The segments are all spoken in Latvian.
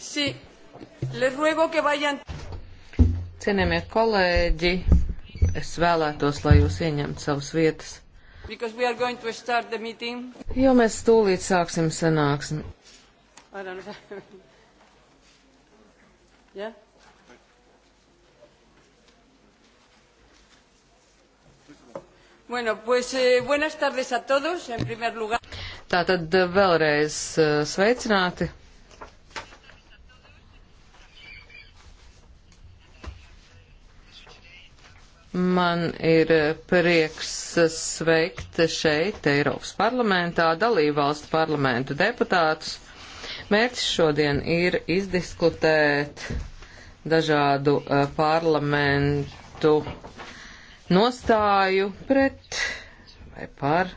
Sí. Les ruego que vayan. Cienījamie kolēģi, es vēlētos, lai jūs ieņemtu savas vietas. Jo mēs stūlīt sāksim sanāksmi. yeah? Bueno, pues eh, buenas tardes a todos, en primer lugar. Tātad eh, vēlreiz eh, sveicināti Man ir prieks sveikt šeit Eiropas parlamentā dalībvalstu parlamentu deputātus. Mērķis šodien ir izdiskutēt dažādu uh, parlamentu nostāju pret vai par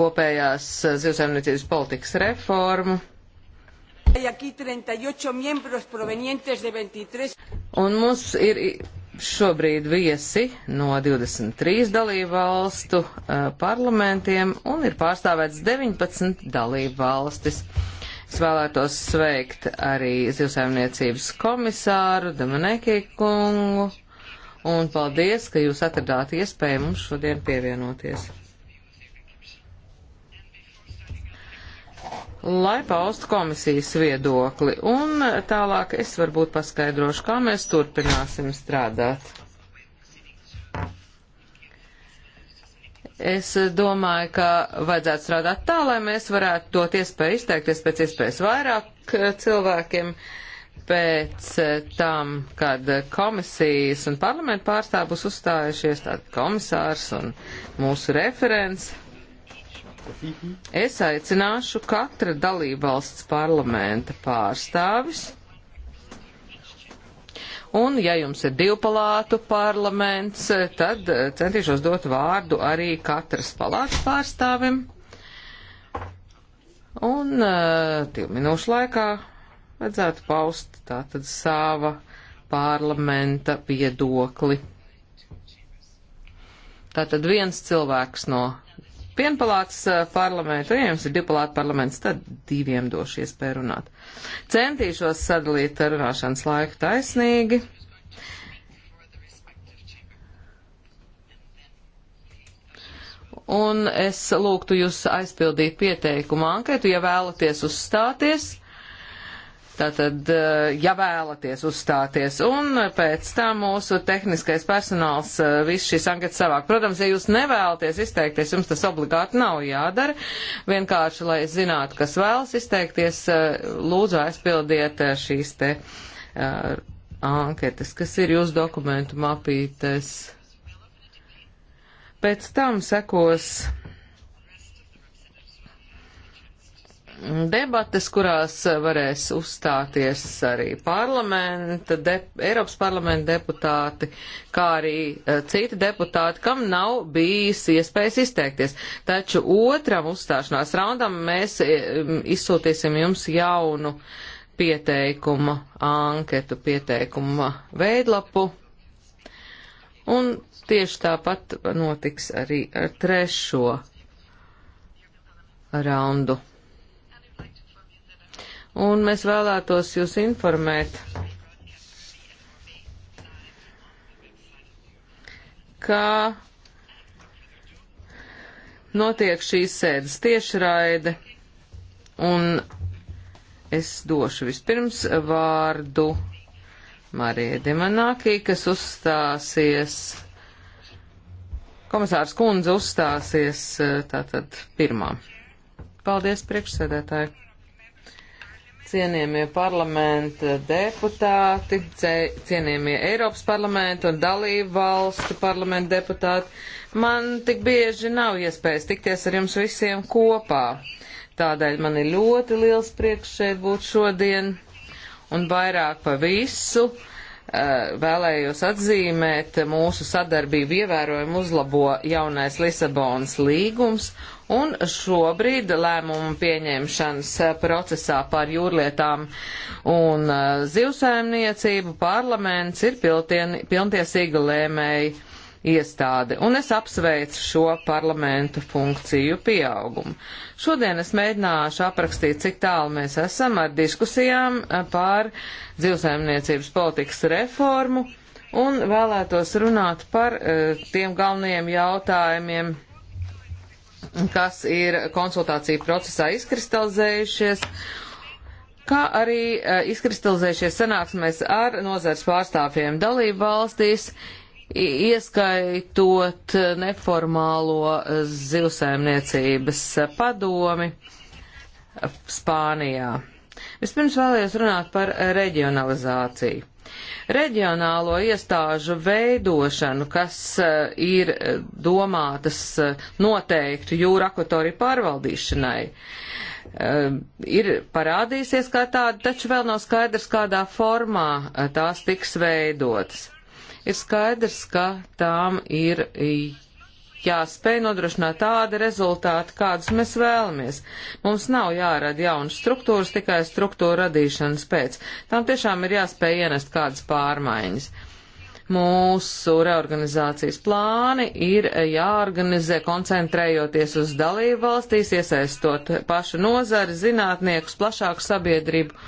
kopējās zivsaimniecības politikas reformu. Un mums ir šobrīd viesi no 23 dalību valstu eh, parlamentiem un ir pārstāvēts 19 dalību valstis. Es vēlētos sveikt arī zivsaimniecības komisāru Damanekī kungu un paldies, ka jūs atradāt iespēju mums šodien pievienoties. lai paustu komisijas viedokli. Un tālāk es varbūt paskaidrošu, kā mēs turpināsim strādāt. Es domāju, ka vajadzētu strādāt tā, lai mēs varētu dot iespēju izteikties pēc iespējas vairāk cilvēkiem pēc tam, kad komisijas un parlamentu pārstāv būs uzstājušies, tātad komisārs un mūsu referents. Es aicināšu katra dalībvalsts parlamenta pārstāvis. Un, ja jums ir divpalātu parlaments, tad eh, centīšos dot vārdu arī katras palātas pārstāvim. Un uh, divu minūšu laikā vajadzētu paust tātad sava parlamenta viedokli. Tātad viens cilvēks no vienpalāts eh, parlamentu, ja jums ir divpalāta parlaments, tad diviem došu iespēju runāt. Centīšos sadalīt runāšanas laiku taisnīgi. Un es lūgtu jūs aizpildīt pieteikumu anketu, ja vēlaties uzstāties Tātad, eh, ja vēlaties uzstāties, un pēc tam mūsu tehniskais personāls eh, visu šīs anketas savāk. Protams, ja jūs nevēlaties izteikties, jums tas obligāti nav jādara. Vienkārši, lai zinātu, kas vēlas izteikties, eh, lūdzu aizpildiet šīs te uh, anketas, kas ir jūsu dokumentu mapītes. Pēc tam sekos debates, kurās varēs uzstāties arī parlamenta, de, Eiropas parlamenta deputāti, kā arī uh, citi deputāti, kam nav bijis iespējas izteikties. Taču otram uzstāšanās raundam mēs e, izsūtīsim jums jaunu pieteikuma anketu, pieteikuma veidlapu. Un tieši tāpat notiks arī ar trešo raundu un mēs vēlētos jūs informēt, ka notiek šīs sēdes tiešraide, un es došu vispirms vārdu Marijai Dimanākī, kas uzstāsies, komisārs kundze uzstāsies tātad pirmā. Paldies, priekšsēdētāji! cienījamie parlamenta deputāti, cienījamie Eiropas parlamenta un dalību valstu parlamenta deputāti. Man tik bieži nav iespējas tikties ar jums visiem kopā. Tādēļ man ir ļoti liels prieks šeit būt šodien un vairāk pa visu. Eh, vēlējos atzīmēt mūsu sadarbību ievērojumu uzlabo jaunais Lisabonas līgums Un šobrīd lēmumu pieņemšanas procesā par jūrlietām un uh, zivsaimniecību parlaments ir piltien, pilntiesīga lēmēji iestāde, un es apsveicu šo parlamentu funkciju pieaugumu. Šodien es mēģināšu aprakstīt, cik tālu mēs esam ar diskusijām uh, par dzīvsaimniecības politikas reformu, un vēlētos runāt par uh, tiem galvenajiem jautājumiem, kas ir konsultāciju procesā izkristalizējušies, kā arī e, izkristalizējušies sanāksmēs ar nozars pārstāvjiem dalību valstīs, ieskaitot neformālo e, zivsaimniecības padomi e, Spānijā. Vispirms vēlējos runāt par reģionalizāciju. Reģionālo iestāžu veidošanu, kas eh, ir eh, domātas eh, noteiktu jūra akvatoriju pārvaldīšanai, ir parādīsies kā tāda, taču vēl nav skaidrs, kādā formā tās tiks veidotas. Ir skaidrs, ka tām ir jāspēj nodrošināt tādi rezultāti, kādus mēs vēlamies. Mums nav jārada jaunas struktūras tikai struktūra radīšanas pēc. Tam tiešām ir jāspēj ienest kādas pārmaiņas. Mūsu reorganizācijas plāni ir jāorganizē koncentrējoties uz dalību valstīs, iesaistot pašu nozari, zinātniekus, plašāku sabiedrību,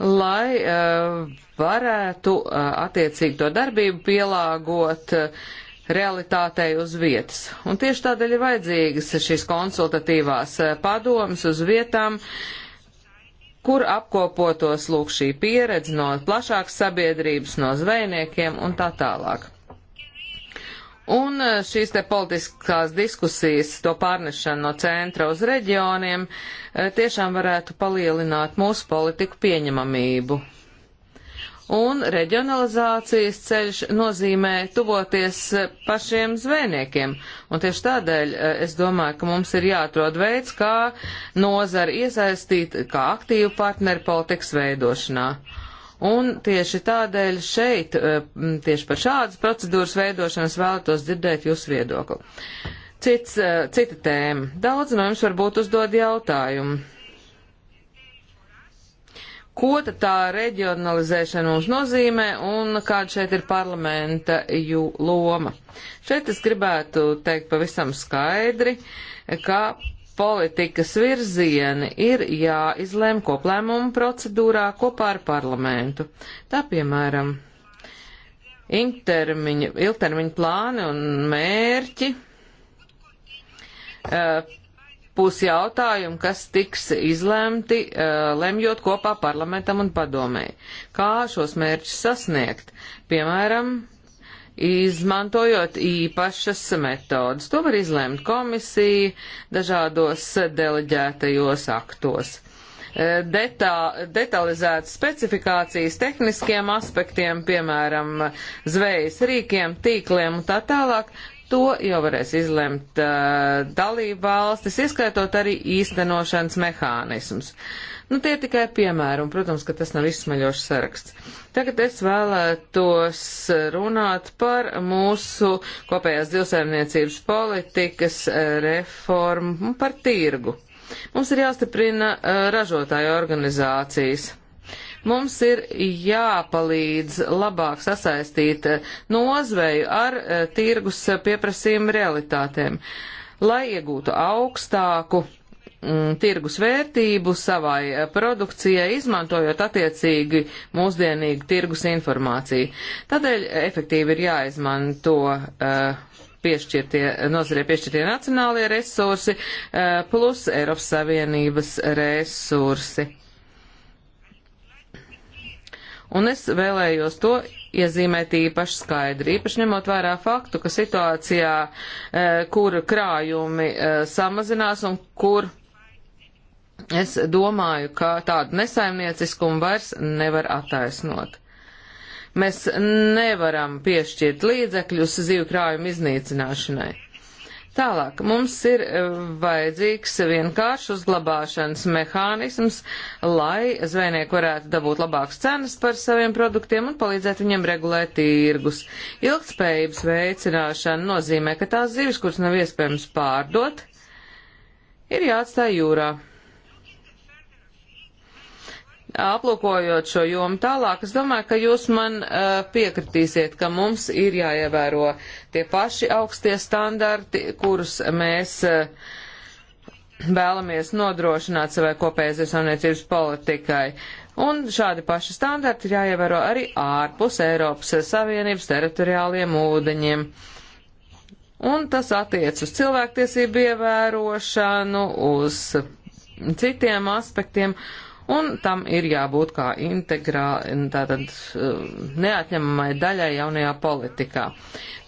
lai uh, varētu uh, attiecīgi to darbību pielāgot uh, realitātei uz vietas. Un tieši tādēļ ir vajadzīgas šīs konsultatīvās eh, padomas uz vietām, kur apkopotos lūk šī pieredze no plašākas sabiedrības, no zvejniekiem un tā tālāk. Un eh, šīs te politiskās diskusijas, to pārnešanu no centra uz reģioniem, eh, tiešām varētu palielināt mūsu politiku pieņemamību un reģionalizācijas ceļš nozīmē tuvoties pašiem zvejniekiem. Un tieši tādēļ eh, es domāju, ka mums ir jāatrod veids, kā nozari iesaistīt kā aktīvu partneri politikas veidošanā. Un tieši tādēļ šeit, eh, tieši par šādas procedūras veidošanas vēlētos dzirdēt jūsu viedokli. Cits, eh, cita tēma. Daudz no jums varbūt uzdod jautājumu Ko tad tā reģionalizēšana mums nozīmē un kāda šeit ir parlamenta jū loma? Šeit es gribētu teikt pavisam skaidri, ka politikas virzieni ir jāizlēm koplēmumu procedūrā kopā ar parlamentu. Tā piemēram, ilgtermiņa plāni un mērķi. Uh, būs jautājumi, kas tiks izlemti, eh, lemjot kopā parlamentam un padomēji. Kā šos mērķus sasniegt? Piemēram, izmantojot īpašas metodas. To var izlemt komisija dažādos deleģētajos aktos. Eh, detā, detalizētas specifikācijas tehniskiem aspektiem, piemēram, zvejas rīkiem, tīkliem un tā tālāk, To jau varēs izlemt uh, dalību valstis, ieskaitot arī īstenošanas mehānismus. Nu, tie tikai piemēri, un, protams, ka tas nav izsmaļošs saraksts. Tagad es vēlētos runāt par mūsu kopējās divsēmniecības politikas reformu un par tirgu. Mums ir jāstiprina uh, ražotāju organizācijas. Mums ir jāpalīdz labāk sasaistīt nozveju ar e, tirgus pieprasījumu realitātēm, lai iegūtu augstāku mm, tirgus vērtību savai e, produkcijai, izmantojot attiecīgi mūsdienīgu tirgus informāciju. Tādēļ efektīvi ir jāizmanto uh, piešķirtie, nozarē piešķirtie nacionālie resursi uh, plus Eiropas Savienības resursi un es vēlējos to iezīmēt īpaši skaidri, īpaši ņemot vērā faktu, ka situācijā, e, kur krājumi e, samazinās un kur es domāju, ka tādu nesaimnieciskumu vairs nevar attaisnot. Mēs nevaram piešķirt līdzekļus zivju krājumu iznīcināšanai. Tālāk mums ir eh, vajadzīgs vienkāršs uzglabāšanas mehānisms, lai zvejnieki varētu dabūt labākas cenas par saviem produktiem un palīdzēt viņiem regulēt tirgus. Ilgtspējības veicināšana nozīmē, ka tās zivis, kuras nav iespējams pārdot, ir jāatstāj jūrā aplūkojot šo jomu tālāk, es domāju, ka jūs man uh, piekritīsiet, ka mums ir jāievēro tie paši augstie standarti, kurus mēs uh, vēlamies nodrošināt savai kopējai zemniecības politikai. Un šādi paši standarti ir jāievēro arī ārpus Eiropas Savienības teritoriāliem ūdeņiem. Un tas attiec uz cilvēktiesību ievērošanu, uz citiem aspektiem. Uh, un tam ir jābūt kā integrā, tātad eh, neatņemamai daļai jaunajā politikā.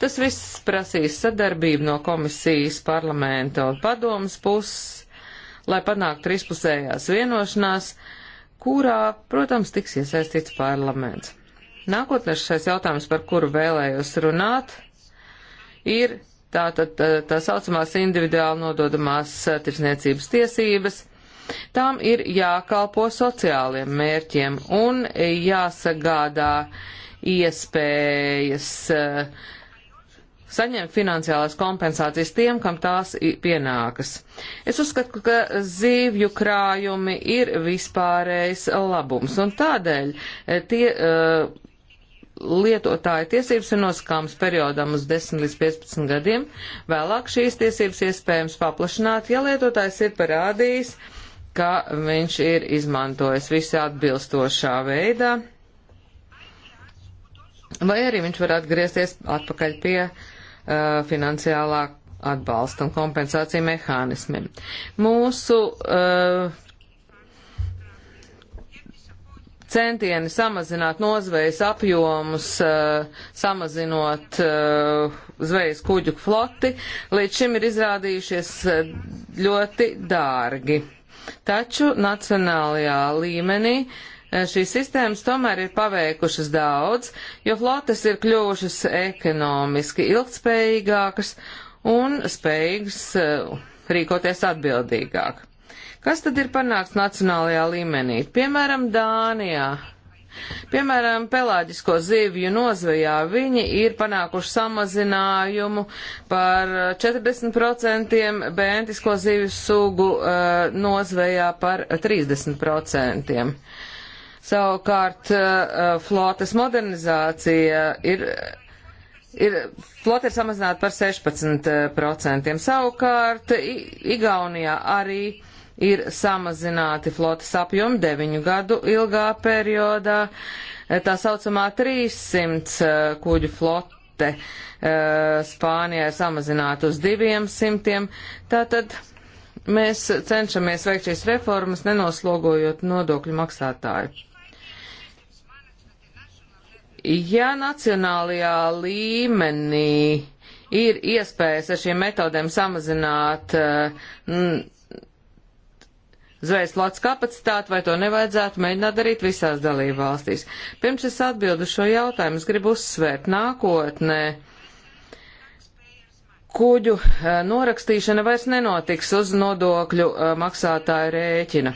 Tas viss prasīs sadarbību no komisijas, parlamenta un padomas puses, lai panāktu trīspusējās vienošanās, kurā, protams, tiks iesaistīts parlaments. Nākotnēs šais jautājums, par kuru vēlējos runāt, ir tātad tā, eh, tā, tā saucamās individuāli nododamās eh, tirsniecības tiesības Tām ir jākalpo sociāliem mērķiem un jāsagādā iespējas eh, saņemt finansiālās kompensācijas tiem, kam tās pienākas. Es uzskatu, ka zīvju krājumi ir vispārējais labums, un tādēļ eh, tie uh, lietotāja tiesības ir nosakāmas periodam uz 10 līdz 15 gadiem, vēlāk šīs tiesības iespējams paplašināt, ja lietotājs ir parādījis, uh, ka viņš ir izmantojis visi atbilstošā veidā, vai arī viņš var atgriezties atpakaļ pie uh, finansiālā atbalsta un kompensācija mehānismiem. Mūsu uh, centieni samazināt nozvejas apjomus, uh, samazinot uh, zvejas kuģu floti, līdz šim ir izrādījušies uh, ļoti dārgi. Taču nacionālajā līmenī e, šīs sistēmas tomēr ir paveikušas daudz, jo flotes ir kļuvušas ekonomiski ilgtspējīgākas un spējīgas e, rīkoties atbildīgāk. Kas tad ir panākts nacionālajā līmenī? Piemēram, Dānijā Piemēram, pelāģisko zivju nozvejā viņi ir panākuši samazinājumu par 40%, bēntisko zivju sugu uh, nozvejā par 30%. Savukārt, uh, flotes modernizācija ir ir, flote ir samazināta par 16%. Savukārt, I Igaunijā arī ir samazināti flotas apjomi deviņu gadu ilgā periodā. E, tā saucamā 300 e, kuģu flote e, Spānijā ir samazināta uz 200. Tātad mēs cenšamies veikt šīs reformas, nenoslogojot nodokļu maksātāju. Ja nacionālajā līmenī ir iespējas ar šiem metodēm samazināt uh, zvejas flots kapacitāti, vai to nevajadzētu mēģināt darīt visās dalībvalstīs. Pirms es atbildu šo jautājumu, es gribu uzsvērt nākotnē. Kuģu eh, norakstīšana vairs nenotiks uz nodokļu eh, maksātāju rēķina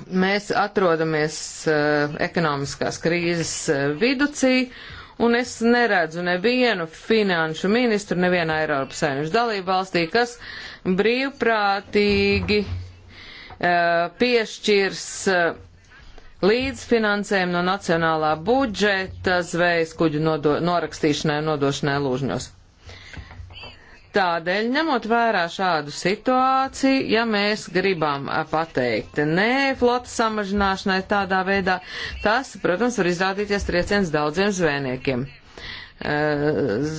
mēs atrodamies uh, ekonomiskās krīzes uh, viducī, un es neredzu nevienu finanšu ministru nevienā Eiropas saimnības dalību valstī, kas brīvprātīgi uh, piešķirs uh, līdzfinansējumu no nacionālā budžeta zvejas kuģu nodo, norakstīšanai un nodošanai lūžņos. Tādēļ, ņemot vērā šādu situāciju, ja mēs gribam pateikt nē flotas samazināšanai tādā veidā, tas, protams, var izrādīties trieciens daudziem zvejniekiem. E,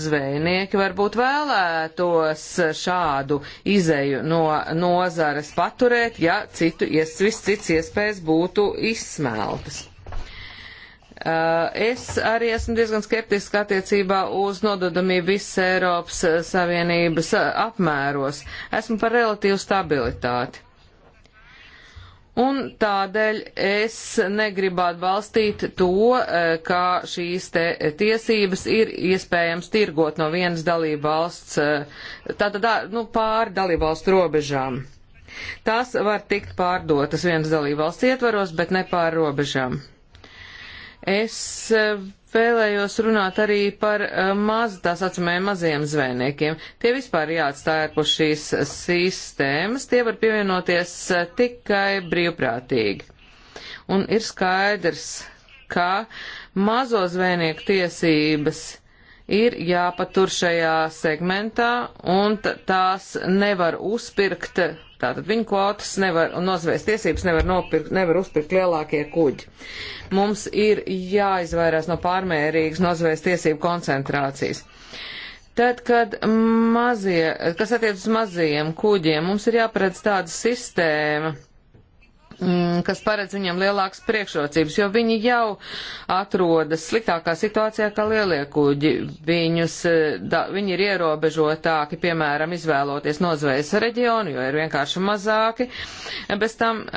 zvejnieki varbūt vēlētos šādu izeju no nozares paturēt, ja citu, ja viss cits iespējas būtu izsmeltas. Uh, es arī esmu diezgan skeptiski attiecībā uz nododamību visas Eiropas uh, Savienības uh, apmēros. Esmu par relatīvu stabilitāti. Un tādēļ es negribu atbalstīt to, kā šīs te tiesības ir iespējams tirgot no vienas dalību valsts, tātad nu, pāri dalību valstu robežām. Tās var tikt pārdotas vienas dalību valsts ietvaros, bet ne pāri robežām. Es eh, vēlējos runāt arī par eh, maz, tā saucamajiem maziem zvejniekiem. Tie vispār jāatstāj ārpus šīs sistēmas, tie var pievienoties eh, tikai brīvprātīgi. Un ir skaidrs, ka mazo zvejnieku tiesības ir jāpatur šajā segmentā, un tās nevar uzpirkt Tātad viņu kvotas nevar, un nozvēs tiesības nevar, nopirkt, nevar uzpirkt lielākie kuģi. Mums ir jāizvairās no pārmērīgas nozvēs tiesību koncentrācijas. Tad, kad mazie, kas attiec uz mazajiem kuģiem, mums ir jāparedz tāda sistēma, Mm, kas paredz viņam lielākas priekšrocības, jo viņi jau atrodas sliktākā situācijā kā lielie kuģi. Viņus, eh, da, viņi ir ierobežotāki, piemēram, izvēloties nozvejas reģionu, jo ir vienkārši mazāki. Bez tam uh,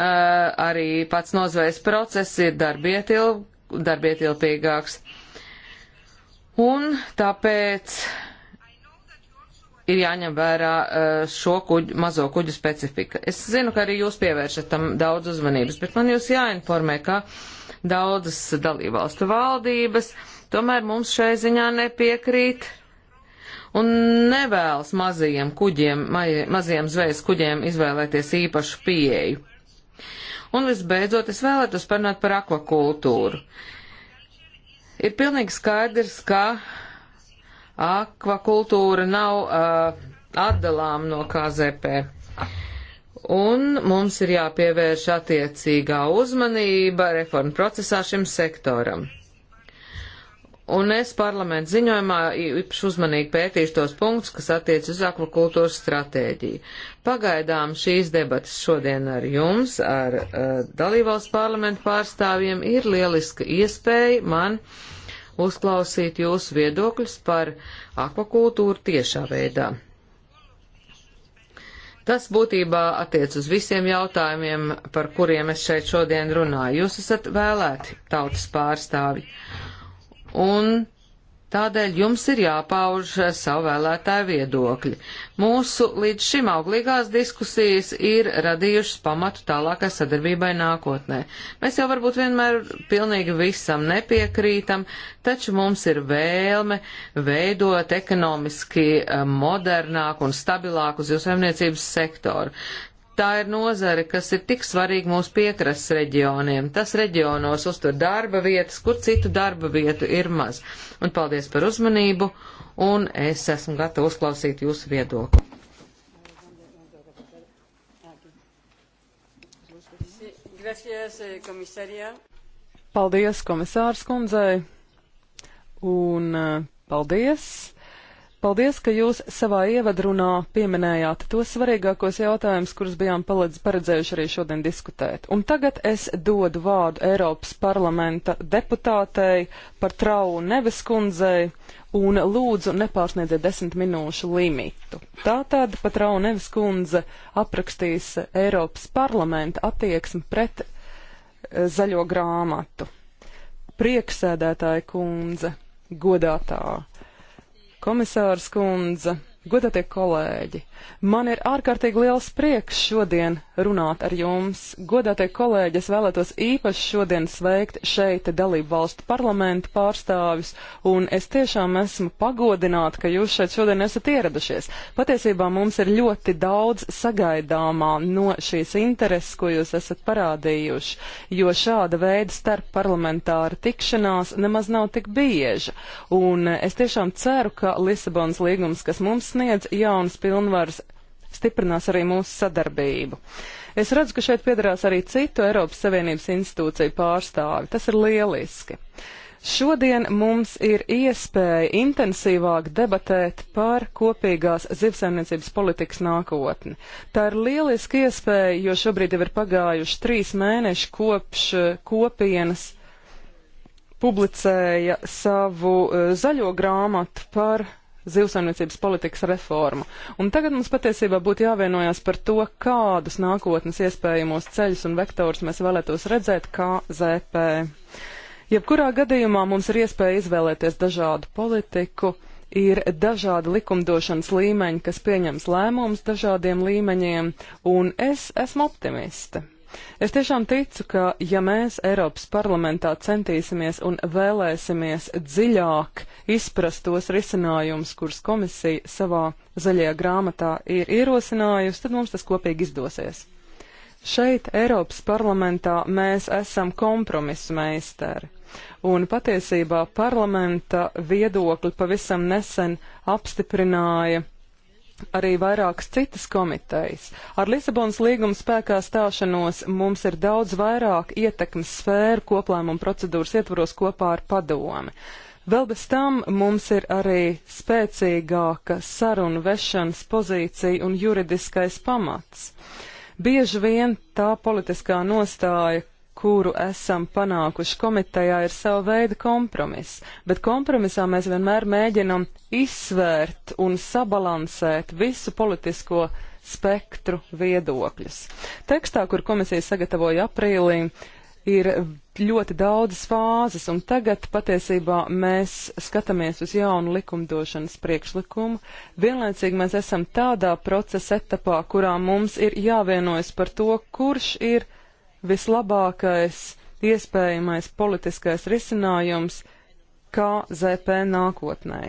arī pats nozvejas process ir darbietil, darbietilpīgāks. Un tāpēc ir jāņem vērā eh, šo kuģu, mazo kuģu specifika. Es zinu, ka arī jūs pievēršat tam daudz uzmanības, bet man jūs jāinformē, ka daudzas dalībvalstu valdības tomēr mums šai ziņā nepiekrīt un nevēlas mazajiem kuģiem, mazajiem zvejas kuģiem izvēlēties īpašu pieeju. Un visbeidzot, es vēlētos parunāt par akvakultūru. Ir pilnīgi skaidrs, ka akvakultūra nav uh, atdalām no KZP. Un mums ir jāpievērš attiecīgā uzmanība reformu procesā šim sektoram. Un es parlamentu ziņojumā īpaši uzmanīgi pētīšu tos punktus, kas attiec uz akvakultūras stratēģiju. Pagaidām šīs debatas šodien ar jums, ar uh, dalībvalsts parlamentu pārstāvjiem, ir lieliska iespēja man uh, uzklausīt jūsu viedokļus par akvakultūru tiešā veidā. Tas būtībā attiec uz visiem jautājumiem, par kuriem es šeit šodien runāju. Jūs esat vēlēti tautas pārstāvi. Un Tādēļ jums ir jāpauž savu vēlētāju viedokļi. Mūsu līdz šim auglīgās diskusijas ir radījušas pamatu tālākai sadarbībai nākotnē. Mēs jau varbūt vienmēr pilnīgi visam nepiekrītam, taču mums ir vēlme veidot ekonomiski eh, modernāku un stabilāku zivsaimniecības sektoru. Tā ir nozare, kas ir tik svarīga mūsu piekrasts reģioniem. Tas reģionos uztur darba vietas, kur citu darba vietu ir maz. Un paldies par uzmanību, un es esmu gatava uzklausīt jūsu viedokli. Eh, paldies komisārs kundzei, un eh, paldies Paldies, ka jūs savā ievadrunā pieminējāt tos svarīgākos jautājumus, kurus bijām paledz, paredzējuši arī šodien diskutēt. Un tagad es dodu vārdu Eiropas parlamenta deputātei par traumu nevis kundzei un lūdzu nepārsniedziet desmit minūšu limitu. Tātad pat traumu nevis kundze aprakstīs Eiropas parlamenta attieksmi pret eh, zaļo grāmatu. Prieksēdētāja kundze, godātā komisārs kundze. Godatie kolēģi, man ir ārkārtīgi liels prieks šodien runāt ar jums. Godatie kolēģi, es vēlētos īpaši šodien sveikt šeit dalību valstu parlamentu pārstāvis, un es tiešām esmu pagodināta, ka jūs šeit šodien esat ieradušies. Patiesībā mums ir ļoti daudz sagaidāmā no šīs intereses, ko jūs esat parādījuši, jo šāda veida starp parlamentāra tikšanās nemaz nav tik bieža. Un es tiešām ceru, ka Lisabons līgums, kas mums sniedz jaunas pilnvaras, stiprinās arī mūsu sadarbību. Es redzu, ka šeit piedarās arī citu Eiropas Savienības institūciju pārstāvi. Tas ir lieliski. Šodien mums ir iespēja intensīvāk debatēt par kopīgās zivsaimniecības politikas nākotni. Tā ir lieliski iespēja, jo šobrīd jau ir pagājuši trīs mēneši kopš eh, kopienas publicēja savu eh, zaļo grāmatu par zivsaimniecības politikas reformu. Un tagad mums patiesībā būtu jāvienojas par to, kādus nākotnes iespējamos ceļus un vektors mēs vēlētos redzēt KZP. Jebkurā gadījumā mums ir iespēja izvēlēties dažādu politiku, ir dažādi likumdošanas līmeņi, kas pieņems lēmumus dažādiem līmeņiem, un es esmu optimiste. Es tiešām ticu, ka ja mēs Eiropas parlamentā centīsimies un vēlēsimies dziļāk izprast tos risinājumus, kurus komisija savā zaļajā grāmatā ir ierosinājusi, tad mums tas kopīgi izdosies. Šeit, Eiropas parlamentā, mēs esam kompromisu meistari. Un patiesībā parlamenta viedokli pavisam nesen apstiprināja arī vairākas citas komitejas. Ar Lisabonas līguma spēkā stāšanos mums ir daudz vairāk ietekmes sfēru koplēmuma procedūras ietvaros kopā ar padomi. Vēl bez tam mums ir arī spēcīgāka sarunu vešanas pozīcija un juridiskais pamats. Bieži vien tā politiskā nostāja, kuru esam panākuši komitejā, ir sava veida kompromiss, bet kompromisā mēs vienmēr mēģinam izsvērt un sabalansēt visu politisko spektru viedokļus. Tekstā, kur komisija sagatavoja aprīlī, ir ļoti daudzas fāzes, un tagad patiesībā mēs skatāmies uz jaunu likumdošanas priekšlikumu. Vienlaicīgi mēs esam tādā procesa etapā, kurā mums ir jāvienojas par to, kurš ir vislabākais iespējamais politiskais risinājums KZP nākotnē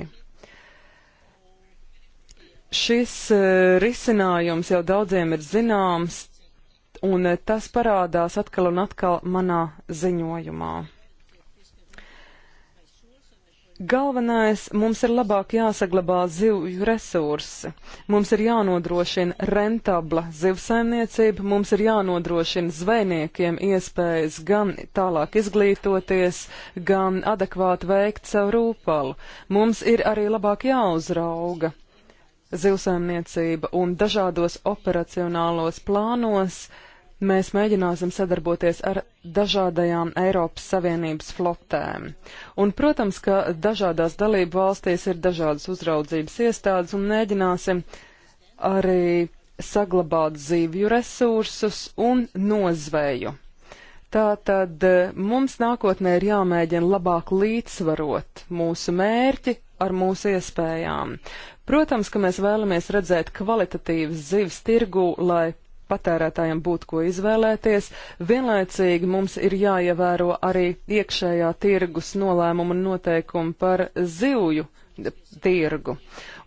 šis e, risinājums jau daudziem ir zināms, un e, tas parādās atkal un atkal manā ziņojumā. Galvenais mums ir labāk jāsaglabā zivju resursi, mums ir jānodrošina rentabla zivsaimniecība, mums ir jānodrošina zvejniekiem iespējas gan tālāk izglītoties, gan adekvāti veikt savu rūpalu. Mums ir arī labāk jāuzrauga zivsaimniecība un dažādos operacionālos plānos uh, mēs mēģināsim sadarboties ar dažādajām Eiropas Savienības flotēm. Un, protams, ka dažādās dalību valstīs ir dažādas uzraudzības iestādes un mēģināsim arī saglabāt zīvju resursus un nozveju. Tātad eh, mums nākotnē ir jāmēģina labāk līdzsvarot mūsu mērķi ar mūsu iespējām. Protams, ka mēs vēlamies redzēt kvalitatīvas zivs tirgu, lai patērētājiem būtu ko izvēlēties. Vienlaicīgi mums ir jāievēro arī iekšējā tirgus nolēmumu un noteikumu par zivju tirgu.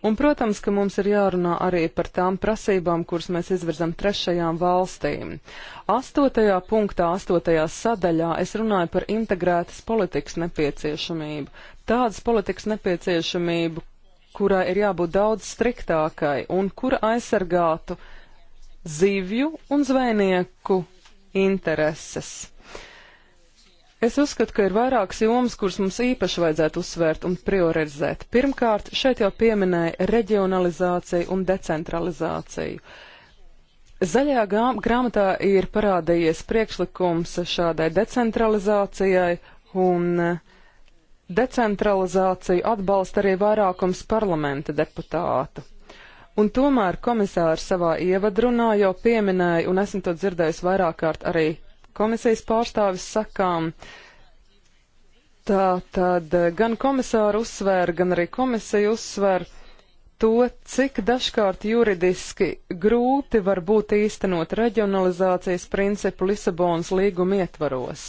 Un, protams, ka mums ir jārunā arī par tām prasībām, kuras mēs izvirzam trešajām valstīm. Astotajā punktā, astotajā sadaļā es runāju par integrētas politikas nepieciešamību. Tādas politikas nepieciešamību, kurai ir jābūt daudz striktākai un kura aizsargātu uh, zivju un zvejnieku intereses. Es uzskatu, ka ir vairākas jomas, kuras mums īpaši vajadzētu uzsvērt un priorizēt. Pirmkārt, šeit jau pieminēja reģionalizāciju un decentralizāciju. Zaļajā grāmatā ir parādījies priekšlikums šādai decentralizācijai, un decentralizāciju atbalsta arī vairākums parlamenta deputātu. Un tomēr komisāri savā ievadrunā jau pieminēja, un esmu to dzirdējis vairāk kārt arī komisijas pārstāvis sakām, tā tad gan komisāri uzsvēra, gan arī komisija uzsvēra to, cik dažkārt juridiski grūti var būt īstenot reģionalizācijas principu Lisabonas līguma ietvaros.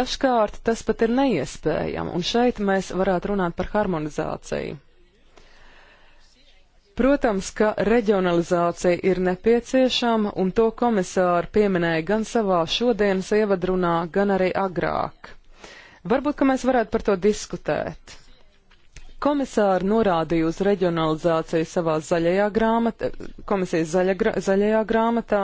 Dažkārt tas pat ir neiespējami, un šeit mēs varētu runāt par harmonizāciju. Protams, ka reģionalizācija ir nepieciešama, un to komisāri pieminēja gan savā šodienas ievadrunā, gan arī agrāk. Varbūt, ka mēs varētu par to diskutēt. Komisāri norādīja uz reģionalizāciju savā zaļajā grāmatā, komisijas zaļa, zaļajā grāmatā,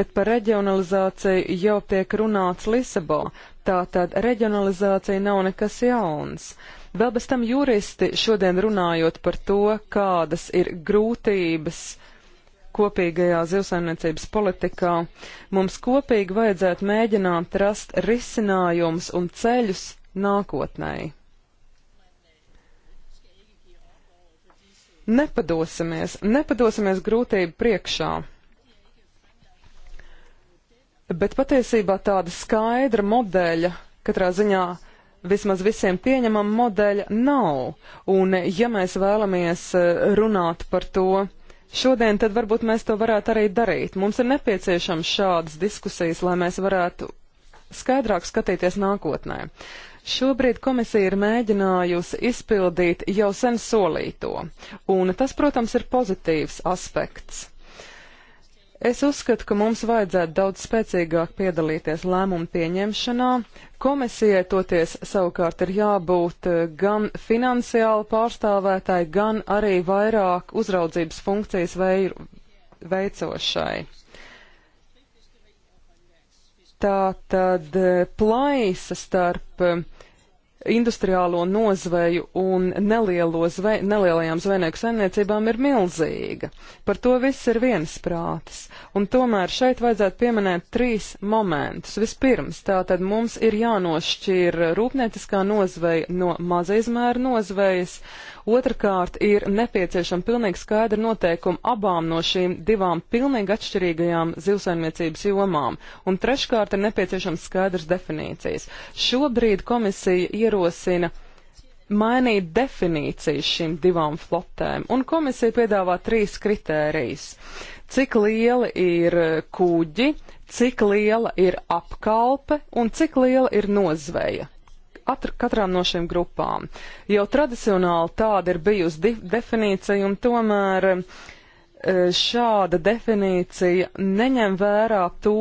bet par reģionalizāciju jau tiek runāts Lisabonā. Tātad reģionalizācija nav nekas jauns. Uh, Vēl bez tam juristi šodien runājot par to, kādas ir grūtības kopīgajā zivsaimniecības politikā, mums kopīgi vajadzētu mēģināt rast risinājums un ceļus nākotnēji. Nepadosimies, nepadosimies grūtību priekšā. Bet patiesībā tāda skaidra modeļa katrā ziņā vismaz visiem pieņemama modeļa nav. Un ja mēs vēlamies eh, runāt par to šodien, tad varbūt mēs to varētu arī darīt. Mums ir nepieciešams šādas diskusijas, lai mēs varētu skaidrāk skatīties nākotnē. Šobrīd komisija ir mēģinājusi izpildīt jau sen solīto, un tas, protams, ir pozitīvs aspekts. Es uzskatu, ka mums vajadzētu daudz spēcīgāk piedalīties lēmumu pieņemšanā. Komisijai toties savukārt ir jābūt eh, gan finansiāli pārstāvētāji, gan arī vairāk uzraudzības funkcijas vei, veicošai. Tā tad eh, plaisa starp industriālo nozveju un zvej, nelielajām zvejnieku saimniecībām ir milzīga. Par to viss ir viens prātis. Un tomēr šeit vajadzētu pieminēt trīs momentus. Vispirms, tātad mums ir jānošķir rūpnieciskā nozveja no mazaizmēra nozvejas. Uh, Otrakārt, ir nepieciešama pilnīgi skaidra noteikuma abām no šīm divām pilnīgi atšķirīgajām zivsaimniecības jomām. Un treškārt, ir nepieciešams skaidrs definīcijas. Šobrīd komisija ierosina mainīt definīcijas šīm divām flotēm, un komisija piedāvā trīs kritērijas. Cik lieli ir eh, kuģi, cik liela ir apkalpe un cik liela ir nozveja katrām no šīm grupām. Jau tradicionāli tāda ir bijusi definīcija, un tomēr e, šāda definīcija neņem vērā to,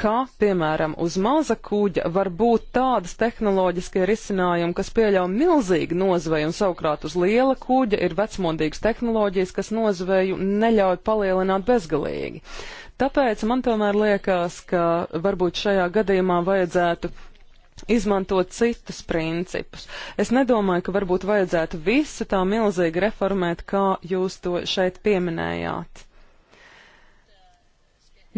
ka, piemēram, uz maza kuģa var būt tādas tehnoloģiskie risinājumi, kas pieļauj milzīgu nozveju, un savukārt uz liela kuģa ir vecmodīgas tehnoloģijas, kas nozveju neļauj palielināt bezgalīgi. Tāpēc man tomēr liekas, ka varbūt šajā gadījumā vajadzētu izmantot citus principus. Es nedomāju, ka varbūt vajadzētu visu tā milzīgi reformēt, kā jūs to šeit pieminējāt.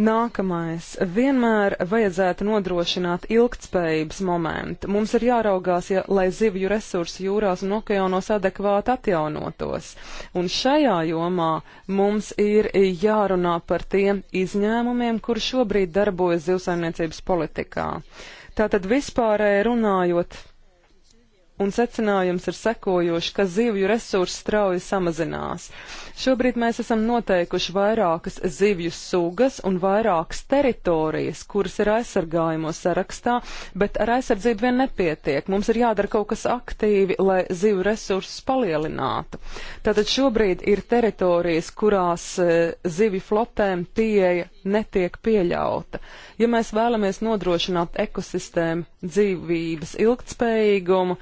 Nākamais. Vienmēr vajadzētu nodrošināt ilgtspējības momentu. Mums ir jāraugās, ja, lai zivju resursi jūrās un okeānos adekvāti atjaunotos. Un šajā jomā mums ir jārunā par tiem izņēmumiem, kur šobrīd darbojas zivsaimniecības politikā. Uh, Tātad vispārēji runājot, un secinājums ir sekojoši, ka zivju resursi strauji samazinās. Šobrīd mēs esam noteikuši vairākas zivju sugas un vairākas teritorijas, kuras ir aizsargājumos sarakstā, bet ar aizsardzību vien nepietiek. Mums ir jādara kaut kas aktīvi, lai zivju resursus palielinātu. Tātad šobrīd ir teritorijas, kurās eh, zivju flotēm pieeja netiek pieļauta. Ja mēs vēlamies nodrošināt ekosistēmu dzīvības ilgtspējīgumu,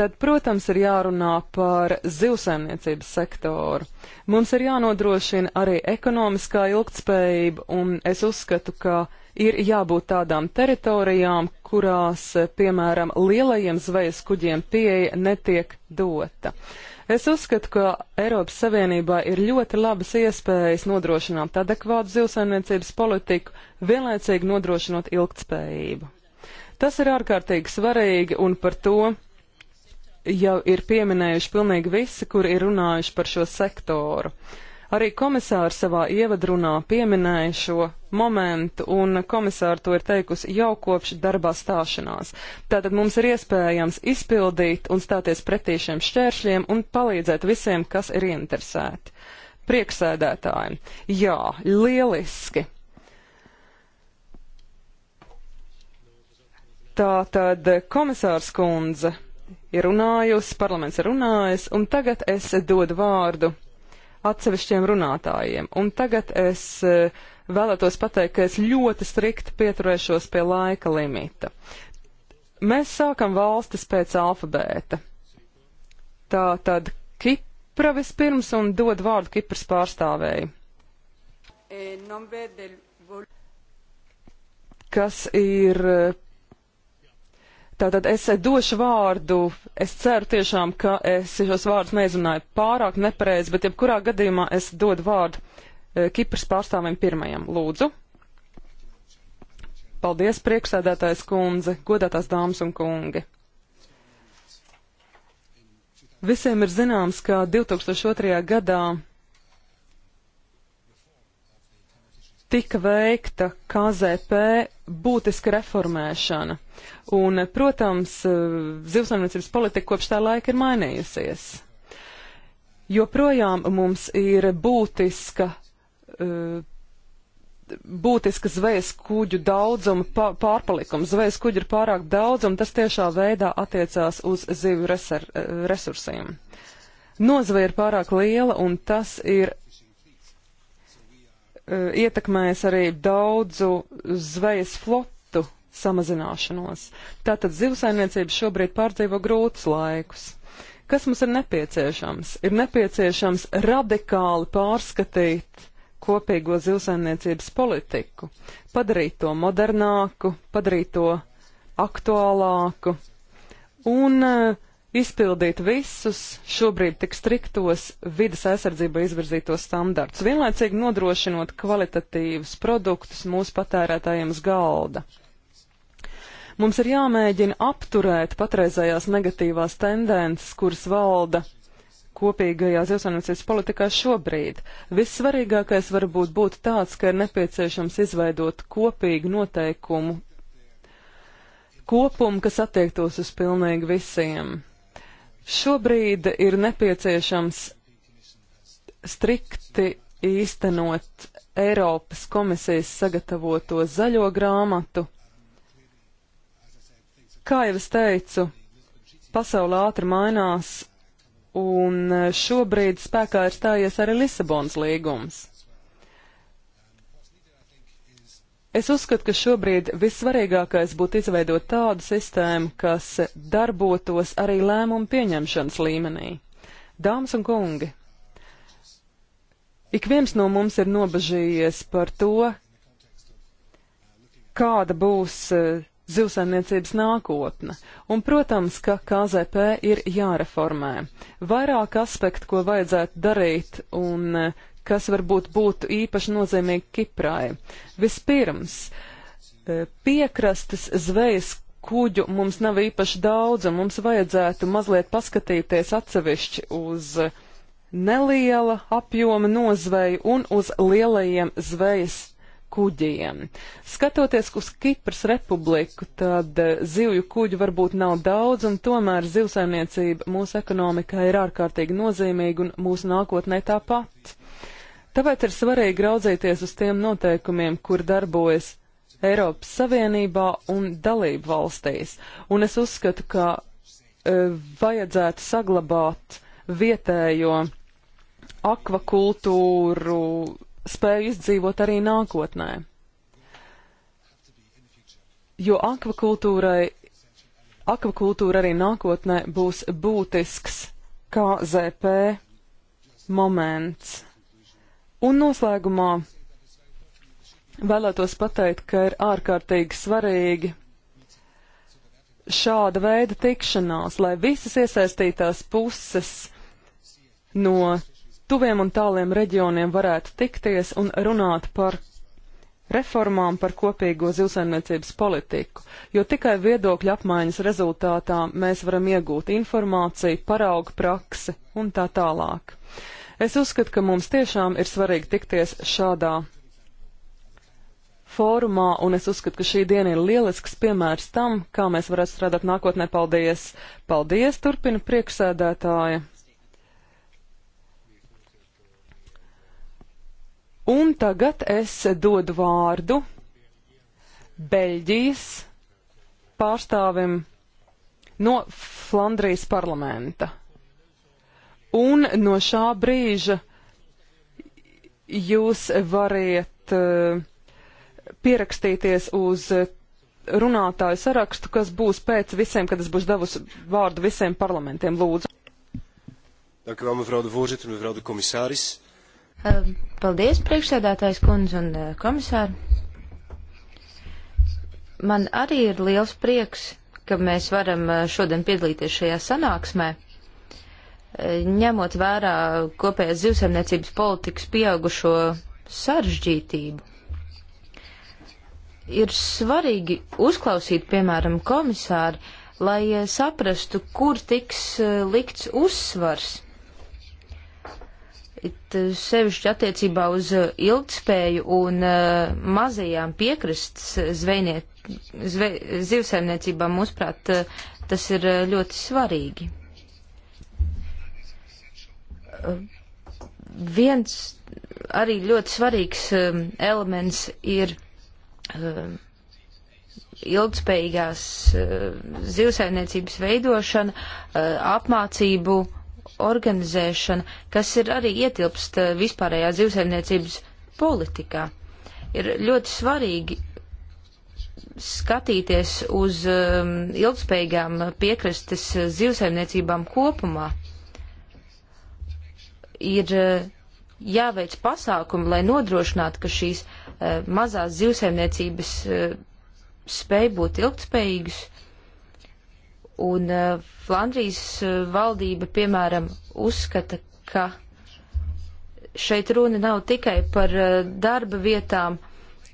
tad, protams, ir jārunā par zivsaimniecības sektoru. Mums ir jānodrošina arī ekonomiskā ilgtspējība, un es uzskatu, ka ir jābūt tādām teritorijām, kurās, piemēram, lielajiem zvejas kuģiem pieeja netiek dota. Es uzskatu, ka Eiropas Savienībā ir ļoti labas iespējas nodrošināt adekvātu zivsaimniecības politiku, vienlaicīgi nodrošinot ilgtspējību. Tas ir ārkārtīgi svarīgi un par to jau ir pieminējuši pilnīgi visi, kuri ir runājuši par šo sektoru. Uh, Arī komisārs savā ievadrunā pieminēja šo momentu, un komisāra to ir teikusi jau kopš darbā stāšanās. Tātad mums ir iespējams izpildīt un stāties pretī šiem šķēršļiem un palīdzēt visiem, kas ir ieinteresēti. Prieksēdētājiem. Jā, lieliski. Tātad komisārs kundze ir runājusi, parlaments ir runājis, un tagad es dodu vārdu atsevišķiem runātājiem. Un tagad es e, vēlētos pateikt, ka es ļoti strikti pieturēšos pie laika limita. Mēs sākam valstis pēc alfabēta. Tā tad Kipra vispirms un dod vārdu Kipras pārstāvēji. Eh, Kas ir e, Tātad es došu vārdu. Es ceru tiešām, ka es šos vārdus neizrunāju pārāk nepareizi, bet jebkurā gadījumā es dodu vārdu e, Kipras pārstāvim pirmajam. Lūdzu. Paldies, priekšsēdētājs kundze, godētās dāmas un kungi. Visiem ir zināms, ka 2002. gadā tika veikta KZP būtiska reformēšana. Un, protams, eh, zivsaimniecības politika kopš tā laika ir mainījusies. Joprojām mums ir būtiska, eh, būtiska zvejas kuģu daudzuma pārpalikums. Zvejas kuģi ir pārāk daudz, un tas tiešā veidā attiecās uz zivju eh, resursiem. Nozve ir pārāk liela, un tas ir E, ietekmēs arī daudzu zvejas flotu samazināšanos. Tātad zivsaimniecība šobrīd pārdzīvo grūtus laikus. Kas mums ir nepieciešams? Ir nepieciešams radikāli pārskatīt kopīgo zivsaimniecības politiku, padarīt to modernāku, padarīt to aktuālāku un uh, izpildīt visus šobrīd tik striktos vidas aizsardzībai izvirzītos standartus, vienlaicīgi nodrošinot kvalitatīvus produktus mūsu patērētājiem uz galda. Mums ir jāmēģina apturēt patreizējās negatīvās tendences, kuras valda kopīgajā zivsaimniecības politikā šobrīd. Vissvarīgākais varbūt būtu tāds, ka ir nepieciešams izveidot kopīgu noteikumu kopumu, kas attiektos uz pilnīgi visiem. Šobrīd ir nepieciešams strikti īstenot Eiropas komisijas sagatavoto zaļo grāmatu. Kā jau es teicu, pasaule ātri mainās, un šobrīd spēkā ir stājies arī Lisabonas līgums. Es uzskatu, ka šobrīd vissvarīgākais būtu izveidot tādu sistēmu, kas darbotos arī lēmumu pieņemšanas līmenī. Dāmas un kungi, ik viens no mums ir nobežījies par to, kāda būs eh, zivsaimniecības nākotne. Un, protams, ka KZP ir jāreformē. Vairāk aspektu, ko vajadzētu darīt, un eh, kas varbūt būtu īpaši nozīmīgi Kiprai. Vispirms, e, piekrastes zvejas kuģu mums nav īpaši daudz, un mums vajadzētu mazliet paskatīties atsevišķi uz neliela apjoma nozveju un uz lielajiem zvejas kuģiem. Skatoties uz Kipras republiku, tad zivju kuģu varbūt nav daudz, un tomēr zivsaimniecība mūsu ekonomikā ir ārkārtīgi nozīmīga un mūsu nākotnē tāpat. Tāpēc ir svarīgi raudzīties uz tiem noteikumiem, kur darbojas Eiropas Savienībā un dalību valstīs. Un es uzskatu, ka e, vajadzētu saglabāt vietējo akvakultūru spēju izdzīvot arī nākotnē. Jo akvakultūrai, akvakultūra arī nākotnē būs būtisks KZP moments. Un noslēgumā vēlētos pateikt, ka ir ārkārtīgi svarīgi šāda veida tikšanās, lai visas iesaistītās puses no tuviem un tāliem reģioniem varētu tikties un runāt par reformām par kopīgo zivsaimniecības politiku, jo tikai viedokļu apmaiņas rezultātā mēs varam iegūt informāciju, paraugu praksi un tā tālāk. Es uzskatu, ka mums tiešām ir svarīgi tikties šādā fórumā, un es uzskatu, ka šī diena ir lielisks piemērs tam, kā mēs varētu strādāt nākotnē. Paldies! Paldies! Turpina priekšsēdētāja! Un tagad es dodu vārdu Beļģijas pārstāvim no Flandrijas parlamenta. Un no šā brīža jūs variet uh, pierakstīties uz runātāju sarakstu, kas būs pēc visiem, kad es būšu devusi vārdu visiem parlamentiem. Lūdzu. Dank u wel, mevrouw de voorzitter, mevrouw de commissaris. Ehm, paldies, priekšsēdētājs kundze un eh, komisāri. Man arī ir liels prieks, ka mēs varam eh, šodien piedalīties šajā sanāksmē ņemot vērā kopējās zivsaimniecības politikas pieaugušo sarežģītību. Ir svarīgi uzklausīt, piemēram, komisāri, lai eh, saprastu, kur tiks eh, likts uzsvars. It eh, sevišķi attiecībā uz ilgtspēju un mazajām piekrasts zvejniec, zve, zivsaimniecībām, mūsuprāt, tas ir ļoti svarīgi viens arī ļoti svarīgs um, elements ir um, ilgspējīgās uh, zivsainiecības veidošana, uh, apmācību organizēšana, kas ir arī ietilpst uh, vispārējā zivsainiecības politikā. Ir ļoti svarīgi skatīties uz um, ilgspējīgām piekrastes zivsaimniecībām kopumā ir eh, jāveic pasākumi, lai nodrošinātu, ka šīs eh, mazās zivsaimniecības eh, spēj būt ilgtspējīgas. Un Flandrijas valdība, piemēram, uzskata, ka šeit runa nav tikai par darba vietām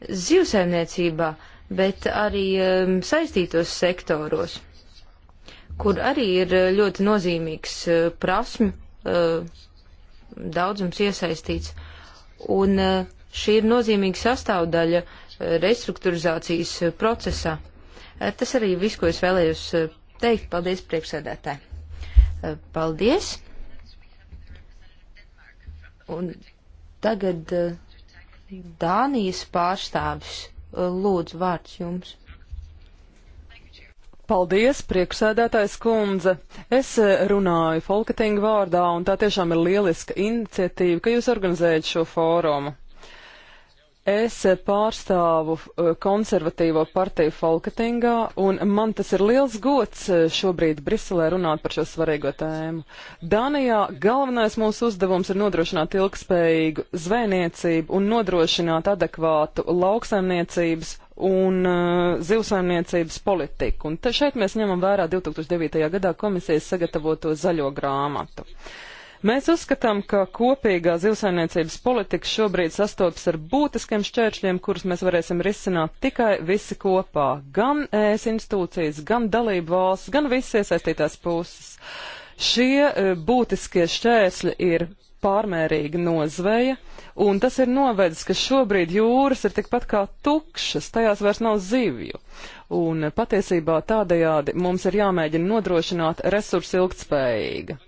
zivsaimniecībā, bet arī um, saistītos sektoros, kur arī ir ļoti nozīmīgs uh, prasmu uh, daudzums iesaistīts. Un eh, šī ir nozīmīga sastāvdaļa eh, restruktūrizācijas eh, procesā. Tas arī viss, ko es vēlējos teikt. Paldies, priekšsēdētāji. Paldies. Un tagad Dānijas pārstāvis lūdzu vārds jums. Paldies, priekšsēdētājs kundze. Es e, runāju Folketinga vārdā, un tā tiešām ir lieliska iniciatīva, ka jūs organizējat šo fórumu. Es e, pārstāvu e, konservatīvo partiju Folketingā, un man tas ir liels gods šobrīd Briselē runāt par šo svarīgo tēmu. Danijā galvenais mūsu uzdevums ir nodrošināt ilgspējīgu zvejniecību un nodrošināt adekvātu lauksaimniecības un uh, zivsaimniecības politiku. Un te, šeit mēs ņemam vērā 2009. gadā komisijas sagatavoto zaļo grāmatu. Mēs uzskatām, ka kopīgā zivsaimniecības politika šobrīd sastopas ar būtiskiem šķēršļiem, kurus mēs varēsim risināt tikai visi kopā - gan ēs institūcijas, gan dalību valsts, gan visi iesaistītās puses. Šie uh, būtiskie šķērsļi ir pārmērīga nozveja, un tas ir novedis, ka šobrīd jūras ir tikpat kā tukšas, tajās vairs nav zivju. Un patiesībā tādējādi mums ir jāmēģina nodrošināt resursu ilgtspējīga.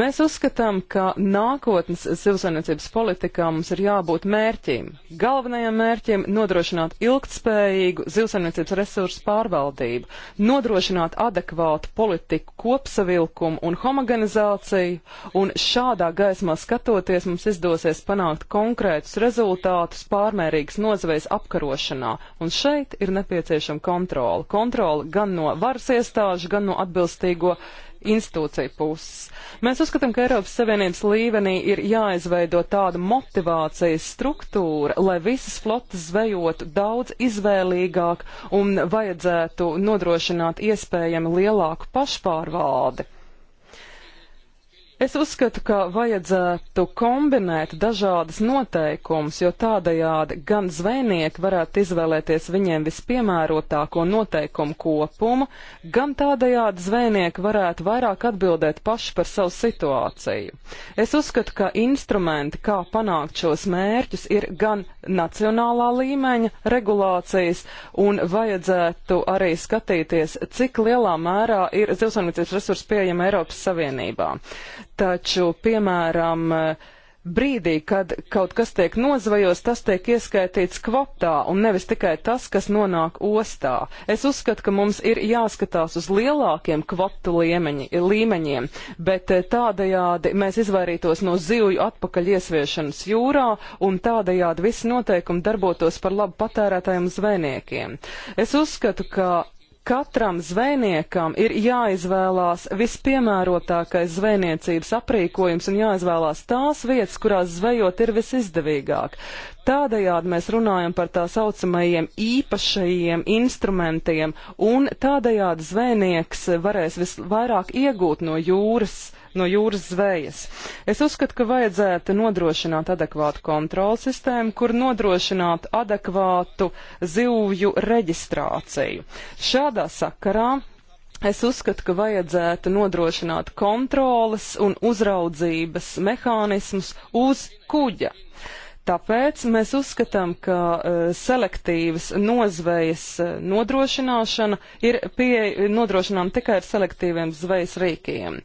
Mēs uzskatām, ka nākotnes zivsainiecības politikā mums ir jābūt mērķim. Galvenajam mērķim - nodrošināt ilgtspējīgu zivsainiecības resursu pārvaldību, nodrošināt adekvātu politiku kopsavilkumu un homogenizāciju, un šādā gaismā skatoties mums izdosies panākt konkrētus rezultātus pārmērīgas nozvejas apkarošanā, un šeit ir nepieciešama kontrola. Kontrola gan no varas iestāžu, gan no atbilstīgo institūciju puses. Mēs uzskatām, ka Eiropas Savienības līmenī ir jāizveido tāda motivācijas struktūra, lai visas flotas zvejotu daudz izvēlīgāk un vajadzētu nodrošināt iespējami lielāku pašpārvaldi. Es uzskatu, ka vajadzētu kombinēt dažādas noteikumus, jo tādējādi gan zvejnieki varētu izvēlēties viņiem vispiemērotāko noteikumu kopumu, gan tādējādi zvejnieki varētu vairāk atbildēt paši par savu situāciju. Es uzskatu, ka instrumenti, kā panākt šos mērķus, ir gan nacionālā līmeņa regulācijas, un vajadzētu arī skatīties, cik lielā mērā ir zivsaimniecības resursi pieejami Eiropas Savienībā taču, piemēram, brīdī, kad kaut kas tiek nozvajos, tas tiek ieskaitīts kvotā un nevis tikai tas, kas nonāk ostā. Es uzskatu, ka mums ir jāskatās uz lielākiem kvotu liemeņi, līmeņiem, bet eh, tādajādi mēs izvairītos no zivju atpakaļ iesviešanas jūrā un tādajādi visi noteikumi darbotos par labu patērētājiem zvejniekiem. Es uzskatu, ka Katram zvejniekam ir jāizvēlās vispiemērotākais zvejniecības aprīkojums un jāizvēlās tās vietas, kurās zvejot ir visizdevīgāk. Tādējādi mēs runājam par tā saucamajiem īpašajiem instrumentiem, un tādējādi zvejnieks varēs visvairāk iegūt no jūras uh, no jūras zvejas. Es uzskatu, ka vajadzētu nodrošināt adekvātu kontrolu sistēmu, kur nodrošināt adekvātu zivju reģistrāciju. Šādā sakarā Es uzskatu, ka vajadzētu nodrošināt kontroles un uzraudzības mehānismus uz kuģa. Uh, Tāpēc mēs uzskatām, ka uh, selektīvas nozvejas e, nodrošināšana ir pie, nodrošinām tikai ar selektīviem zvejas rīkiem.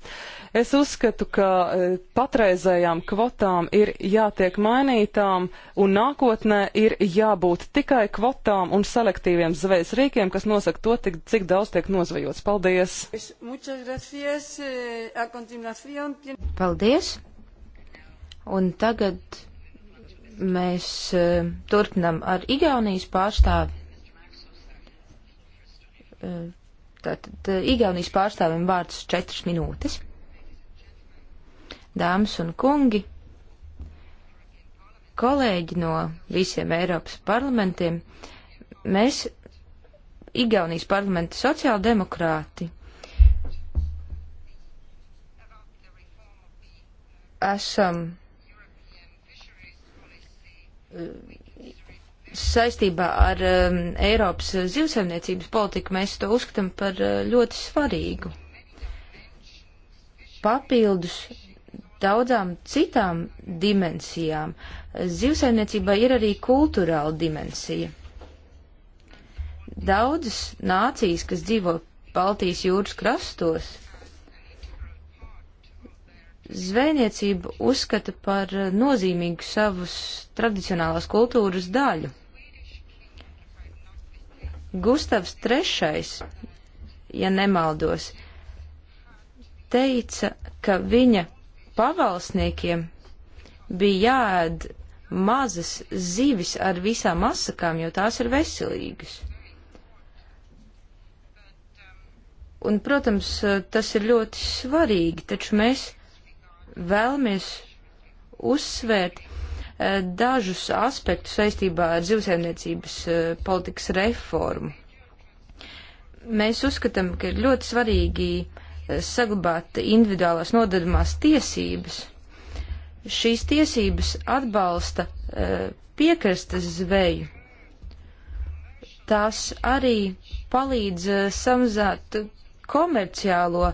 Es uzskatu, ka uh, patreizējām kvotām ir jātiek mainītām un nākotnē ir jābūt tikai kvotām un selektīviem zvejas rīkiem, kas nosaka to, tik, cik daudz tiek nozvejots. Paldies! Paldies! Un tagad Mēs uh, turpinam ar Igaunijas pārstāvi. Uh, tātad uh, Igaunijas pārstāvim vārds četras minūtes. Dāmas un kungi, kolēģi no visiem Eiropas parlamentiem, mēs Igaunijas parlamenta sociāldemokrāti. Esam saistībā ar um, Eiropas zivsaimniecības politiku mēs to uzskatām par uh, ļoti svarīgu. Papildus daudzām citām dimensijām zivsaimniecībā ir arī kultūrāla dimensija. Daudzas nācijas, kas dzīvo Baltijas jūras krastos, zvejniecību uzskata par eh, nozīmīgu savus tradicionālās kultūras daļu. Gustavs III, ja nemaldos, teica, ka viņa pavalsniekiem bija jāēd mazas zivis ar visām asakām, jo tās ir veselīgas. Un, protams, eh, tas ir ļoti svarīgi, taču mēs vēlamies uzsvērt eh, dažus aspektus saistībā ar zivsēmniecības eh, politikas reformu. Mēs uzskatām, ka ir ļoti svarīgi eh, saglabāt individuālās nodarbumās tiesības. Šīs tiesības atbalsta piekrastes zveju. Tās arī palīdz samazināt komerciālo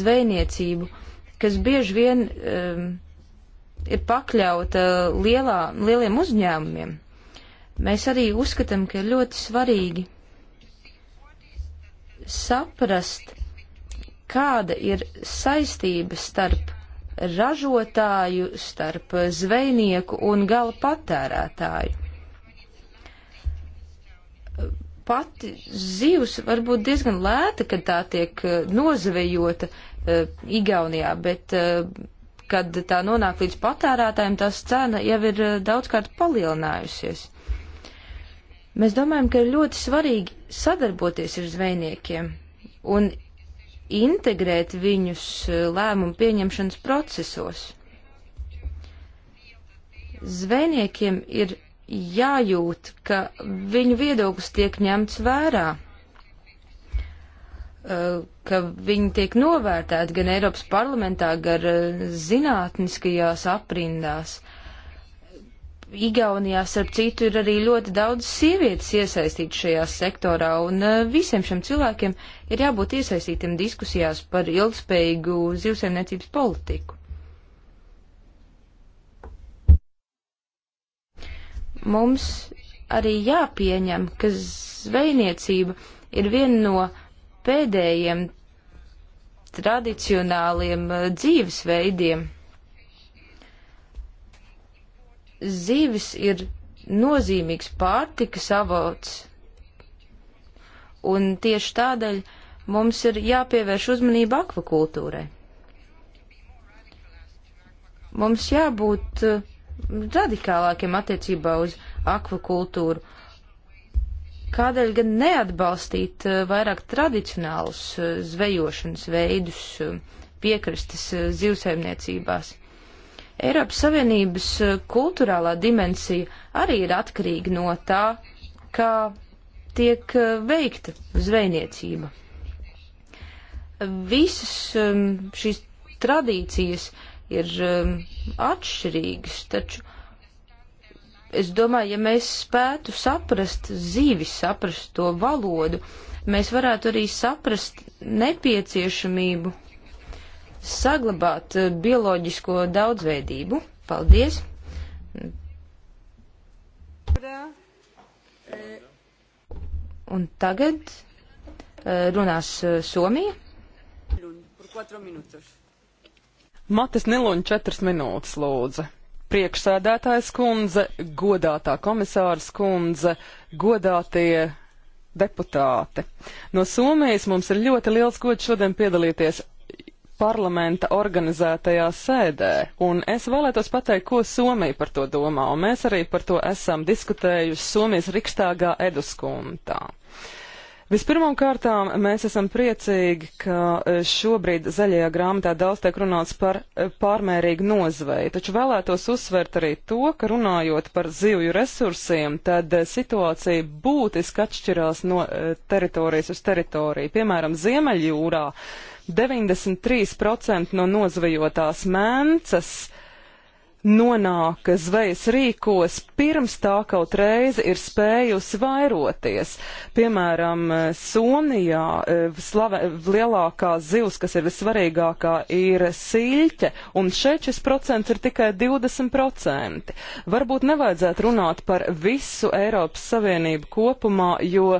zvejniecību kas bieži vien um, ir pakļauta lielā, lieliem uzņēmumiem. Mēs arī uzskatām, ka ir ļoti svarīgi saprast, kāda ir saistība starp ražotāju, starp zvejnieku un gala patērētāju pati zivs var būt diezgan lēta, kad tā tiek uh, nozavejota, Eh, Igaunijā, bet eh, kad tā nonāk līdz patērētājiem, tās cena jau ir eh, daudzkārt palielinājusies. Mēs domājam, ka ir ļoti svarīgi sadarboties ar zvejniekiem un integrēt viņus lēmumu pieņemšanas procesos. Zvejniekiem ir jājūt, ka viņu viedoklis tiek ņemts vērā Eh, ka viņi tiek novērtēti gan Eiropas parlamentā, gan eh, zinātniskajās aprindās. Igaunijā, starp citu, ir arī ļoti daudz sievietes iesaistītas šajā sektorā, un eh, visiem šiem cilvēkiem ir jābūt iesaistītiem diskusijās par ilgspējīgu zivsēmniecības politiku. Mums arī jāpieņem, ka zvejniecība ir viena no pēdējiem tradicionāliem eh, dzīvesveidiem. Zīvis ir nozīmīgs pārtikas avots, un tieši tādēļ mums ir jāpievērš uzmanība akvakultūrai. Mums jābūt eh, radikālākiem attiecībā uz akvakultūru Kādēļ gan neatbalstīt eh, vairāk tradicionālus eh, zvejošanas veidus eh, piekrastes zivsaimniecībās? Eiropas Savienības kultūrālā dimensija arī ir atkarīga no tā, kā tiek veikta zvejniecība. Visas šīs tradīcijas ir atšķirīgas, taču es domāju, ja mēs spētu saprast zīvi, saprast to valodu, mēs varētu arī saprast nepieciešamību saglabāt eh, bioloģisko daudzveidību. Paldies! Un tagad eh, runās eh, Somija. Matis Niluņa četras minūtes lūdzu priekšsēdētājs kundze, godātā komisārs kundze, godātie deputāti. No Somijas mums ir ļoti liels gods šodien piedalīties parlamenta organizētajā sēdē, un es vēlētos pateikt, ko Somija par to domā, un mēs arī par to esam diskutējuši Somijas Rikstāgā Eduskuntā. Uh, Vispirmām kārtām mēs esam priecīgi, ka e, šobrīd zaļajā grāmatā daudz tiek runāts par e, pārmērīgu nozvei, taču vēlētos uzsvert arī to, ka runājot par zivju resursiem, tad e, situācija būtiski atšķirās no teritorijas uz teritoriju. Piemēram, Ziemeļjūrā 93% no nozvejotās mēncas uh, nonāk zvejas rīkos, pirms tā kaut reizi ir spējusi vairoties. Piemēram, Somijā e, slave, lielākā zivs, kas ir visvarīgākā, ir siļķe, un šeit šis procents ir tikai 20%. Varbūt nevajadzētu runāt par visu Eiropas Savienību kopumā, jo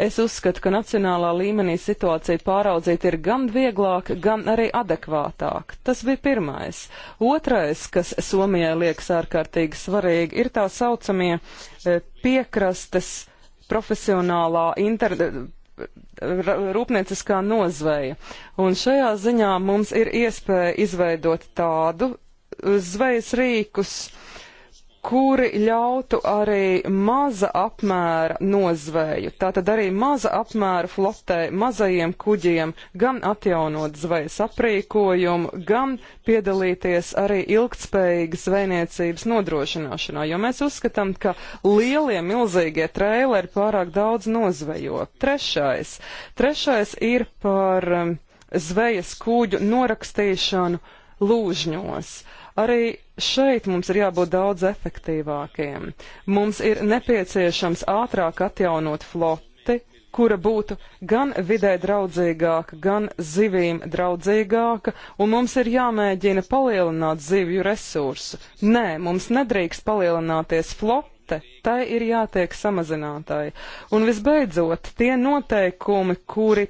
Es uzskatu, ka nacionālā līmenī situācija pāraudzīt ir gan vieglāk, gan arī adekvātāk. Tas bija pirmais. Otrais, kas Somijai liekas ārkārtīgi svarīgi, ir tā saucamie eh, piekrastes profesionālā inter rūpnieciskā nozveja. Un šajā ziņā mums ir iespēja izveidot tādu eh, zvejas rīkus, uh, kuri ļautu arī maza apmēra nozvēju, tātad arī maza apmēra flotē mazajiem kuģiem, gan atjaunot zvejas aprīkojumu, gan piedalīties arī ilgtspējīgas zvejniecības nodrošināšanā, jo mēs uzskatām, ka lielie milzīgie treileri pārāk daudz nozvejo. Trešais. Trešais ir par um, zvejas kuģu norakstīšanu lūžņos. Uh, Arī šeit mums ir jābūt daudz efektīvākiem. Mums ir nepieciešams ātrāk atjaunot floti, kura būtu gan vidē draudzīgāka, gan zivīm draudzīgāka, un mums ir jāmēģina palielināt zivju resursu. Nē, mums nedrīkst palielināties floti kvote, tai ir jātiek samazinātāji. Un visbeidzot, tie noteikumi, kuri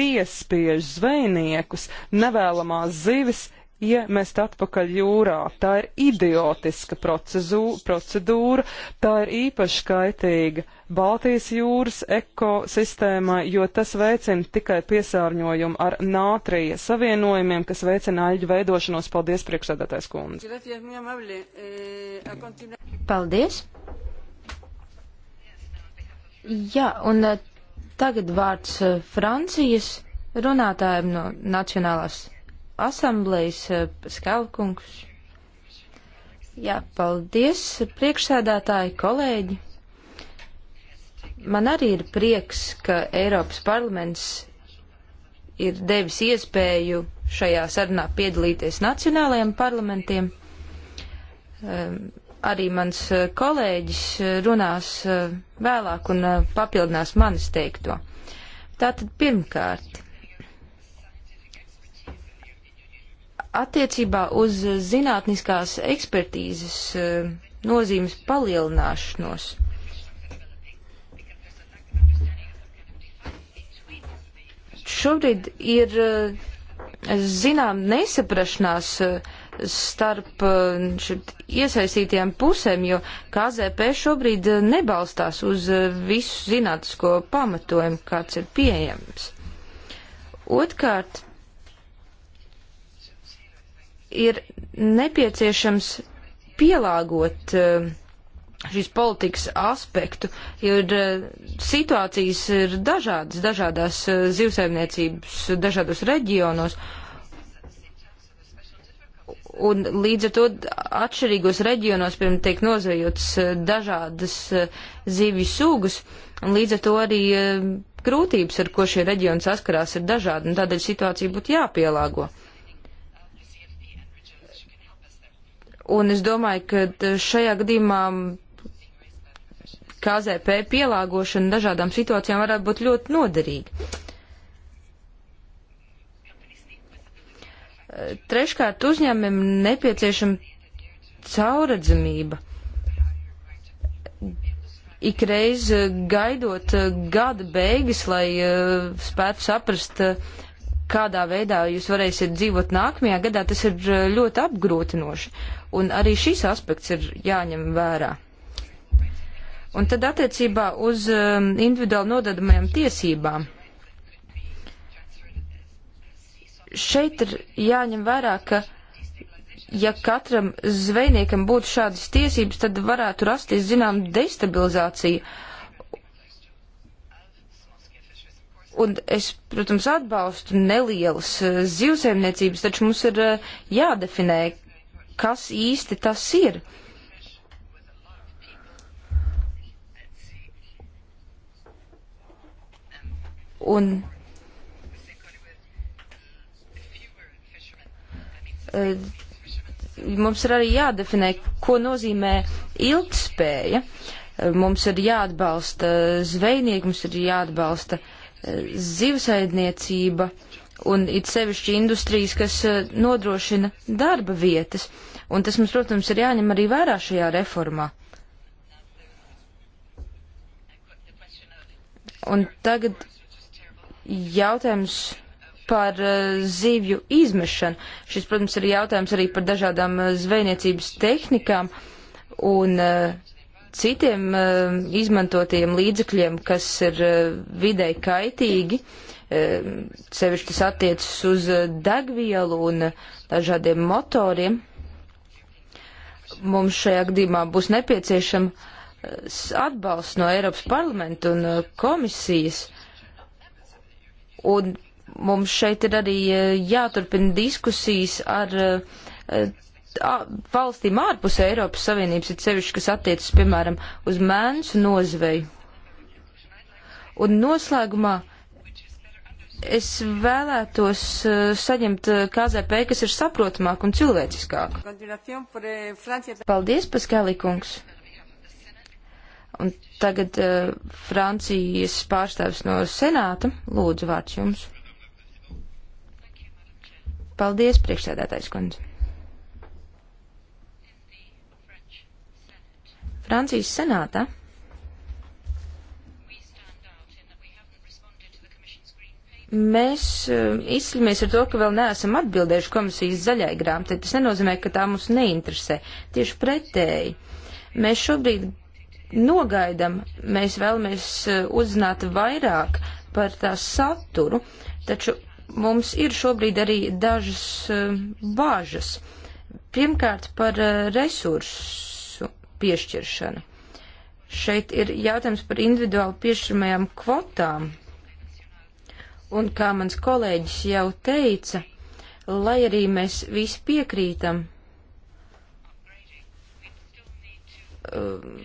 piespiež zvejniekus nevēlamās zivis iemest atpakaļ jūrā. Tā ir idiotiska procedūra, tā ir īpaši kaitīga Baltijas jūras ekosistēmai, jo tas veicina tikai piesārņojumu ar nātrija savienojumiem, kas veicina aļģu veidošanos. Paldies, priekšsēdētājs kundze. Eh, Paldies. Jā, un eh, tagad vārds eh, Francijas runātājiem no Nacionālās asamblejas eh, skalkungs. Jā, paldies, priekšsēdētāji, kolēģi. Man arī ir prieks, ka Eiropas parlaments ir devis iespēju šajā sarunā piedalīties nacionālajiem parlamentiem. Um, arī mans eh, kolēģis eh, runās vēlāk un papildinās manis teikto. Tātad pirmkārt, attiecībā uz zinātniskās ekspertīzes eh, nozīmes palielināšanos. Šobrīd ir eh, zinām nesaprašanās eh, starp iesaistītajām pusēm, jo KZP šobrīd nebalstās uz visu zinātnisko pamatojumu, kāds ir pieejams. Otkārt, ir nepieciešams pielāgot eh, šīs politikas aspektu, jo ir, eh, situācijas ir dažādas dažādās eh, zivsaimniecības, dažādos reģionos. Un līdz ar to atšķirīgos reģionos, piemēram, tiek nozvejots dažādas zivju sugas, un līdz ar to arī grūtības, ar ko šie reģioni saskarās, ir dažādi, un tādēļ situācija būtu jāpielāgo. Uh, Un es domāju, ka eh, šajā gadījumā KZP pielāgošana dažādām situācijām varētu būt ļoti noderīga. Treškārt, uzņēmumiem nepieciešama cauradzamība. Ikreiz eh, gaidot eh, gada beigas, lai spētu saprast, kādā veidā jūs varēsiet dzīvot nākamajā gadā, tas ir eh, ļoti apgrūtinoši. Un arī šis aspekts ir jāņem vērā. Un tad attiecībā uz um, individuāli nodadamajām tiesībām. Šeit ir jāņem vērā, ka ja katram zvejniekam būtu šādas tiesības, tad varētu rasties zinām destabilizācija. Uh, Un es, protams, atbalstu nelielas eh, zivsēmniecības, taču mums ir eh, jādefinē, kas īsti tas ir. Un eh, mums ir arī jādefinē, ko nozīmē ilgspēja. Mums ir jāatbalsta zvejnieki, mums ir jāatbalsta uh, zivsaidniecība un it sevišķi industrijas, kas eh, nodrošina darba vietas, un tas mums, protams, ir jāņem arī vērā šajā reformā. Un tagad jautājums par eh, zivju izmešanu. Šis, protams, ir jautājums arī par dažādām eh, zvejniecības tehnikām un uh, citiem eh, izmantotiem līdzekļiem, kas ir eh, videi kaitīgi, eh, sevišķi tas attiecas uz degvielu un dažādiem motoriem, mums šajā gadījumā būs nepieciešama atbalsts no Eiropas parlamenta un komisijas. Un mums šeit ir arī jāturpina diskusijas ar valstīm ārpus Eiropas Savienības ir sevišķi, kas attiecas, piemēram, uz mēnesi nozveju. Un noslēgumā es vēlētos e, saņemt e, KZP, kas ir saprotamāk un cilvēciskāk. Eh, Paldies, Paskēlī kungs! Un tagad uh, Francijas pārstāvis no Senāta. Lūdzu, vārds jums. Paldies, priekšsēdētājs kundze. Francijas senātā mēs uh, um, izslimies ar to, ka vēl neesam atbildējuši komisijas zaļai grāmatai. Tas nenozīmē, ka tā mums neinteresē. Tieši pretēji. Mēs šobrīd nogaidam, mēs vēlamies uh, uzzināt vairāk par tās saturu, taču mums ir šobrīd arī dažas uh, bāžas. Pirmkārt par uh, resursu piešķiršana. Šeit ir jautājums par individuāli piešķirmajām kvotām. Un kā mans kolēģis jau teica, lai arī mēs visi piekrītam um,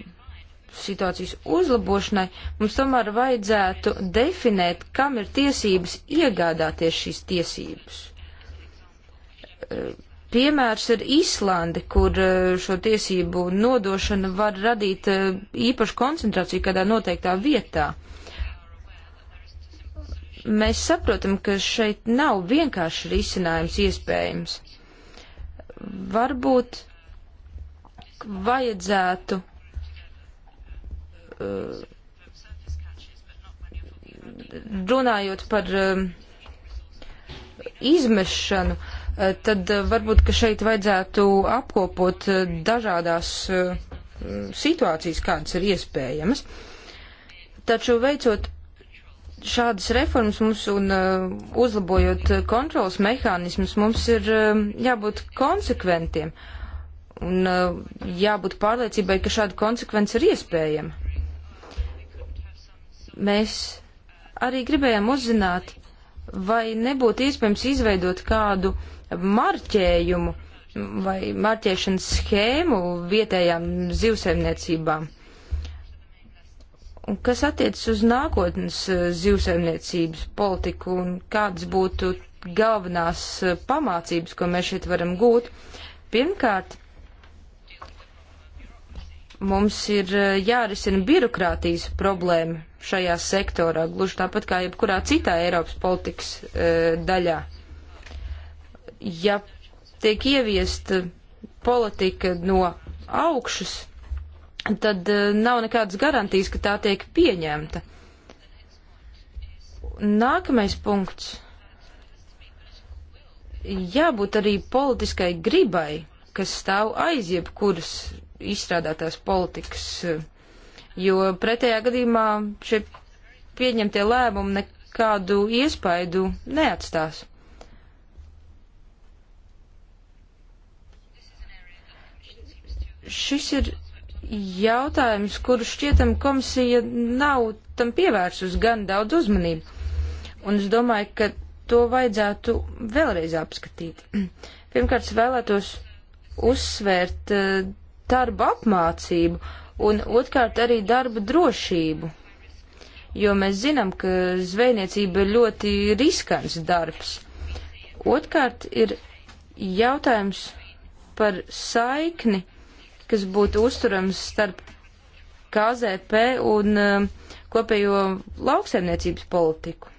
situācijas uzlabošanai, mums tomēr vajadzētu definēt, kam ir tiesības iegādāties šīs tiesības uh, Piemērs ir Īslande, kur eh, šo tiesību nodošana var radīt eh, īpašu koncentrāciju kādā noteiktā vietā. Mēs saprotam, ka šeit nav vienkārši risinājums iespējams. Varbūt vajadzētu eh, runājot par izmešanu, uh, Eh, tad eh, varbūt, ka šeit vajadzētu apkopot eh, dažādās situācijas, kādas ir iespējamas. Taču veicot šādas reformas mums un uzlabojot kontrolas mehānismus, mums ir jābūt konsekventiem un jābūt pārliecībai, ka šāda konsekvence ir iespējama. Mēs arī gribējām uzzināt, vai nebūtu iespējams izveidot kādu uh, marķējumu vai marķēšanas schēmu vietējām zivsaimniecībām. Un kas attiecas uz nākotnes e, zivsaimniecības politiku un kādas būtu galvenās e, pamācības, ko mēs šeit varam gūt? Pirmkārt, mums ir e, jārisina birokrātijas problēma šajā sektorā, gluži tāpat kā jebkurā citā Eiropas politikas e, daļā ja tiek ieviesta politika no augšas, tad eh, nav nekādas garantijas, ka tā tiek pieņemta. Nākamais punkts. Jābūt arī politiskai gribai, kas stāv aiz jebkuras izstrādātās politikas, eh, jo pretējā gadījumā šie pieņemtie lēmumi nekādu iespaidu neatstās. šis ir jautājums, kuru šķietam komisija nav tam pievērsus gan daudz uzmanību. Un es domāju, ka to vajadzētu vēlreiz apskatīt. Pirmkārt, vēlētos uzsvērt eh, darba apmācību un otrkārt arī darba drošību. Jo mēs zinām, ka zvejniecība ir ļoti riskants darbs. Otkārt ir jautājums par saikni uh, kas būtu uzturams starp KZP un uh, kopējo lauksaimniecības politiku.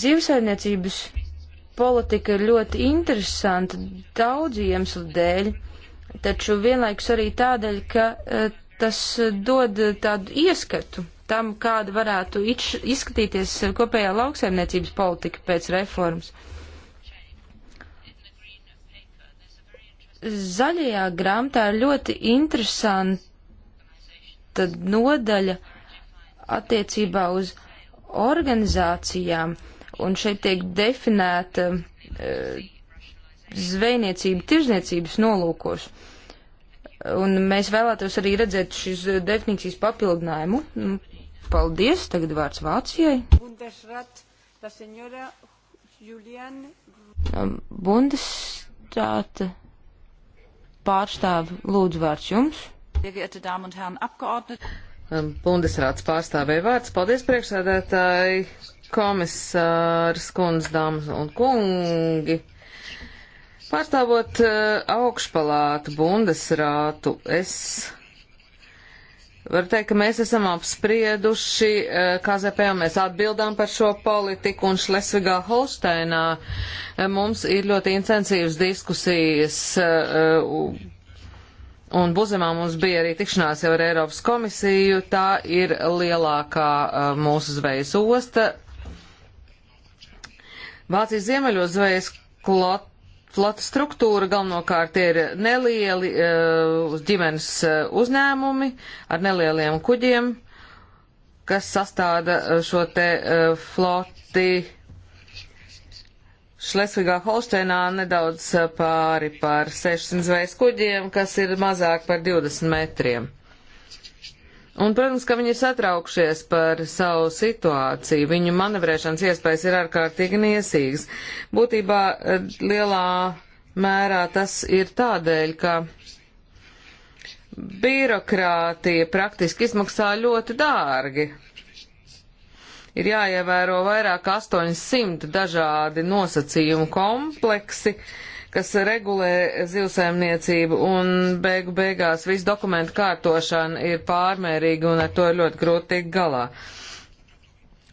Zivsaimniecības politika ir ļoti interesanta daudzu iemeslu dēļ, taču vienlaikus arī tādēļ, ka uh, tas uh, dod uh, tādu ieskatu tam, kāda varētu izskatīties uh, kopējā lauksaimniecības politika pēc reformas. Uh, zaļajā grāmatā ir ļoti interesanta nodaļa attiecībā uz organizācijām, un šeit tiek definēta e, zvejniecība tirzniecības nolūkos. Un mēs vēlētos arī redzēt šīs definīcijas papildinājumu. Nu, paldies, tagad vārds Vācijai. Bundesrāta pārstāvi, lūdzu vārds jums. Um, Bundesrāts pārstāvēja vārds. Paldies, priekšsēdētāji, komisārs, kundz, dāmas un kungi. Pārstāvot uh, augšpalātu Bundesrātu, es Var teikt, ka mēs esam apsprieduši eh, KZP, un mēs atbildām par šo politiku, un Šlesvigā Holsteinā eh, mums ir ļoti intensīvas diskusijas, eh, un Buzemā mums bija arī tikšanās jau ar Eiropas komisiju, tā ir lielākā mūsu zvejas osta. Vācijas ziemeļos zvejas klot Flotu struktūra galvenokārt ir nelieli uh, ģimenes eh, uzņēmumi ar nelieliem kuģiem, kas sastāda eh, šo te uh, floti. Šlesvigā Holšteinā nedaudz pāri par 600 zvejas kuģiem, kas ir mazāk par 20 metriem. Un, protams, ka viņi ir satraukšies par savu situāciju. Viņu manevrēšanas iespējas ir ārkārtīgi niesīgas. Būtībā eh, lielā mērā tas ir tādēļ, ka birokrātija praktiski izmaksā ļoti dārgi. Ir jāievēro vairāk 800 dažādi nosacījumu kompleksi, uh, kas regulē zivsaimniecību, un beigu beigās visu dokumentu kārtošana ir pārmērīga, un ar to ir ļoti grūti tikt galā.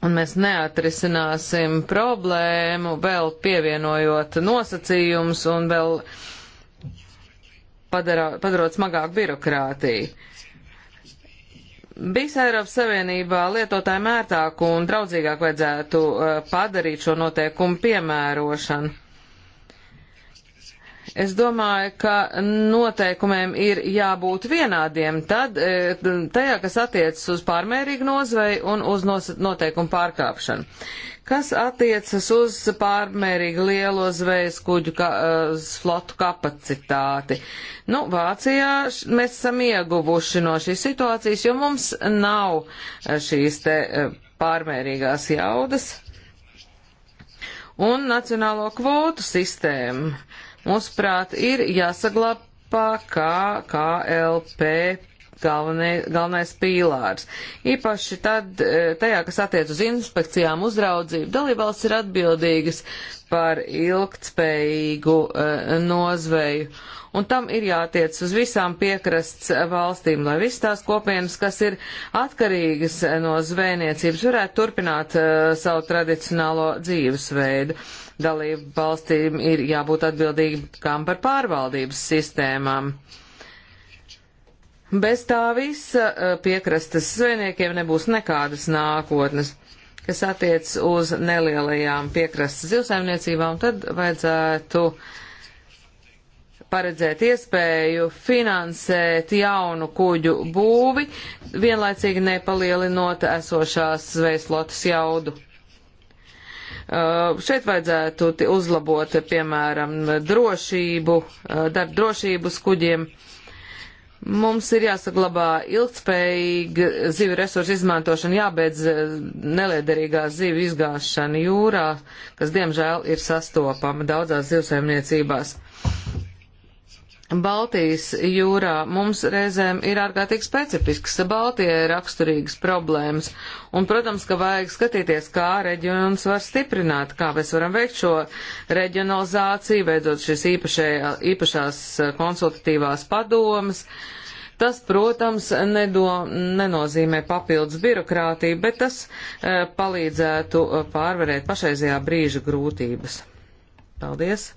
Un mēs neatrisināsim problēmu, vēl pievienojot nosacījumus un vēl padarā, padarot smagāku birokrātiju. Visā Eiropas Savienībā lietotājiem ērtāku un draudzīgāku vajadzētu eh, padarīt šo noteikumu piemērošanu Es domāju, ka noteikumiem ir jābūt vienādiem tad, e, tajā, kas attiecas uz pārmērīgu nozvei un uz noteikumu pārkāpšanu. Kas attiecas uz pārmērīgi lielo zvejas kuģu ka, e, flotu kapacitāti? Nu, Vācijā mēs esam ieguvuši no šīs situācijas, jo mums nav e, šīs te pārmērīgās jaudas. Un nacionālo kvotu sistēmu Mūsuprāt, ir jāsaglabā kā KLP galvenie, galvenais pīlārs. Īpaši tad, e, tajā, kas attiec uz inspekcijām uzraudzību, dalībvalsts ir atbildīgas par ilgtspējīgu uh, nozveju. Un tam ir jātiec uz visām piekrasts valstīm, lai visas tās kopienas, kas ir atkarīgas no zvejniecības, varētu turpināt uh, savu tradicionālo dzīvesveidu. Uh, dalību valstīm ir jābūt atbildīgām par pārvaldības sistēmām. Bez tā visa eh, piekrastes zvejniekiem nebūs nekādas nākotnes, kas attiec uz nelielajām piekrastes zivsaimniecībām, tad vajadzētu paredzēt iespēju finansēt jaunu kuģu būvi, vienlaicīgi nepalielinot esošās zvejslotas jaudu. Uh, šeit vajadzētu uzlabot, piemēram, drošību, uh, darba drošības kuģiem. Mums ir jāsaglabā ilgspējīga zivju resursu izmantošana, jābeidz uh, neliederīgā zivju izgāšana jūrā, kas diemžēl ir sastopama daudzās zivsaimniecībās. Baltijas jūrā mums reizēm ir ārkārtīgi specifisks, Baltijai raksturīgas problēmas, un, protams, ka vajag skatīties, kā reģions var stiprināt, kā mēs varam veikt šo reģionalizāciju, veidot šīs īpašē, īpašās eh, konsultatīvās padomas. Tas, protams, nedo, nenozīmē papildus birokrātiju, bet tas e, palīdzētu eh, pārvarēt pašreizajā brīža grūtības. Paldies!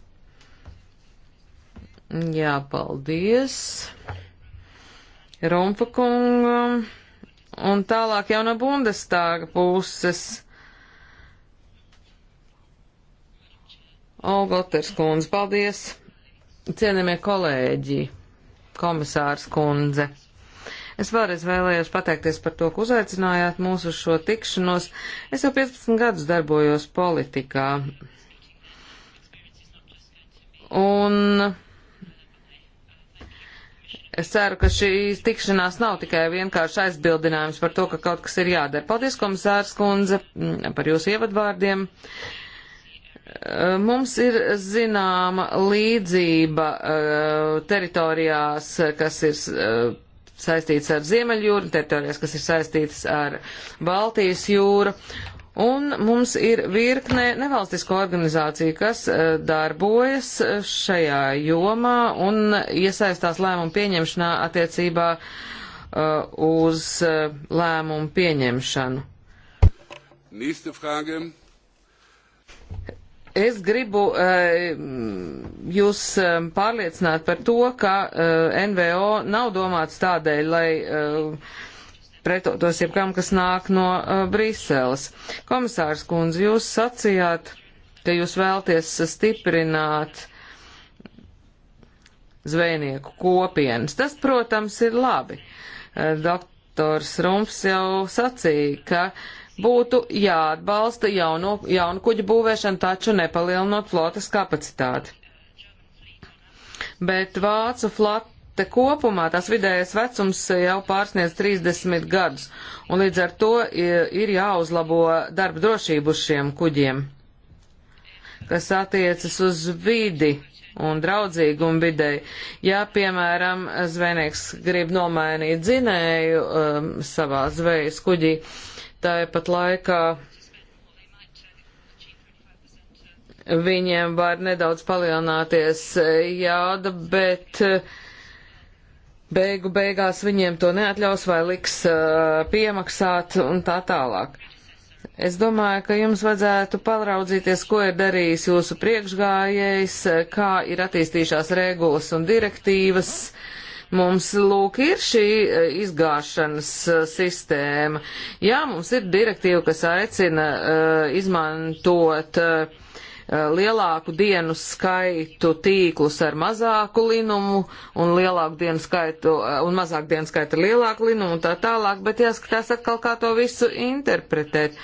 Jā, paldies. Rumpa kungam. Un tālāk jau no Bundestāga puses. Olgoters kundze, paldies. Cienījamie kolēģi, komisārs kundze. Es vēlreiz vēlējos pateikties par to, ka uzaicinājāt mūs uz šo tikšanos. Es jau 15 gadus darbojos politikā. Un Es ceru, ka šī tikšanās nav tikai vienkārši aizbildinājums par to, ka kaut kas ir jādara. Paldies, komisārs kundze, mm, par jūsu ievadvārdiem. Eh, mums ir zināma līdzība eh, teritorijās, kas ir eh, saistīts ar Ziemeļjūru, teritorijās, kas ir saistīts ar Baltijas jūru, Un mums ir virkne nevalstisko organizāciju, kas eh, darbojas eh, šajā jomā un iesaistās lēmumu pieņemšanā attiecībā eh, uz lēmumu pieņemšanu. Es gribu jūs pārliecināt par to, ka NVO nav domāts tādēļ, lai pretotos jebkam, kas nāk no uh, Briseles. Komisārs kundze, jūs sacījāt, ka jūs vēlties stiprināt zvejnieku kopienas. Tas, protams, ir labi. Uh, doktors Rumps jau sacīja, ka būtu jāatbalsta jauno, jaunu kuģu būvēšanu, taču nepalielinot flotas kapacitāti. Bet vācu flota te kopumā tās vidējais vecums jau pārsniedz 30 gadus, un līdz ar to ir jāuzlabo darba drošību uz šiem kuģiem, kas attiecas uz vidi un draudzīgumu videi. Ja, piemēram, zvejnieks grib nomainīt dzinēju um, savā zvejas kuģī, tāpat laikā viņiem var nedaudz palielināties e, jauda, bet uh, beigu beigās viņiem to neatļaus vai liks uh, piemaksāt un tā tālāk. Es domāju, ka jums vajadzētu paraudzīties, ko ir darījis jūsu priekšgājējs, kā ir attīstījušās regulas un direktīvas. Mums, lūk, ir šī uh, izgāšanas uh, sistēma. Jā, mums ir direktīva, kas aicina uh, izmantot uh, lielāku dienu skaitu tīklus ar mazāku linumu un lielāku dienu skaitu eh, un mazāku dienu skaitu ar lielāku linumu un tā tālāk, bet jāskatās atkal, kā to visu interpretēt.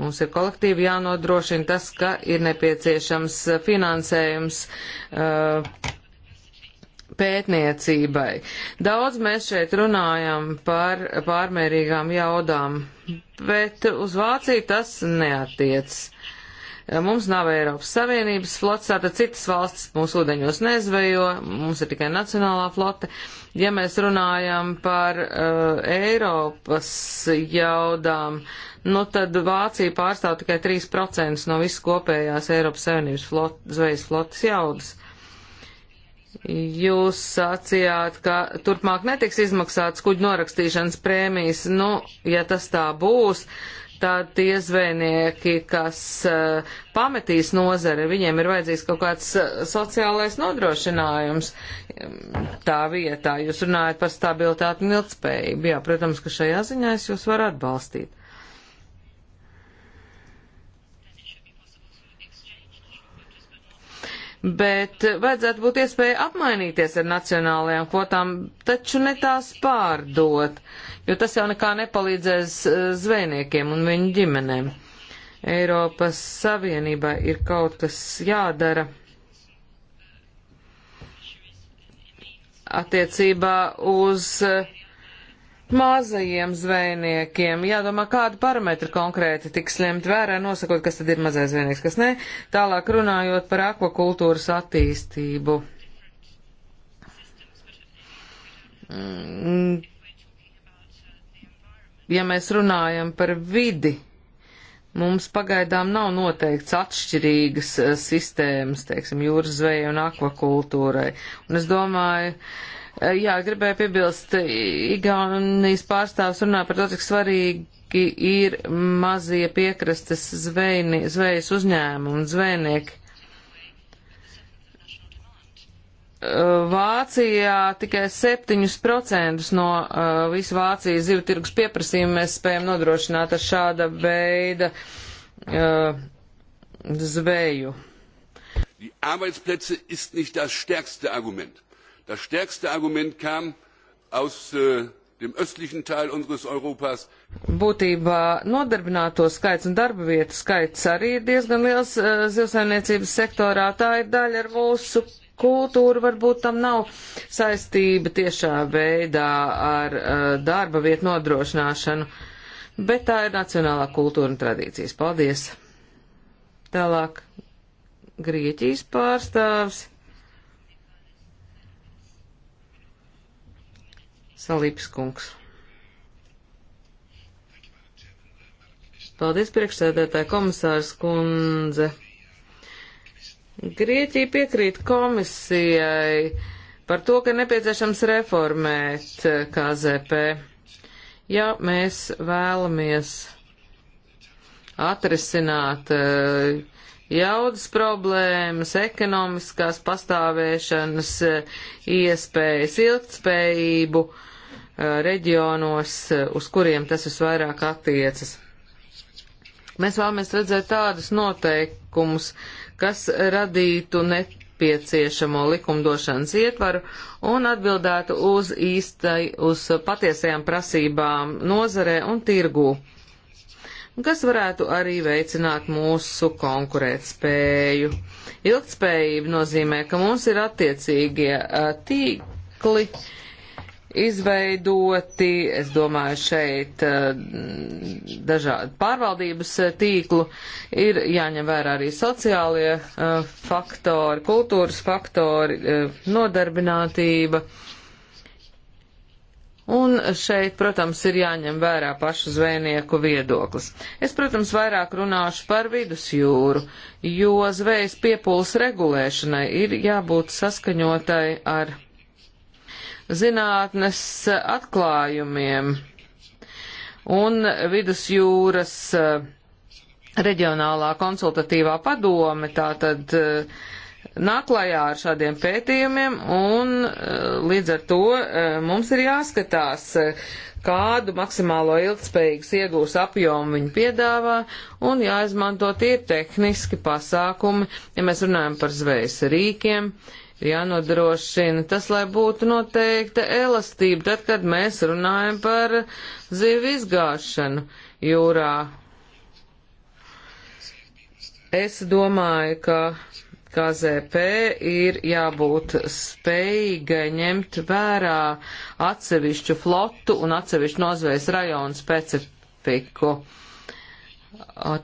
Mums ir kolektīvi jānodrošina tas, ka ir nepieciešams finansējums uh, pētniecībai. Daudz mēs šeit runājam par pārmērīgām jaudām, bet uz Vāciju tas neatiecas. Mums nav Eiropas Savienības flotas, tātad citas valstis mūsu ūdeņos nezvejo, mums ir tikai nacionālā flote. Ja mēs runājam par uh, Eiropas jaudām, nu tad Vācija pārstāv tikai 3% no visas kopējās Eiropas Savienības flot, zvejas flotas jaudas. Jūs sacījāt, ka turpmāk netiks izmaksāts kuģu norakstīšanas prēmijas, nu, ja tas tā būs. Uh, Tad tie zvejnieki, kas uh, pametīs nozari, viņiem ir vajadzīgs kaut kāds eh, sociālais nodrošinājums ehm, tā vietā. Jūs runājat par stabilitāti un ilgspējību. Jā, protams, ka šajā ziņā es jūs varu atbalstīt. bet vajadzētu būt iespēja apmainīties ar nacionālajām kvotām, taču ne tās pārdot, jo tas jau nekā nepalīdzēs eh, zvejniekiem un viņu ģimenēm. Eiropas Savienībai ir kaut kas jādara attiecībā uz uh, Mazajiem zvejniekiem jādomā, kādi parametri konkrēti tiks ņemt vērā, nosakot, kas tad ir mazais zvejnieks, kas nē. Tālāk runājot par akvakultūras attīstību. Mm. Ja mēs runājam par vidi, Mums pagaidām nav noteikts atšķirīgas eh, sistēmas, teiksim, jūras zvejai un akvakultūrai. Un es domāju, Eh, jā, gribēju piebilst, Igaunijas pārstāvs runā par to, cik svarīgi ir mazie piekrastes zvejni, zvejas uzņēmumi un zvejnieki. Eh, Vācijā tikai 7% no uh, visu Vācijas zivu tirgus pieprasījumu mēs spējam nodrošināt ar šāda veida uh, zveju. Die Arbeitsplätze ist nicht das stärkste Argument das stärkste argument kam aus äh, dem östlichen Teil unseres Europas. Būtībā nodarbināto skaits un darba vietu skaits arī ir diezgan liels uh, äh, zivsaimniecības sektorā. Tā ir daļa ar mūsu kultūru, varbūt tam nav saistība tiešā veidā ar uh, darba vietu nodrošināšanu, bet tā ir nacionālā kultūra un tradīcijas. Paldies! Tālāk Grieķijas pārstāvs. Salīps kungs. Paldies, priekšsēdētāja komisārs kundze. Grieķija piekrīt komisijai par to, ka nepieciešams reformēt eh, KZP. Ja mēs vēlamies atrisināt eh, jaudas problēmas, ekonomiskās pastāvēšanas eh, iespējas, ilgtspējību, uh, reģionos, uz kuriem tas visvairāk attiecas. Mēs vēlamies redzēt tādus noteikumus, kas radītu nepieciešamo likumdošanas ietvaru un atbildētu uz īstai, uz patiesajām prasībām nozarē un tirgū, kas varētu arī veicināt mūsu konkurētspēju. Ilgtspējība nozīmē, ka mums ir attiecīgie tīkli, uh, izveidoti, es domāju, šeit eh, dažādi pārvaldības eh, tīklu ir jāņem vērā arī sociālie eh, faktori, kultūras faktori, nodarbinātība. Un šeit, protams, ir jāņem vērā pašu zvejnieku viedoklis. Es, protams, vairāk runāšu par vidusjūru, jo zvejas piepūles regulēšanai ir jābūt saskaņotai ar zinātnes atklājumiem un vidusjūras eh, reģionālā konsultatīvā padome tātad eh, naklajā ar šādiem pētījumiem un eh, līdz ar to mums ir jāskatās, kādu maksimālo ilgspējīgas iegūs apjomu viņi piedāvā un jāizmanto tie tehniski pasākumi, ja mēs runājam par zvejas rīkiem, uh, jānodrošina tas, lai būtu noteikta elastība, tad, kad mēs runājam par zivju izgāšanu jūrā. Es domāju, ka KZP ir jābūt spējīgai ņemt vērā atsevišķu flotu un atsevišķu nozvejas rajonu specifiku.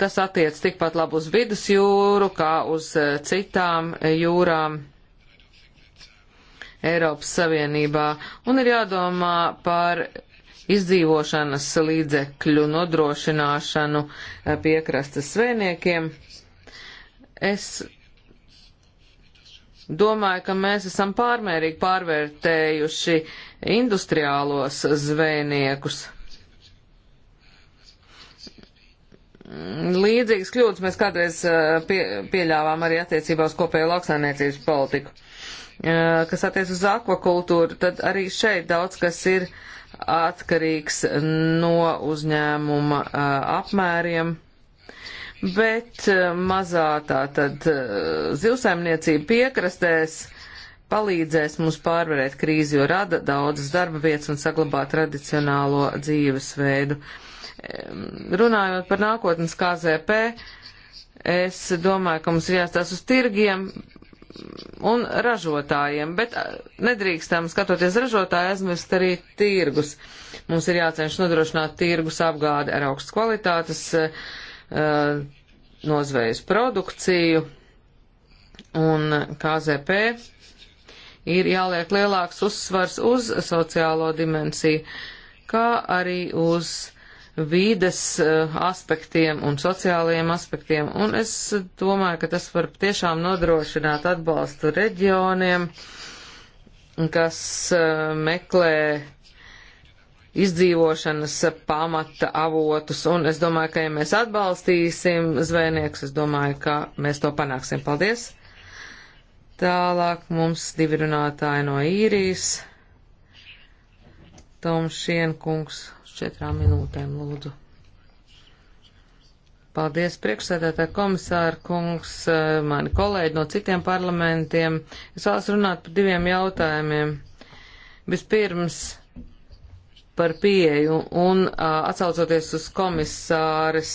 Tas attiec tikpat labi uz vidusjūru kā uz eh, citām eh, jūrām. Eiropas Savienībā un ir jādomā par izdzīvošanas līdzekļu nodrošināšanu eh, piekrastes zvejniekiem. Es domāju, ka mēs esam pārmērīgi pārvērtējuši industriālos zvejniekus. Līdzīgas kļūdas mēs kādreiz eh, pie, pieļāvām arī attiecībā uz kopējo lauksainiecības politiku kas attiec uz akvakultūru, tad arī šeit daudz kas ir atkarīgs no uzņēmuma apmēriem. Bet mazā tā tad zivsaimniecība piekrastēs palīdzēs mums pārvarēt krīzi, jo rada daudzas darba vietas un saglabā tradicionālo dzīvesveidu. Runājot par nākotnes KZP, es domāju, ka mums ir jāstās uz tirgiem, un ražotājiem, bet eh, nedrīkstam, skatoties ražotāju, aizmirst arī tirgus. Mums ir jācenšas nodrošināt tirgus apgādi ar augstu kvalitātes uh, nozvejas produkciju, un KZP ir jāliek lielāks uzsvars uz sociālo dimensiju, kā arī uz vīdes eh, aspektiem un sociālajiem aspektiem, un es domāju, ka tas var tiešām nodrošināt atbalstu reģioniem, kas eh, meklē izdzīvošanas pamata avotus, un es domāju, ka ja mēs atbalstīsim zvejniekus, es domāju, ka mēs to panāksim. Paldies! Tālāk mums divi runātāji no īrijas. Tomšien kungs četrām minūtēm, lūdzu. Paldies, priekšsēdētāji komisāri kungs, mani kolēģi no citiem parlamentiem. Es vēlos runāt par diviem jautājumiem. Vispirms par pieeju un atsaucoties uz komisāres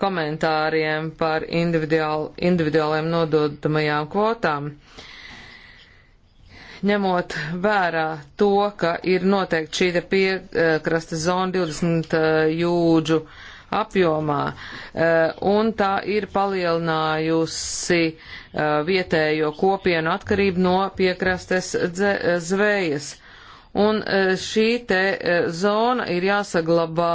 komentāriem par individuāliem nododamajām kvotām. Uh, ņemot vērā to, ka ir noteikti šī te piekrasta zona 20 eh, jūdžu apjomā, eh, un tā ir palielinājusi eh, vietējo kopienu atkarību no piekrastes zvejas. Un šī te zona ir jāsaglabā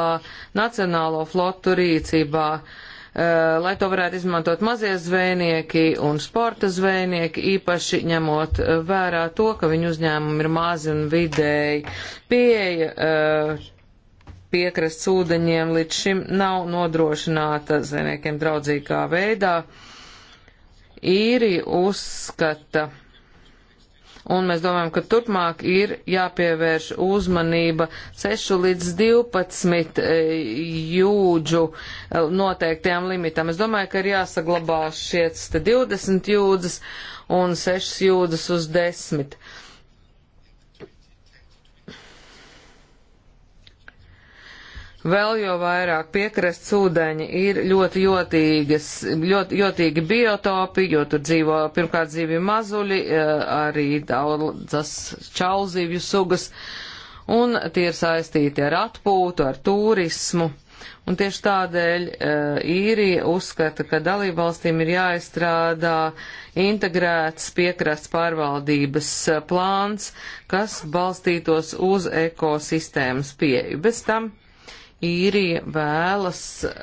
nacionālo flotu rīcībā. Uh, Eh, lai to varētu izmantot mazie zvejnieki un sporta zvejnieki, īpaši ņemot eh, vērā to, ka viņu uzņēmumi ir mazi un vidēji. Pieeja eh, piekrasts ūdeņiem līdz šim nav nodrošināta zvejniekiem draudzīgā veidā. Īri uzskata, un mēs domājam, ka turpmāk ir jāpievērš uzmanība 6 līdz 12 e, jūdžu e, noteiktajām limitam. Es domāju, ka ir jāsaglabā šiec 20 jūdzes un 6 jūdzes uz 10. Vēl jo vairāk piekrasts ūdeņi ir ļoti jotīgas, ļoti jotīgi biotopi, jo tur dzīvo pirmkārt dzīvi mazuļi, eh, arī daudzas čaulzīvju sugas, un tie ir saistīti ar atpūtu, ar turismu. Un tieši tādēļ eh, īrija uzskata, ka dalībvalstīm ir jāizstrādā integrēts piekrasts pārvaldības eh, plāns, kas balstītos uz ekosistēmas pieeju. Bez tam īrija vēlas uh,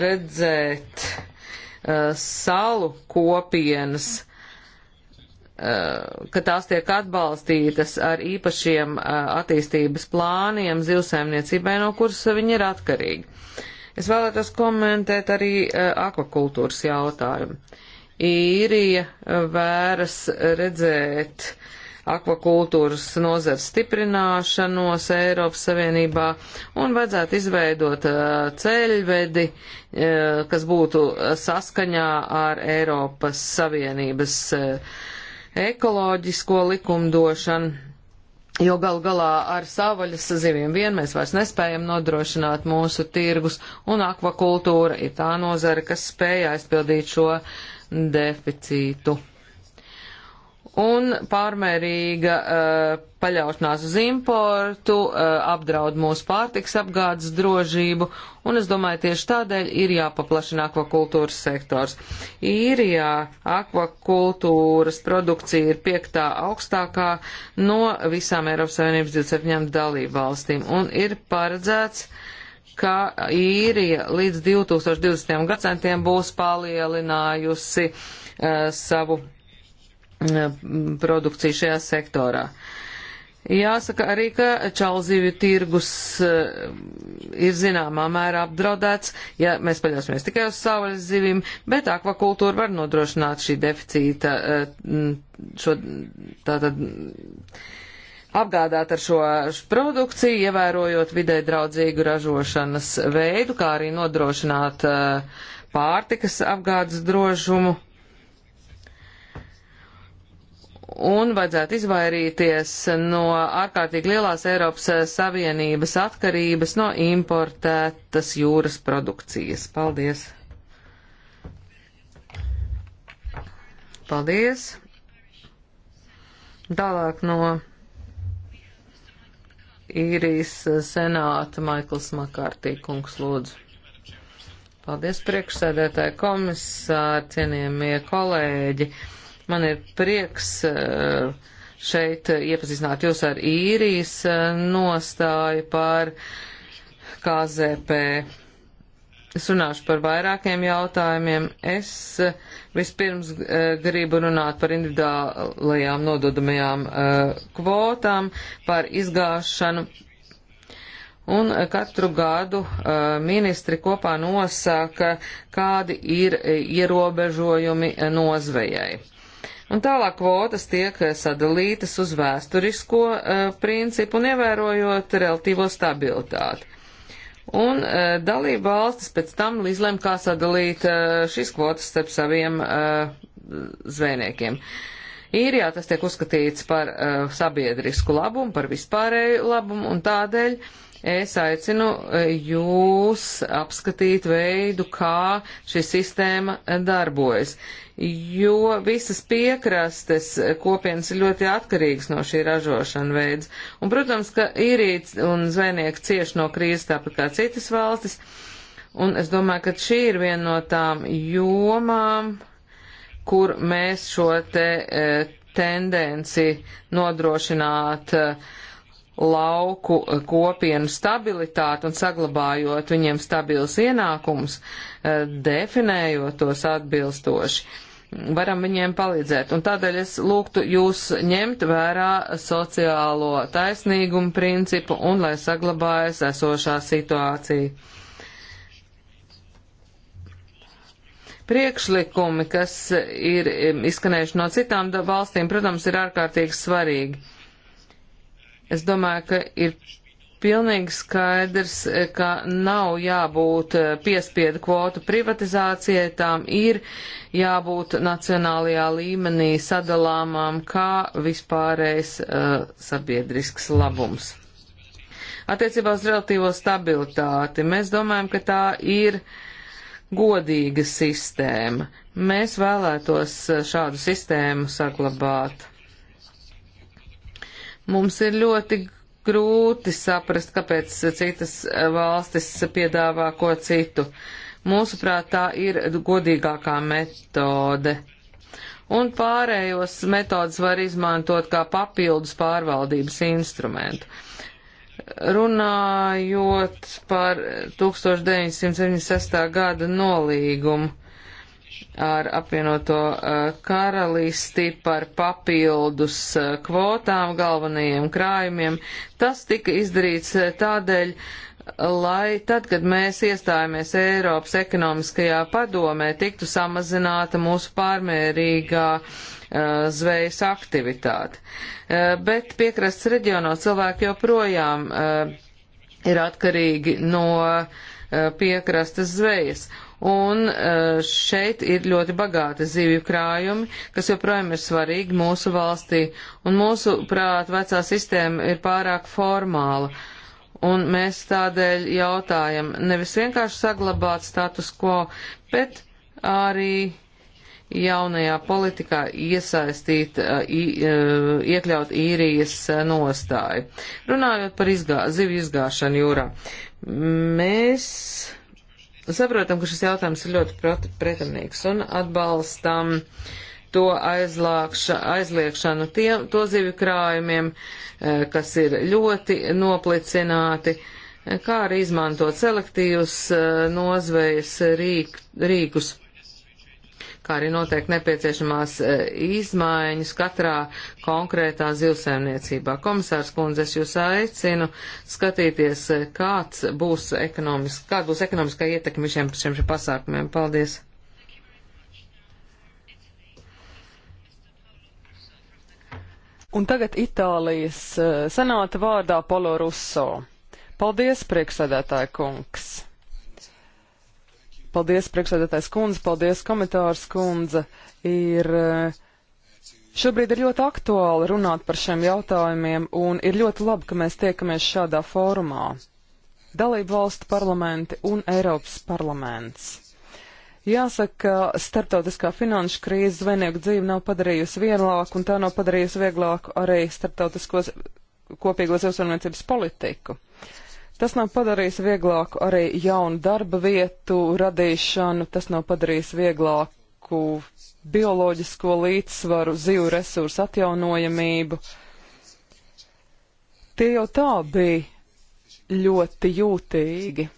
redzēt uh, salu kopienas, uh, ka tās tiek atbalstītas ar īpašiem attīstības plāniem zivsēmniecībai, no kuras viņi ir atkarīgi. Es vēlētos komentēt arī akvakultūras jautājumu. Īrija vēras redzēt uh, akvakultūras nozars stiprināšanos Eiropas Savienībā un vajadzētu izveidot uh, ceļvedi, uh, kas būtu saskaņā ar Eiropas Savienības uh, ekoloģisko likumdošanu. Jo gal galā ar savaļas zivīm vien mēs vairs nespējam nodrošināt mūsu tirgus, un akvakultūra ir tā nozara, kas spēja aizpildīt šo deficītu un pārmērīga uh, paļaušanās uz importu uh, apdraud mūsu pārtiks apgādes drošību, un es domāju, tieši tādēļ ir jāpaplašina akvakultūras sektors. Īrijā akvakultūras produkcija ir piektā augstākā no visām Eiropas Savienības 27 dalību valstīm, un ir paredzēts, ka īrija līdz 2020. gadsimtiem būs palielinājusi uh, savu produkciju šajā sektorā. Jāsaka arī, ka čalzīvi tirgus eh, ir zināmā mērā apdraudēts, ja mēs paļausimies tikai uz savas zivīm, bet akvakultūra var nodrošināt šī deficīta eh, šo tātad apgādāt ar šo produkciju, ievērojot vidē draudzīgu ražošanas veidu, kā arī nodrošināt eh, pārtikas apgādes drošumu un vajadzētu izvairīties no ārkārtīgi lielās Eiropas Savienības atkarības no importētas jūras produkcijas. Paldies! Paldies! Tālāk no īrijas senāta Maikls Makārtī kungs lūdzu. Paldies priekšsēdētāji komisāri, cienījamie kolēģi! Man ir prieks eh, šeit iepazīstināt jūs ar īrijas eh, nostāju par KZP. Es runāšu par vairākiem jautājumiem. Es eh, vispirms gribu runāt par individuālajām nododamajām kvotām, par izgāšanu un katru gadu ministri kopā nosaka, kādi ir ierobežojumi nozvejai. Un tālāk kvotas tiek eh, sadalītas uz vēsturisko uh, principu un ievērojot relatīvo stabilitāti. Un uh, dalība valstis pēc tam izlem, kā sadalīt uh, šīs kvotas starp saviem uh, zvejniekiem. Īrijā tas tiek uzskatīts par uh, sabiedrisku labumu, par vispārēju labumu, un tādēļ uh, Es aicinu e, jūs apskatīt veidu, kā šī sistēma darbojas, jo visas piekrastes kopienas ir ļoti atkarīgas no šī ražošana veids. Un, protams, ka īrīts un zvejnieki cieši no krīzes tāpat kā citas valstis, un es domāju, ka šī ir viena no tām jomām, kur mēs šo te e, tendenci nodrošināt uh, lauku kopienu stabilitāti un saglabājot viņiem stabilus ienākumus, eh, definējot tos atbilstoši. Varam viņiem palīdzēt. Un tādēļ es lūgtu jūs ņemt vērā sociālo taisnīgumu principu un lai saglabājas esošā situācija. priekšlikumi, kas ir eh, izskanējuši no citām valstīm, protams, ir ārkārtīgi svarīgi. Es domāju, ka ir pilnīgi skaidrs, ka nav jābūt eh, piespiedu kvotu privatizācijai, tām ir jābūt nacionālajā līmenī sadalāmām kā vispārējais uh, eh, sabiedrisks labums. Attiecībā uz relatīvo stabilitāti mēs domājam, ka tā ir godīga sistēma. Mēs vēlētos eh, šādu sistēmu saglabāt. Mums ir ļoti grūti saprast, kāpēc citas valstis piedāvā ko citu. Mūsuprāt, tā ir godīgākā metode. Un pārējos metodus var izmantot kā papildus pārvaldības instrumentu. Runājot par 1976. gada nolīgumu, ar apvienoto eh, karalisti par papildus eh, kvotām, galvenajiem krājumiem. Tas tika izdarīts eh, tādēļ, lai tad, kad mēs iestājāmies Eiropas ekonomiskajā padomē, tiktu samazināta mūsu pārmērīgā zvejas aktivitāte. Bet piekrasts reģionos cilvēki joprojām ir atkarīgi no piekrastes zvejas un eh, šeit ir ļoti bagāti zīvju krājumi, kas joprojām ir svarīgi mūsu valstī, un mūsu prāt vecā sistēma ir pārāk formāla, un mēs tādēļ jautājam nevis vienkārši saglabāt status quo, bet arī jaunajā politikā iesaistīt, eh, eh, iekļaut īrijas nostāju. Runājot par izgā, zivju izgāšanu jūrā, mēs Saprotam, ka šis jautājums ir ļoti pretrunīgs un atbalstam to aizlākša, aizliekšanu tie, to zivju krājumiem, eh, kas ir ļoti noplicināti, eh, kā arī izmantot selektīvus eh, nozvejas rīk, rīkus kā arī noteikti nepieciešamās e, izmaiņas katrā konkrētā zivsēmniecībā. Komisārs kundze, es jūs aicinu skatīties, e, kāds būs ekonomiski, kāda būs ekonomiskā ietekme šiem, šiem, šiem pasākumiem. Paldies! Un tagad Itālijas e, senāta vārdā Polo Russo. Paldies, prieksēdētāja kungs! Paldies, priekšsēdētājs kundze, paldies, komitārs kundze. Ir, eh, šobrīd ir ļoti aktuāli runāt par šiem jautājumiem, un ir ļoti labi, ka mēs tiekamies šādā fórumā. Dalību valstu parlamenti un Eiropas parlaments. Jāsaka, ka starptautiskā finanšu krīze zvejnieku dzīvi nav padarījusi vienlāku, un tā nav padarījusi vieglāku arī starptautiskos kopīgos zivsvarniecības politiku. Tas nav padarījis vieglāku arī jaunu darba vietu radīšanu, tas nav padarījis vieglāku bioloģisko līdzsvaru, zivu resursu atjaunojamību. Tie jau tā bija ļoti jūtīgi.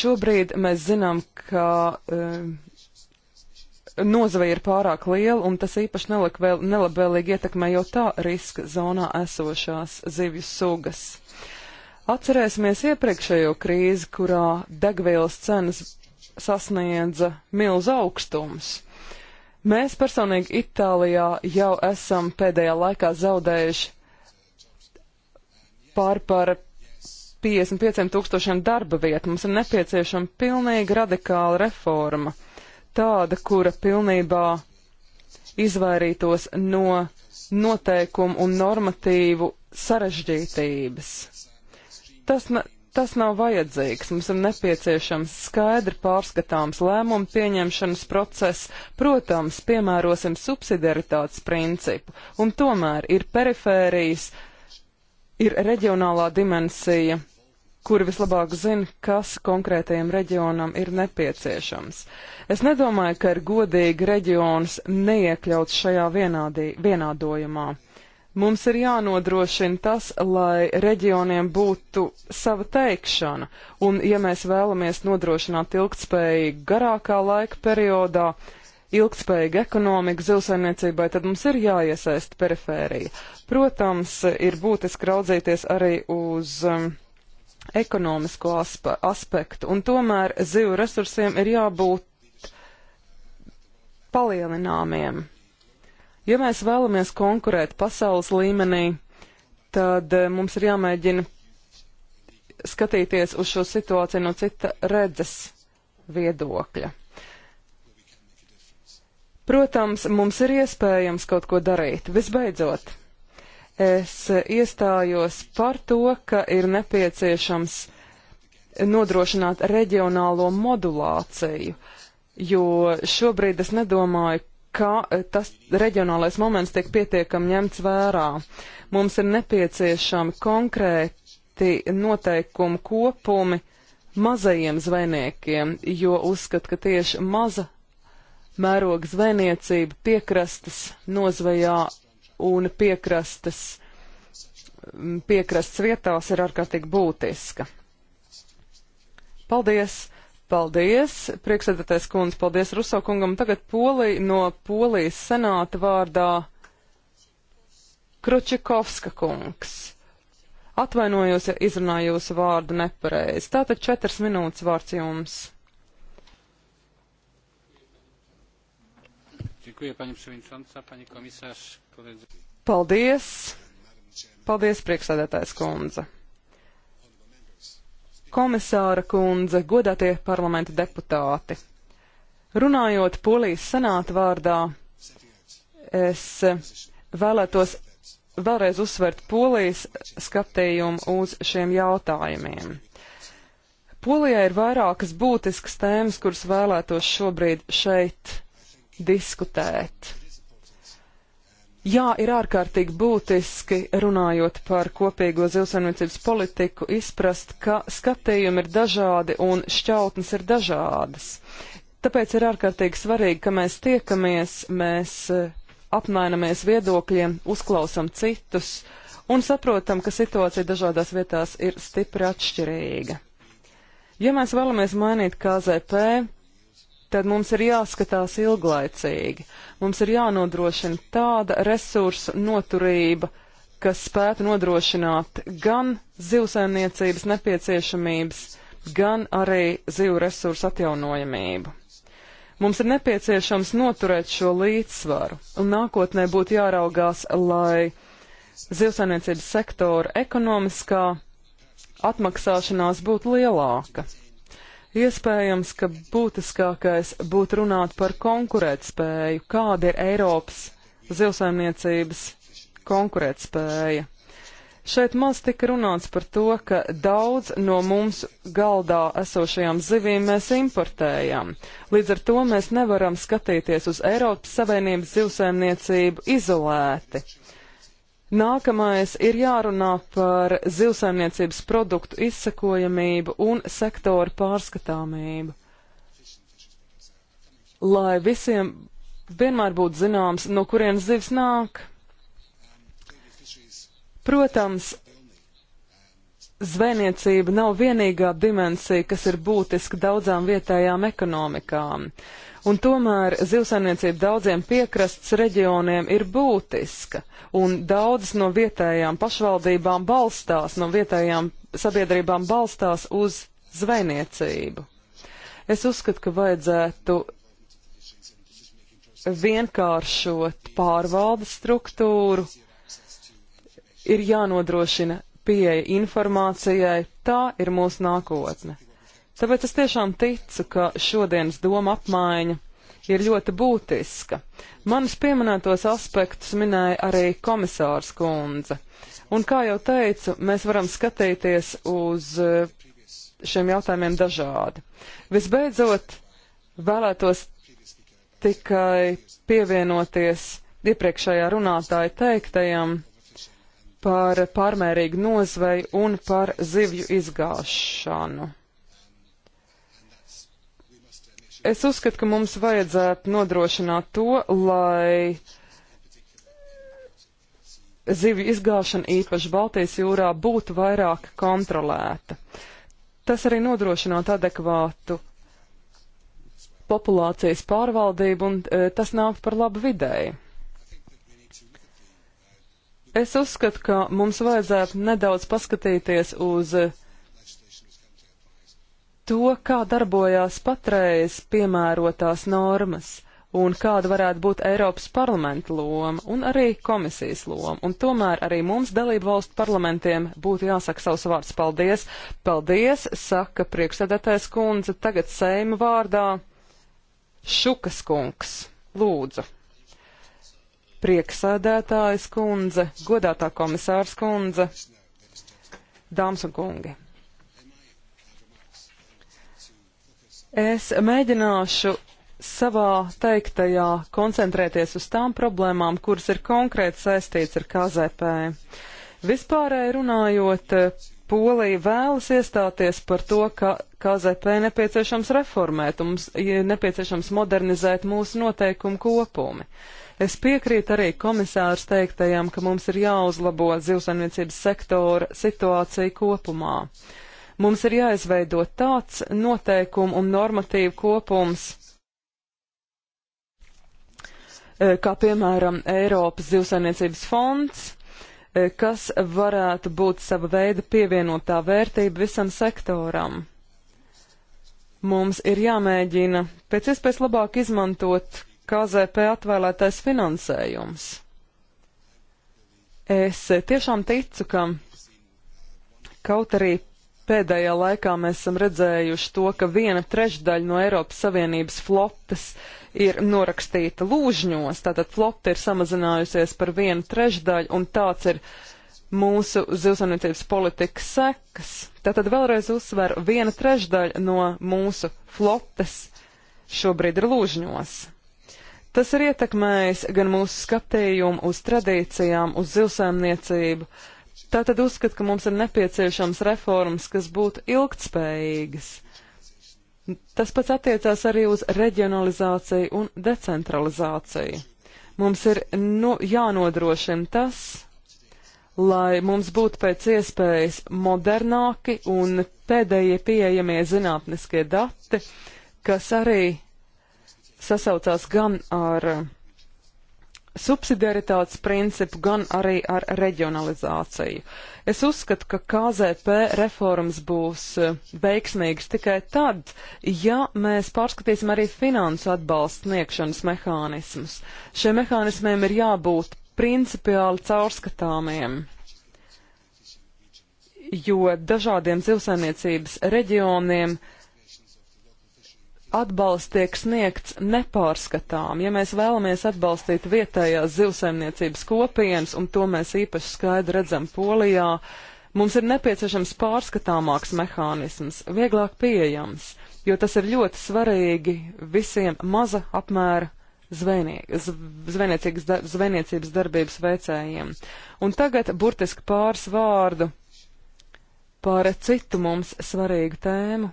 Šobrīd mēs zinām, ka um, nozvei ir pārāk liela, un tas īpaši nelabvēlīgi ietekmē jau tā riska zonā esošās zivju sugas. Atcerēsimies iepriekšējo krīzi, kurā degvielas cenas sasniedza milz augstums. Mēs personīgi Itālijā jau esam pēdējā laikā zaudējuši pār par 55 tūkstošiem darba vietu. Mums ir nepieciešama pilnīgi radikāla reforma, tāda, kura pilnībā izvairītos no noteikumu un normatīvu sarežģītības. Tas, na, tas nav vajadzīgs. Mums ir nepieciešams skaidri pārskatāms lēmumu pieņemšanas process. Protams, piemērosim subsidiaritātes principu, un tomēr ir perifērijas, ir reģionālā dimensija, kuri vislabāk zina, kas konkrētajam reģionam ir nepieciešams. Es nedomāju, ka ir godīgi reģions neiekļauts šajā vienādī, vienādojumā. Mums ir jānodrošina tas, lai reģioniem būtu sava teikšana, un ja mēs vēlamies nodrošināt ilgtspējīgu garākā laika periodā, ilgtspējīgu ekonomiku zilsainiecībai, tad mums ir jāiesaist perifērija. Protams, ir būtiski raudzīties arī uz um, ekonomisko aspe aspektu, un tomēr zivu resursiem ir jābūt palielināmiem. Ja mēs vēlamies konkurēt pasaules līmenī, tad eh, mums ir jāmēģina skatīties uz šo situāciju no cita redzes viedokļa. Protams, mums ir iespējams kaut ko darīt. Visbeidzot, es iestājos par to, ka ir nepieciešams nodrošināt reģionālo modulāciju, jo šobrīd es nedomāju, ka eh, tas reģionālais moments tiek pietiekami ņemts vērā. Mums ir nepieciešami konkrēti noteikumu kopumi mazajiem zvejniekiem, jo uzskat, ka tieši maza mēroga zvejniecība piekrastes nozvejā un piekrastes, mm, piekrastes vietās ir ārkārtīgi būtiska. Paldies! Paldies, priekšsēdētais kundze, paldies Ruso kungam. Tagad Polija no Polijas senāta vārdā Kručikovska kungs. Atvainojos, ja izrunāju jūsu vārdu nepareizi. Tātad četras minūtes vārds jums. Paldies! Paldies, priekšsēdētājs kundze! komisāra kundze, godātie parlamenta deputāti. Runājot Polijas senāta vārdā, es vēlētos vēlreiz uzsvērt Polijas skatījumu uz šiem jautājumiem. Polijā ir vairākas būtiskas tēmas, kuras vēlētos šobrīd šeit diskutēt. Jā, ir ārkārtīgi būtiski, runājot par kopīgo zilsaimniecības politiku, izprast, ka skatījumi ir dažādi un šķautnes ir dažādas. Tāpēc ir ārkārtīgi svarīgi, ka mēs tiekamies, mēs eh, apmainamies viedokļiem, uzklausam citus un saprotam, ka situācija dažādās vietās ir stipri atšķirīga. Ja mēs vēlamies mainīt KZP, tad mums ir jāskatās ilglaicīgi. Mums ir jānodrošina tāda resursu noturība, kas spētu nodrošināt gan zivsaimniecības nepieciešamības, gan arī zivu resursu atjaunojamību. Mums ir nepieciešams noturēt šo līdzsvaru, un nākotnē būtu jāraugās, lai zivsainiecības sektora ekonomiskā atmaksāšanās būtu lielāka. Iespējams, ka būtiskākais būtu runāt par konkurētspēju, kāda ir Eiropas zivsaimniecības konkurētspēja. Šeit maz tika runāts par to, ka daudz no mums galdā esošajām zivīm mēs importējam. Līdz ar to mēs nevaram skatīties uz Eiropas Savienības zivsaimniecību izolēti. Nākamais ir jārunā par zivsaimniecības produktu izsekojamību un sektoru pārskatāmību. Lai visiem vienmēr būtu zināms, no kurienes zivs nāk. Protams, zvejniecība nav vienīgā dimensija, kas ir būtiska daudzām vietējām ekonomikām. Un tomēr zivsainiecība daudziem piekrastes reģioniem ir būtiska, un daudzas no vietējām pašvaldībām balstās, no vietējām sabiedrībām balstās uz zvejniecību. Es uzskatu, ka vajadzētu vienkāršot pārvaldes struktūru, ir jānodrošina pieeja informācijai, tā ir mūsu nākotne. Tāpēc es tiešām ticu, ka šodienas doma apmaiņa ir ļoti būtiska. Manus pieminētos aspektus minēja arī komisārs kundze. Un kā jau teicu, mēs varam skatīties uz eh, šiem jautājumiem dažādi. Visbeidzot, vēlētos tikai pievienoties iepriekšējā runātāja teiktajam par pārmērīgu nozvei un par zivju izgāšanu. Es uzskatu, ka mums vajadzētu nodrošināt to, lai zivju izgāšana īpaši Baltijas jūrā būtu vairāk kontrolēta. Tas arī nodrošinātu adekvātu populācijas pārvaldību un e, tas nāk par labu vidēji. Es uzskatu, ka mums vajadzētu nedaudz paskatīties uz to, kā darbojās patreiz piemērotās normas un kāda varētu būt Eiropas parlamenta loma un arī komisijas loma. Un tomēr arī mums dalību valstu parlamentiem būtu jāsaka savs vārds. Paldies! Paldies! Saka priekšsēdētājs kundze. Tagad Seima vārdā Šukas kungs. Lūdzu! prieksēdētājas kundze, godātā komisārs kundze, dāmas un kungi. Es mēģināšu savā teiktajā koncentrēties uz tām problēmām, kuras ir konkrēti saistīts ar KZP. Vispārēji runājot, Polija vēlas iestāties par to, ka KZP nepieciešams reformēt, mums ir nepieciešams modernizēt mūsu noteikumu kopumi. Uh, Es piekrītu arī komisārs teiktajam, ka mums ir jāuzlabo zivsaimniecības sektora situācija kopumā. Mums ir jāizveido tāds noteikumu un normatīvu kopums, e, kā piemēram Eiropas zivsaimniecības fonds, e, kas varētu būt sava veida pievienotā vērtība visam sektoram. Mums ir jāmēģina pēc iespējas labāk izmantot KZP atvēlētais finansējums. Es tiešām ticu, ka kaut arī Pēdējā laikā mēs esam redzējuši to, ka viena trešdaļa no Eiropas Savienības flotes ir norakstīta lūžņos, tātad flote ir samazinājusies par vienu trešdaļu, un tāds ir mūsu zivsaimniecības politikas sekas. Tātad vēlreiz uzsver, viena trešdaļa no mūsu flotes šobrīd ir lūžņos. Tas ir ietekmējis gan mūsu skatījumu uz tradīcijām, uz zivsēmniecību. Tātad uzskat, ka mums ir nepieciešams reformas, kas būtu ilgtspējīgas. Tas pats attiecās arī uz reģionalizāciju un decentralizāciju. Mums ir nu, jānodrošina tas, lai mums būtu pēc iespējas modernāki un pēdējie pieejamie zinātniskie dati, kas arī sasaucās gan ar eh, subsidiaritātes principu, gan arī ar reģionalizāciju. Es uzskatu, ka KZP reformas būs eh, veiksmīgas tikai tad, ja mēs pārskatīsim arī finansu atbalstu sniegšanas mehānismus. Šiem mehānismiem ir jābūt principiāli caurskatāmiem, jo dažādiem zivsainiecības reģioniem uh, atbalsts tiek sniegts nepārskatām. Ja mēs vēlamies atbalstīt vietējās zivsaimniecības kopienas, un to mēs īpaši skaidri redzam Polijā, mums ir nepieciešams pārskatāmāks mehānisms, vieglāk pieejams, jo tas ir ļoti svarīgi visiem maza apmēra zvejniecības darbības veicējiem. Un tagad burtiski pāris vārdu par citu mums svarīgu tēmu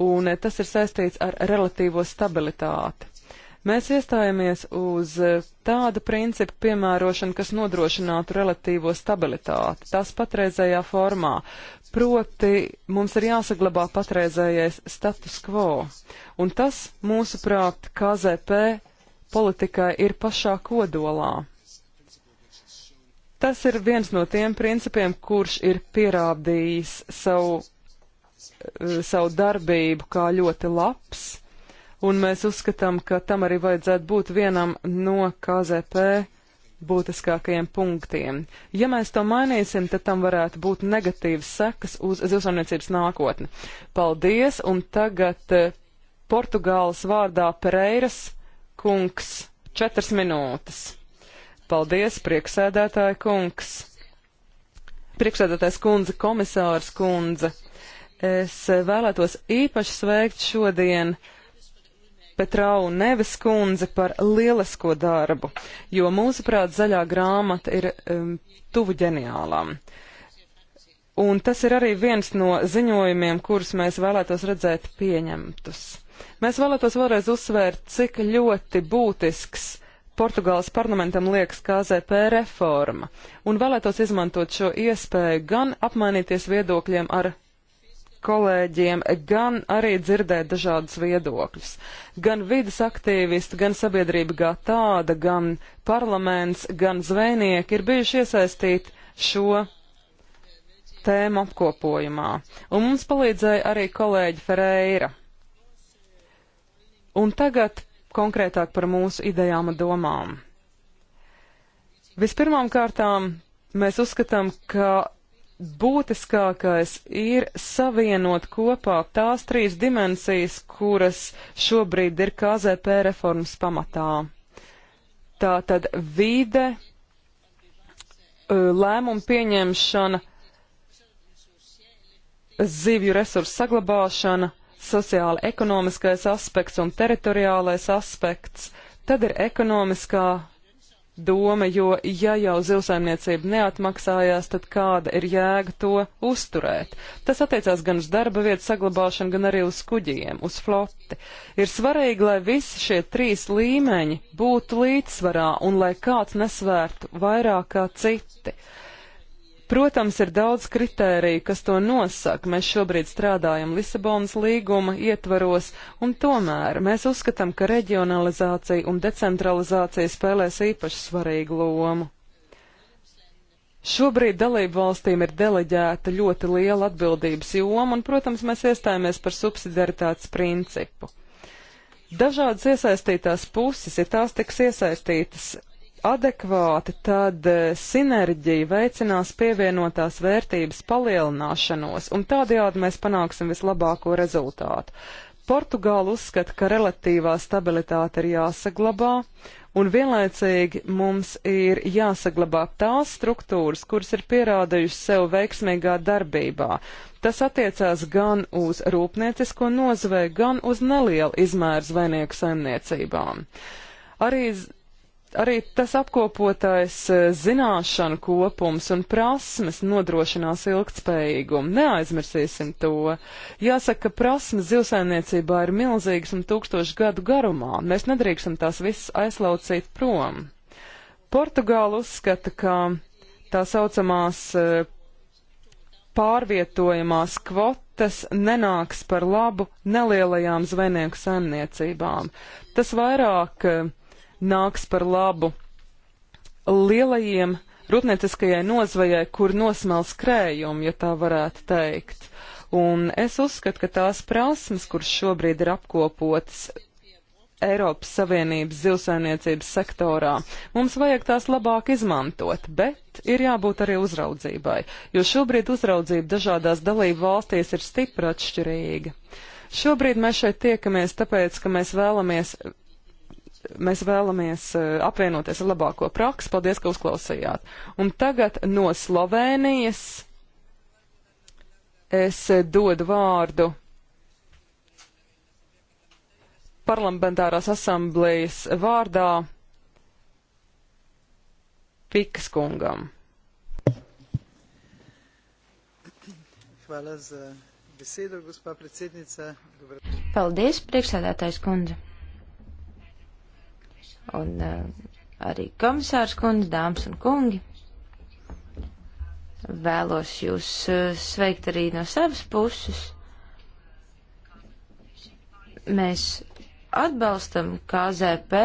un eh, tas ir saistīts ar relatīvo stabilitāti. Mēs iestājamies uz eh, tādu principu piemērošanu, kas nodrošinātu relatīvo stabilitāti tās patreizējā formā. Proti, mums ir jāsaglabā patreizējais status quo, un tas, mūsuprāt, KZP politikai ir pašā kodolā. Tas ir viens no tiem principiem, kurš ir pierādījis savu savu darbību kā ļoti labs, un mēs uzskatām, ka tam arī vajadzētu būt vienam no KZP būtiskākajiem punktiem. Ja mēs to mainīsim, tad tam varētu būt negatīvas sekas uz zivsaimniecības nākotni. Paldies, un tagad eh, Portugāles vārdā Pereiras kungs četras minūtes. Paldies, prieksēdētāja kungs. Priekšsēdētājs kundze, komisārs kundze, Es vēlētos īpaši sveikt šodien Petrau Neves kundze par lielisko darbu, jo mūsuprāt zaļā grāmata ir um, tuvu ģeniālām. Un tas ir arī viens no ziņojumiem, kurus mēs vēlētos redzēt pieņemtus. Mēs vēlētos vēlreiz uzsvērt, cik ļoti būtisks Portugāles parlamentam liekas KZP reforma, un vēlētos izmantot šo iespēju gan apmainīties viedokļiem ar kolēģiem, gan arī dzirdēt dažādas viedokļas. Gan vidas aktīvisti, gan sabiedrība kā tāda, gan parlaments, gan zvejnieki ir bijuši iesaistīti šo tēmu apkopojumā. Un mums palīdzēja arī kolēģi Ferreira. Un tagad konkrētāk par mūsu idejām un domām. Vispirmām kārtām mēs uzskatām, ka būtiskākais ir savienot kopā tās trīs dimensijas, kuras šobrīd ir KZP reformas pamatā. Tā tad vide, eh, lēmumu pieņemšana, zivju resursu saglabāšana, sociāla ekonomiskais aspekts un teritoriālais aspekts, tad ir ekonomiskā doma, jo ja jau zivsaimniecība neatmaksājās, tad kāda ir jēga to uzturēt? Tas attiecās gan uz darba vietu saglabāšanu, gan arī uz kuģiem, uz floti. Ir svarīgi, lai visi šie trīs līmeņi būtu līdzsvarā un lai kāds nesvērtu vairāk kā citi. Protams, ir daudz kritēriju, kas to nosaka. Mēs šobrīd strādājam Lisabonas līguma ietvaros, un tomēr mēs uzskatām, ka reģionalizācija un decentralizācija spēlēs īpaši svarīgu lomu. Šobrīd dalību valstīm ir deleģēta ļoti liela atbildības joma, un, protams, mēs iestājāmies par subsidiaritātes principu. Dažādas iesaistītās puses, ja tās tiks iesaistītas adekvāti, tad e, sinerģija veicinās pievienotās vērtības palielināšanos, un tādējādi mēs panāksim vislabāko rezultātu. Portugāla uzskata, ka relatīvā stabilitāte ir jāsaglabā, un vienlaicīgi mums ir jāsaglabā tās struktūras, kuras ir pierādījušas sev veiksmīgā darbībā. Tas attiecās gan uz rūpniecisko nozvei, gan uz nelielu izmēru zvejnieku saimniecībām. Arī arī tas apkopotais e, zināšanu kopums un prasmes nodrošinās ilgtspējīgumu. Neaizmirsīsim to. Jāsaka, ka prasmes zivsainiecībā ir milzīgas un tūkstošu gadu garumā. Mēs nedrīkstam tās visas aizlaucīt prom. Portugāla uzskata, ka tā saucamās e, pārvietojamās kvotas nenāks par labu nelielajām zvejnieku saimniecībām. Tas vairāk e, nāks par labu lielajiem rūpnieciskajai nozvejai, kur nosmels krējumu, ja tā varētu teikt. Un es uzskatu, ka tās prasmes, kuras šobrīd ir apkopotas Eiropas Savienības zivsainiecības sektorā, mums vajag tās labāk izmantot, bet ir jābūt arī uzraudzībai, jo šobrīd uzraudzība dažādās dalību valstīs ir stipri atšķirīga. Šobrīd mēs šeit tiekamies tāpēc, ka mēs vēlamies mēs vēlamies eh, apvienoties ar labāko praksi. Paldies, ka uzklausījāt. Un tagad no Slovēnijas es dodu vārdu parlamentārās asamblējas vārdā Pikas kungam. Hvala za besedo, gospa predsednica. Paldies, priekšsēdētājs kundze un uh, arī komisārs kundze, dāmas un kungi. Vēlos jūs uh, sveikt arī no savas puses. Mēs atbalstam KZP,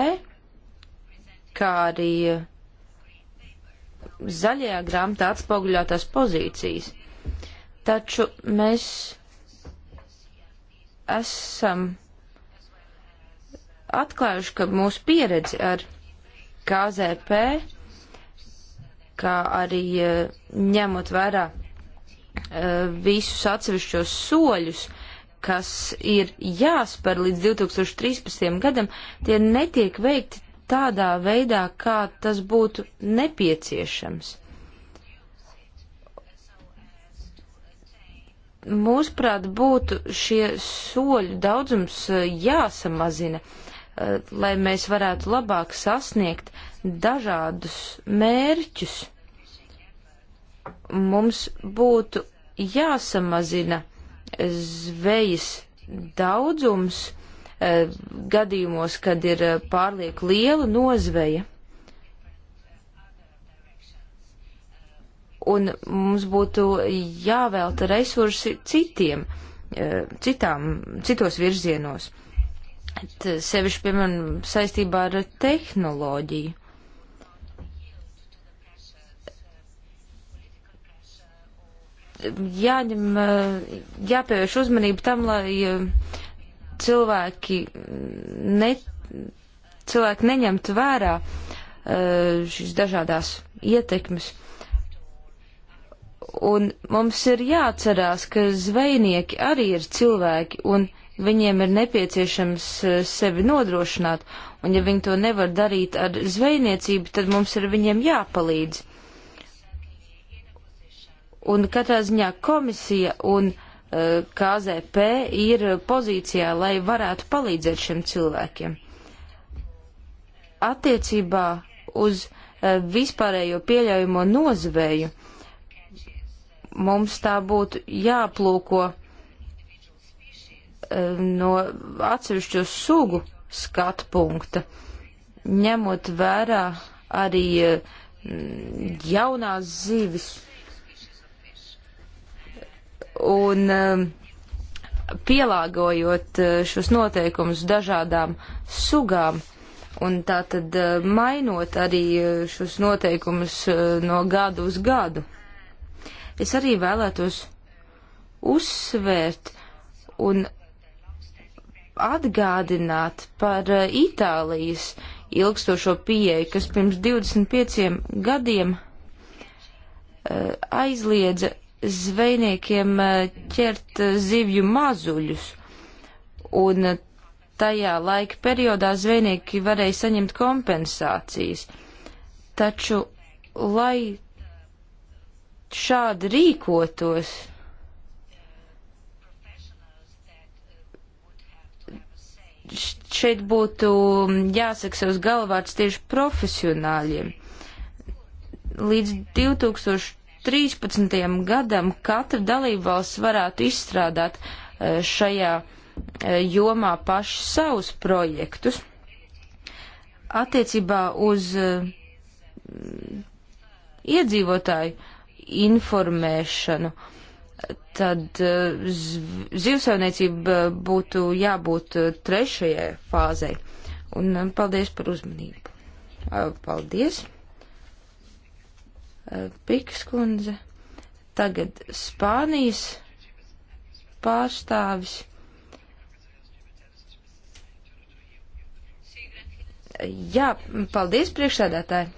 kā arī uh, zaļajā grāmatā atspoguļotās pozīcijas. Taču mēs esam atklājuši, ka mūsu pieredze ar KZP, kā arī eh, ņemot vērā eh, visus atsevišķos soļus, kas ir jāspēr līdz 2013. gadam, tie netiek veikti tādā veidā, kā tas būtu nepieciešams. Mūsuprāt, būtu šie soļu daudzums eh, jāsamazina. Uh, Eh, lai mēs varētu labāk sasniegt dažādus mērķus, mums būtu jāsamazina zvejas daudzums eh, gadījumos, kad ir eh, pārlieku liela nozveja. Un mums būtu jāvēlta resursi citiem, citām, citos virzienos. Uh, sevišķi, piemēram, saistībā ar tehnoloģiju. Jāņem, eh, jāpievērš uzmanība tam, lai eh, cilvēki, ne, cilvēki neņemtu vērā eh, šīs dažādās ietekmes. Un mums ir jāatcerās, ka zvejnieki arī ir cilvēki, un Viņiem ir nepieciešams eh, sevi nodrošināt, un ja viņi to nevar darīt ar zvejniecību, tad mums ir viņiem jāpalīdz. Un katrā ziņā komisija un uh, eh, KZP ir pozīcijā, lai varētu palīdzēt šiem cilvēkiem. Attiecībā uz uh, vispārējo pieļaujamo nozveju mums tā būtu jāplūko Eh, no atsevišķu sugu skatu punkta, ņemot vērā arī eh, jaunās zīves. Un eh, pielāgojot šos noteikumus dažādām sugām, un tā tad mainot arī šos noteikumus no gada uz gadu. Es arī vēlētos uzsvērt un atgādināt par eh, Itālijas ilgstošo pieeju, kas pirms 25 gadiem eh, aizliedza zvejniekiem eh, ķert zivju mazuļus, un tajā laika periodā zvejnieki varēja saņemt kompensācijas. Taču, lai šādi rīkotos, šeit būtu mm, jāsaka savs galvārds tieši profesionāļiem. Līdz 2013. gadam katra dalībvalsts varētu izstrādāt e, šajā e, jomā paši savus projektus. Attiecībā uz e, iedzīvotāju informēšanu. Uh, tad eh, zivsaimniecība būtu jābūt eh, trešajai fāzei. Un eh, paldies par uzmanību. Paldies. Piks kundze. Tagad Spānijas pārstāvis. Jā, paldies priekšsēdētāji.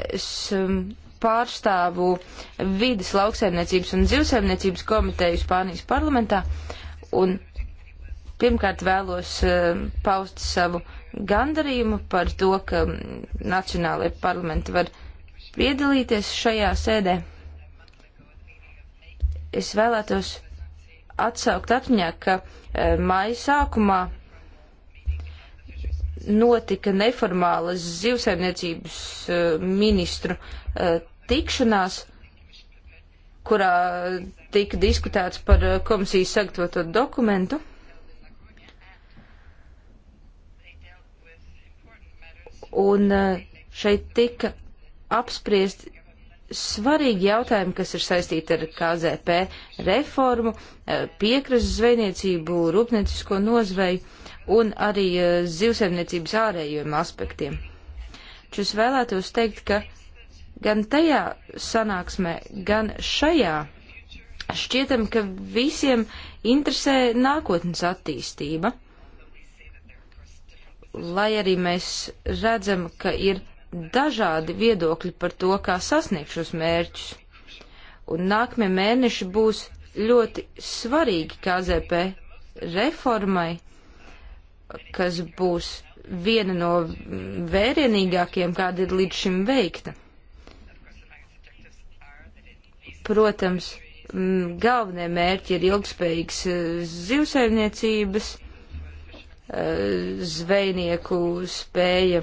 es um, pārstāvu vidas lauksaimniecības un zivsaimniecības komiteju Spānijas parlamentā, un pirmkārt vēlos um, paust savu gandarījumu par to, ka Nacionālajie parlamenti var piedalīties šajā sēdē. Es vēlētos atsaukt atmiņā, ka eh, māja sākumā notika neformālas zivsaimniecības uh, ministru uh, tikšanās, kurā tika diskutēts par eh, komisijas sagatavoto dokumentu. Un uh, šeit tika apspriest svarīgi jautājumi, kas ir saistīti ar KZP reformu, piekrastu zvejniecību, rūpniecisko nozveju un arī eh, zivsaimniecības ārējiem aspektiem. Taču es vēlētos teikt, ka gan tajā sanāksmē, gan šajā šķietam, ka visiem interesē nākotnes attīstība. Lai arī mēs redzam, ka ir dažādi viedokļi par to, kā sasniegt šos mērķus. Un nākamie mēneši būs ļoti svarīgi KZP reformai kas būs viena no vērienīgākajiem, kāda ir līdz šim veikta. Protams, galvenie mērķi ir ilgspējīgs e, zivsaimniecības, e, zvejnieku spēja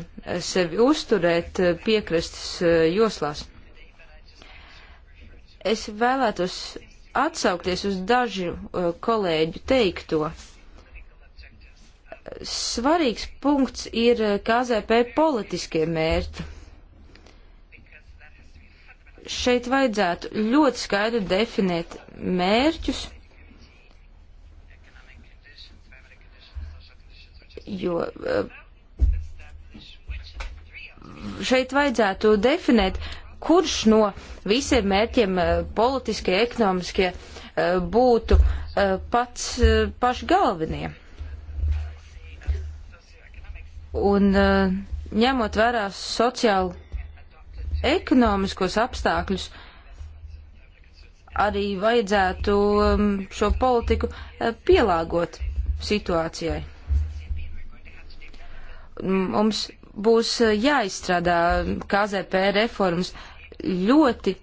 sevi uzturēt e, piekrastes joslās. Es vēlētos atsaukties uz dažu kolēģu teikto svarīgs punkts ir eh, KZP politiskie mērķi. Šeit vajadzētu ļoti skaidri definēt mērķus, jo eh, šeit vajadzētu definēt, kurš no visiem mērķiem eh, politiskie, ekonomiskie būtu pats paši galvenie. Un eh, ņemot vērā sociāli ekonomiskos apstākļus, arī vajadzētu um, šo politiku eh, pielāgot situācijai. Mums būs eh, jāizstrādā KZP reformas ļoti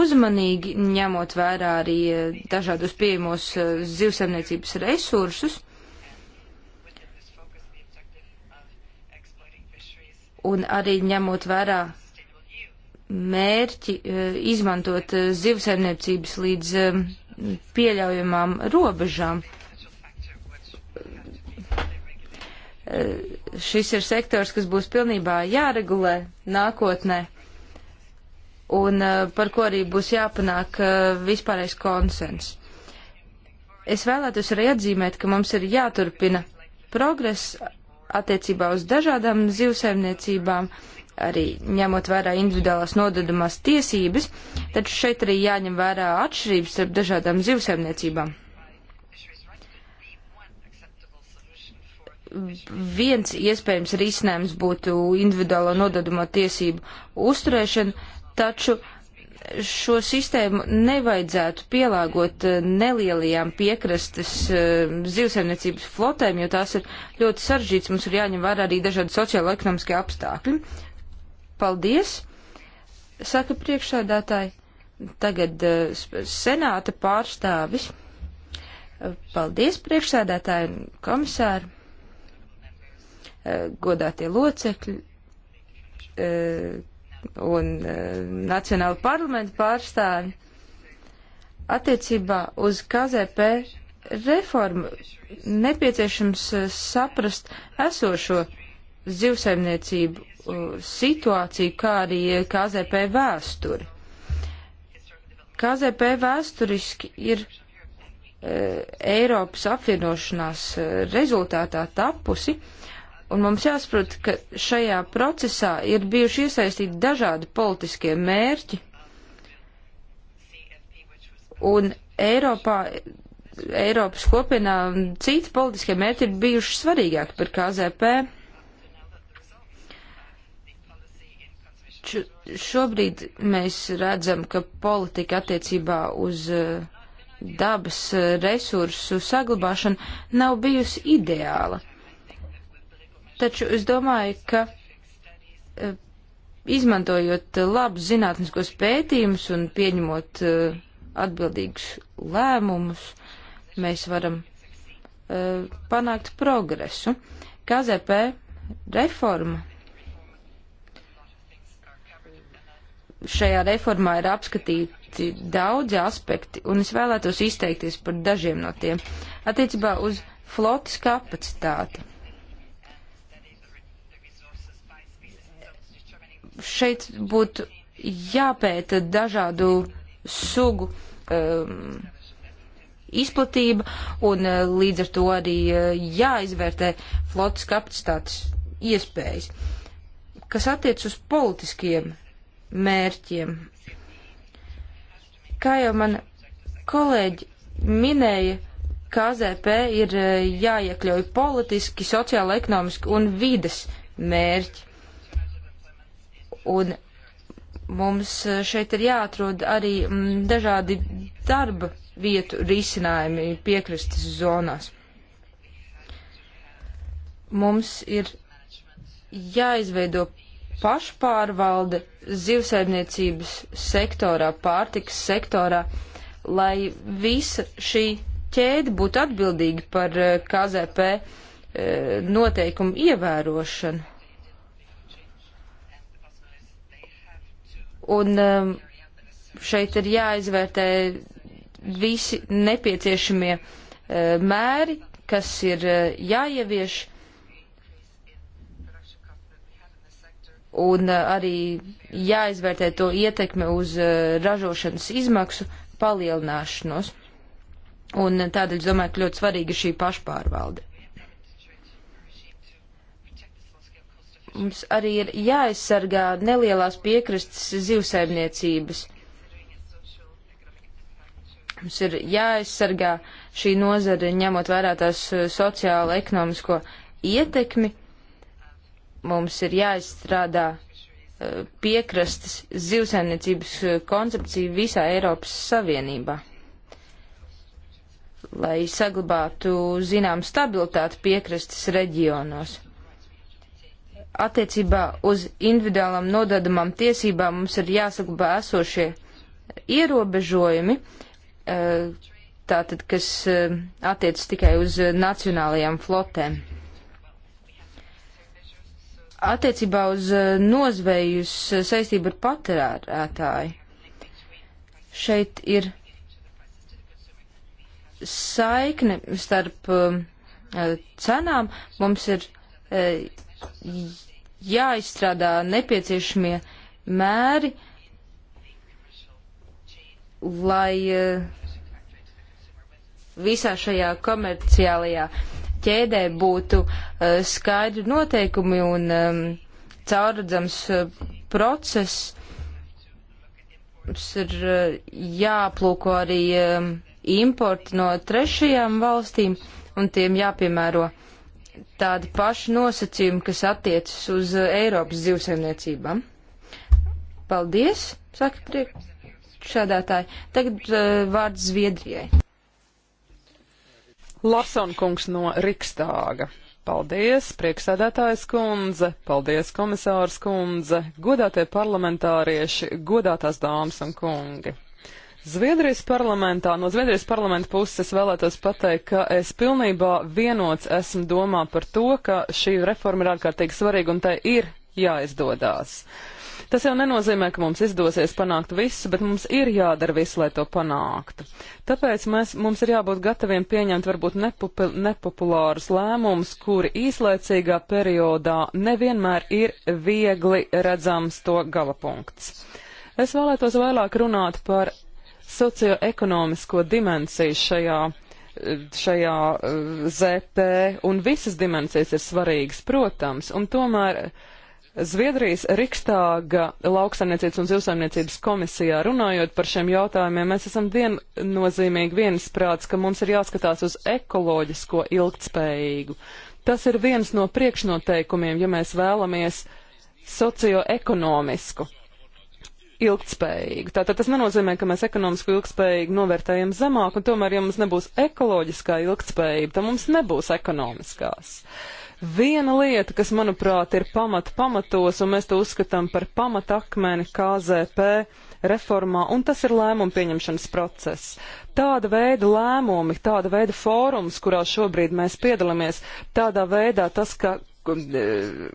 uzmanīgi, ņemot vērā arī dažādus pieejamos zivsaimniecības resursus. un arī ņemot vērā mērķi e, izmantot e, zivsaimniecības līdz e, pieļaujamām robežām. Šis ir sektors, kas būs pilnībā jāregulē nākotnē un par ko arī būs jāpanāk vispārējais konsens. Es vēlētos arī atzīmēt, ka mums ir jāturpina progress attiecībā uz dažādām zivsaimniecībām, arī ņemot vērā individuālās nodedumās tiesības, taču šeit arī jāņem vērā atšķirības starp dažādām zivsaimniecībām. Viens iespējams risinājums būtu individuālo nodedumā tiesību uzturēšana, taču uh, šo sistēmu nevajadzētu pielāgot eh, nelielajām piekrastes eh, zivsaimniecības flotēm, jo tās ir ļoti saržģītas. Mums ir jāņem vērā arī dažādi sociālo-ekonomiskie apstākļi. Paldies, saka priekšsēdētāji. Tagad eh, senāta pārstāvis. Paldies, priekšsēdētāji un komisāri, godātie locekļi un e, Nacionāla parlamenta pārstāvi attiecībā uz KZP reformu nepieciešams e, saprast esošo zivsaimniecību e, situāciju, kā arī KZP vēsturi. KZP vēsturiski ir e, Eiropas apvienošanās rezultātā tapusi, e, Un mums jāsaprot, ka šajā procesā ir bijuši iesaistīti dažādi politiskie mērķi. Un Eiropā, Eiropas kopienā citi politiskie mērķi ir bijuši svarīgāki par KZP. Č šobrīd mēs redzam, ka politika attiecībā uz eh, dabas eh, resursu saglabāšanu nav bijusi ideāla Taču es domāju, ka eh, izmantojot labus zinātniskos pētījumus un pieņemot eh, atbildīgus lēmumus, mēs varam eh, panākt progresu. KZP reforma. Šajā reformā ir apskatīti daudzi aspekti, un es vēlētos izteikties par dažiem no tiem attiecībā uz flotas kapacitāti šeit būtu jāpēta dažādu sugu um, izplatība un uh, līdz ar to arī uh, jāizvērtē flotas kapacitātes iespējas. Kas attiec uz politiskiem mērķiem, kā jau man kolēģi minēja, KZP ir uh, jāiekļauj politiski, sociāli, ekonomiski un vides mērķi. Un mums e, šeit ir jāatrod arī m, dažādi darba vietu risinājumi piekrastes zonās. Mums ir jāizveido pašpārvalde zivsaimniecības sektorā, pārtikas sektorā, lai visa šī ķēde būtu atbildīga par e, KZP e, noteikumu ievērošanu. Un um, šeit ir jāizvērtē visi nepieciešamie uh, mēri, kas ir uh, jāievieš. Un uh, arī jāizvērtē to ietekme uz uh, ražošanas izmaksu palielināšanos. Un uh, tādēļ, es domāju, ka ļoti svarīga šī pašpārvalde. Mums arī ir jāaizsargā nelielās piekrastes zivsaimniecības. Mums ir jāaizsargā šī nozara, ņemot vērā tās eh, sociālo, ekonomisko ietekmi. Mums ir jāizstrādā eh, piekrastes zivsaimniecības eh, koncepcija visā Eiropas Savienībā. Lai saglabātu zinām stabilitāti piekrastes reģionos attiecībā uz individuālām nodadamām tiesībām mums ir jāsaglabā esošie ierobežojumi, eh, tātad, kas eh, attiec tikai uz nacionālajām flotēm. Attiecībā uz eh, nozvejus saistību ar patērētāju. Šeit ir saikne starp cenām. Mums ir jāizstrādā nepieciešamie mēri, lai eh, visā šajā komerciālajā ķēdē būtu eh, skaidri noteikumi un ehm, caurredzams eh, process. Mums ir jāplūko arī ehm, importi no trešajām valstīm un tiem jāpiemēro uh, tādi paši nosacījumi, kas attiecas uz eh, Eiropas zivsaimniecībām. Paldies, saka priekšsēdētāji. Tagad uh, vārds Zviedrijai. Larsonkungs no Rikstāga. Paldies, priekšsēdētājs kundze, paldies, komisārs kundze, godātie parlamentārieši, godātās dāmas un kungi. Zviedrijas parlamentā, no Zviedrijas parlamenta puses es vēlētos pateikt, ka es pilnībā vienots esmu domā par to, ka šī reforma ir ārkārtīgi svarīga un tai ir jāizdodās. Tas jau nenozīmē, ka mums izdosies panākt visu, bet mums ir jādara visu, lai to panāktu. Tāpēc mēs, mums ir jābūt gataviem pieņemt varbūt nepupi, nepopulārus lēmumus, kuri īslaicīgā periodā nevienmēr ir viegli redzams to galapunkts. Es vēlētos vairāk runāt par socioekonomisko dimensiju šajā šajā eh, ZP, un visas dimensijas ir svarīgas, protams, un tomēr Zviedrijas Rikstāga lauksaimniecības un zivsaimniecības komisijā runājot par šiem jautājumiem, mēs esam viennozīmīgi viensprāts, ka mums ir jāskatās uz ekoloģisko ilgtspējīgu. Tas ir viens no priekšnoteikumiem, ja mēs vēlamies socioekonomisku ilgtspējīgu. Tātad tas nenozīmē, ka mēs ekonomisko ilgtspējīgu novērtējam zemāk, un tomēr, ja mums nebūs ekoloģiskā ilgtspējība, tad mums nebūs ekonomiskās. Viena lieta, kas, manuprāt, ir pamata pamatos, un mēs to uzskatām par pamatakmeni KZP reformā, un tas ir lēmumu pieņemšanas process. Tāda veida lēmumi, tāda veida fórums, kurā šobrīd mēs piedalāmies, tādā veidā tas, ka. Uh,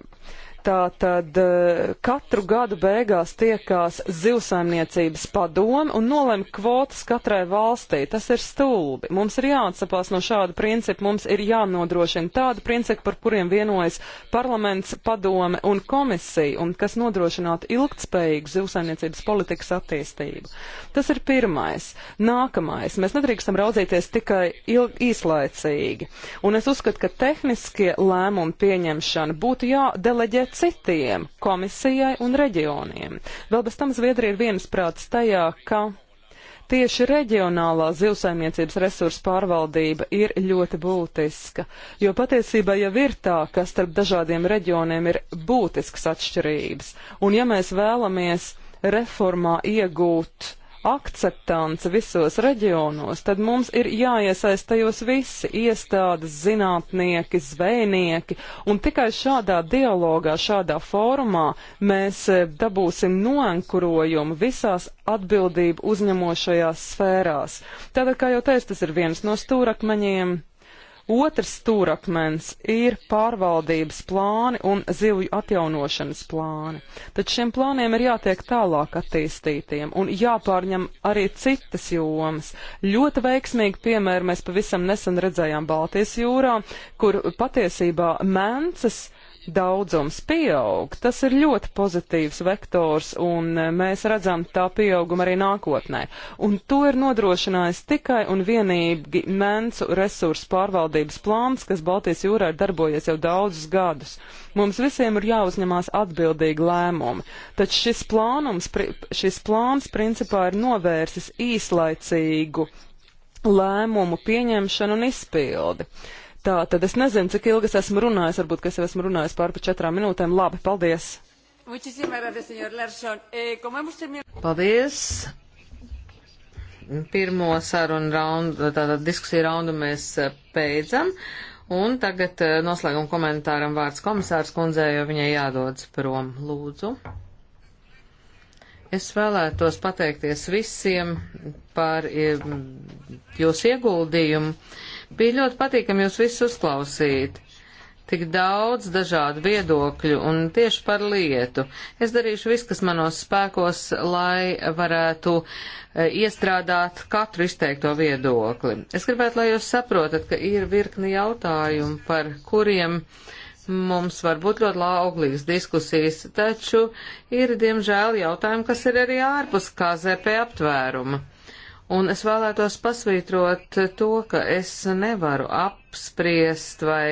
Tātad eh, katru gadu beigās tiekās zivsaimniecības padome un nolem kvotas katrai valstī. Tas ir stulbi. Mums ir jāatsapās no šāda principa, mums ir jānodrošina tāda principa, par kuriem vienojas parlaments, padome un komisija, un kas nodrošinātu ilgtspējīgu zivsaimniecības politikas attīstību. Tas ir pirmais. Nākamais. Mēs nedrīkstam raudzīties tikai ilg, īslaicīgi. Un es uzskatu, ka tehniskie lēmumi pieņemšana būtu jādeleģē citiem, komisijai un reģioniem. Vēl bez tam Zviedrija ir viensprāts tajā, ka tieši reģionālā zivsaimniecības resursu pārvaldība ir ļoti būtiska, jo patiesībā jau ir tā, ka starp dažādiem reģioniem ir būtiskas atšķirības. Un ja mēs vēlamies reformā iegūt akceptance visos reģionos, tad mums ir jāiesaist tajos visi iestādes, zinātnieki, zvejnieki, un tikai šādā dialogā, šādā fórumā mēs e, dabūsim noenkurojumu visās atbildību uzņemošajās sfērās. Tātad, kā jau teicu, tas ir viens no stūrakmeņiem Otrs stūrakmens ir pārvaldības plāni un zivju atjaunošanas plāni. Tad šiem plāniem ir jātiek tālāk attīstītiem un jāpārņem arī citas jomas. Ļoti veiksmīgi piemēri mēs pavisam nesen redzējām Baltijas jūrā, kur patiesībā mēnces uh, daudzums pieaug. Tas ir ļoti pozitīvs vektors, un e, mēs redzam tā pieauguma arī nākotnē. Un to ir nodrošinājis tikai un vienīgi mēncu resursu pārvaldības plāns, kas Baltijas jūrā ir darbojies jau daudzus gadus. Mums visiem ir jāuzņemās atbildīgi lēmumi, taču šis, plānums, šis plāns principā ir novērsis īslaicīgu lēmumu pieņemšanu un izpildi. Uh, Tā tad es nezinu, cik ilgi es esmu runājis, varbūt, ka es jau esmu runājis pār par četrām minūtēm. Labi, paldies! Eh, paldies! Pirmo sarunu raundu, tātad diskusiju raundu mēs eh, beidzam. Un tagad eh, noslēguma komentāram vārds komisārs kundzei, jo viņai jādodas prom. Lūdzu. Es vēlētos pateikties visiem par jūsu ieguldījumu. Bija ļoti patīkami jūs visus uzklausīt. Tik daudz dažādu viedokļu un tieši par lietu. Es darīšu visu, kas manos spēkos, lai varētu e, iestrādāt katru izteikto viedokli. Es gribētu, lai jūs saprotat, ka ir virkni jautājumu, par kuriem mums var būt ļoti lauglīgas diskusijas, taču ir, diemžēl, jautājumi, kas ir arī ārpus KZP aptvēruma. Un es vēlētos pasvītrot to, ka es nevaru apspriest vai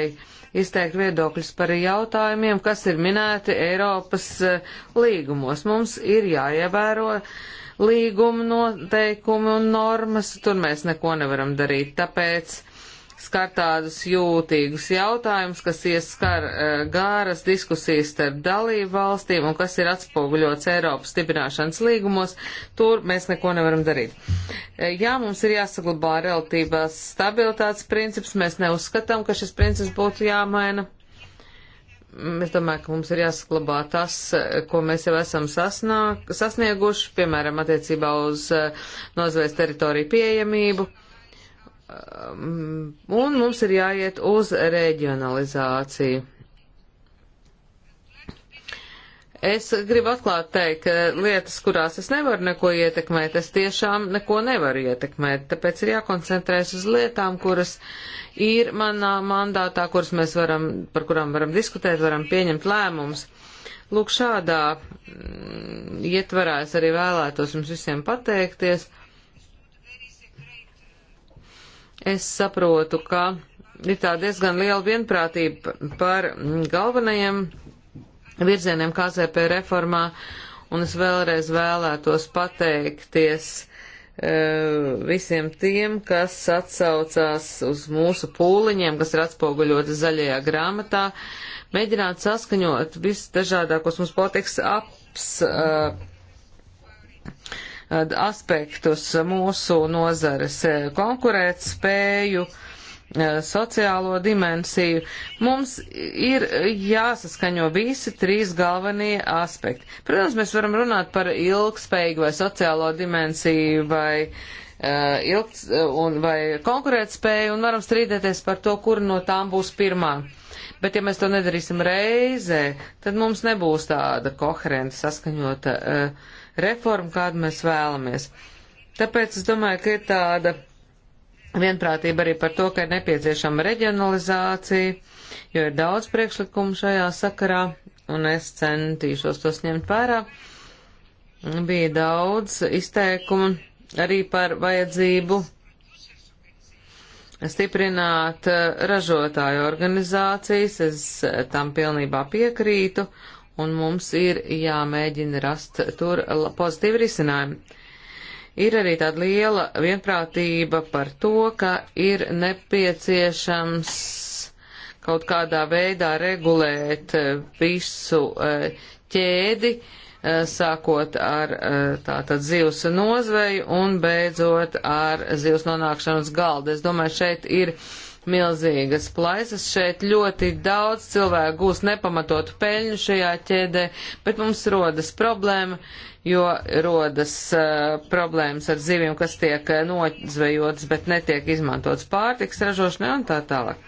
izteikt viedokļus par jautājumiem, kas ir minēti Eiropas eh, līgumos. Mums ir jāievēro līguma noteikumi un normas, tur mēs neko nevaram darīt. Tāpēc skar tādus jūtīgus jautājumus, kas ieskar uh, gāras diskusijas starp dalību valstīm un kas ir atspoguļots Eiropas stiprināšanas līgumos, tur mēs neko nevaram darīt. Uh, jā, mums ir jāsaglabā relatīvās stabilitātes princips, mēs neuzskatām, ka šis princips būtu jāmaina. Es domāju, ka mums ir jāsaglabā tas, ko mēs jau esam sasnāk, sasnieguši, piemēram, attiecībā uz uh, e, nozvēs teritoriju pieejamību Um, un mums ir jāiet uz reģionalizāciju. Es gribu atklāt teikt, ka lietas, kurās es nevaru neko ietekmēt, es tiešām neko nevaru ietekmēt, tāpēc ir jākoncentrēs uz lietām, kuras ir manā mandātā, kuras mēs varam, par kurām varam diskutēt, varam pieņemt lēmumus. Lūk, šādā mm, ietvarā es arī vēlētos jums visiem pateikties. Es saprotu, ka ir tā diezgan liela vienprātība par galvenajiem virzieniem KZP reformā, un es vēlreiz vēlētos pateikties e, visiem tiem, kas atsaucās uz mūsu pūliņiem, kas ir atspoguļoti zaļajā grāmatā, mēģināt saskaņot visdažādākos mums politikas aps, uh, aspektus mūsu nozares e, konkurēt spēju, e, sociālo dimensiju. Mums ir jāsaskaņo visi trīs galvenie aspekti. Protams, mēs varam runāt par ilgspējīgu vai sociālo dimensiju vai e, ilgts un vai konkurētspēju un varam strīdēties par to, kur no tām būs pirmā. Bet ja mēs to nedarīsim reizē, tad mums nebūs tāda koherenta saskaņota uh, reformu, kādu mēs vēlamies. Tāpēc es domāju, ka ir tāda vienprātība arī par to, ka ir nepieciešama reģionalizācija, jo ir daudz priekšlikumu šajā sakarā, un es centīšos tos ņemt vērā. Bija daudz izteikumu arī par vajadzību stiprināt ražotāju organizācijas, es tam pilnībā piekrītu, un mums ir jāmēģina rast tur pozitīvu risinājumu. Ir arī tāda liela vienprātība par to, ka ir nepieciešams kaut kādā veidā regulēt eh, visu eh, ķēdi, eh, sākot ar tātad zivs nozveju un beidzot ar zivs nonākšanu uz galda. Es domāju, šeit ir milzīgas plaisas. Šeit ļoti daudz cilvēku gūs nepamatotu peļņu šajā ķēdē, bet mums rodas problēma, jo rodas uh, problēmas ar zivīm, kas tiek eh, nozvejotas, bet netiek izmantotas pārtiks ražošanai un tā tālāk.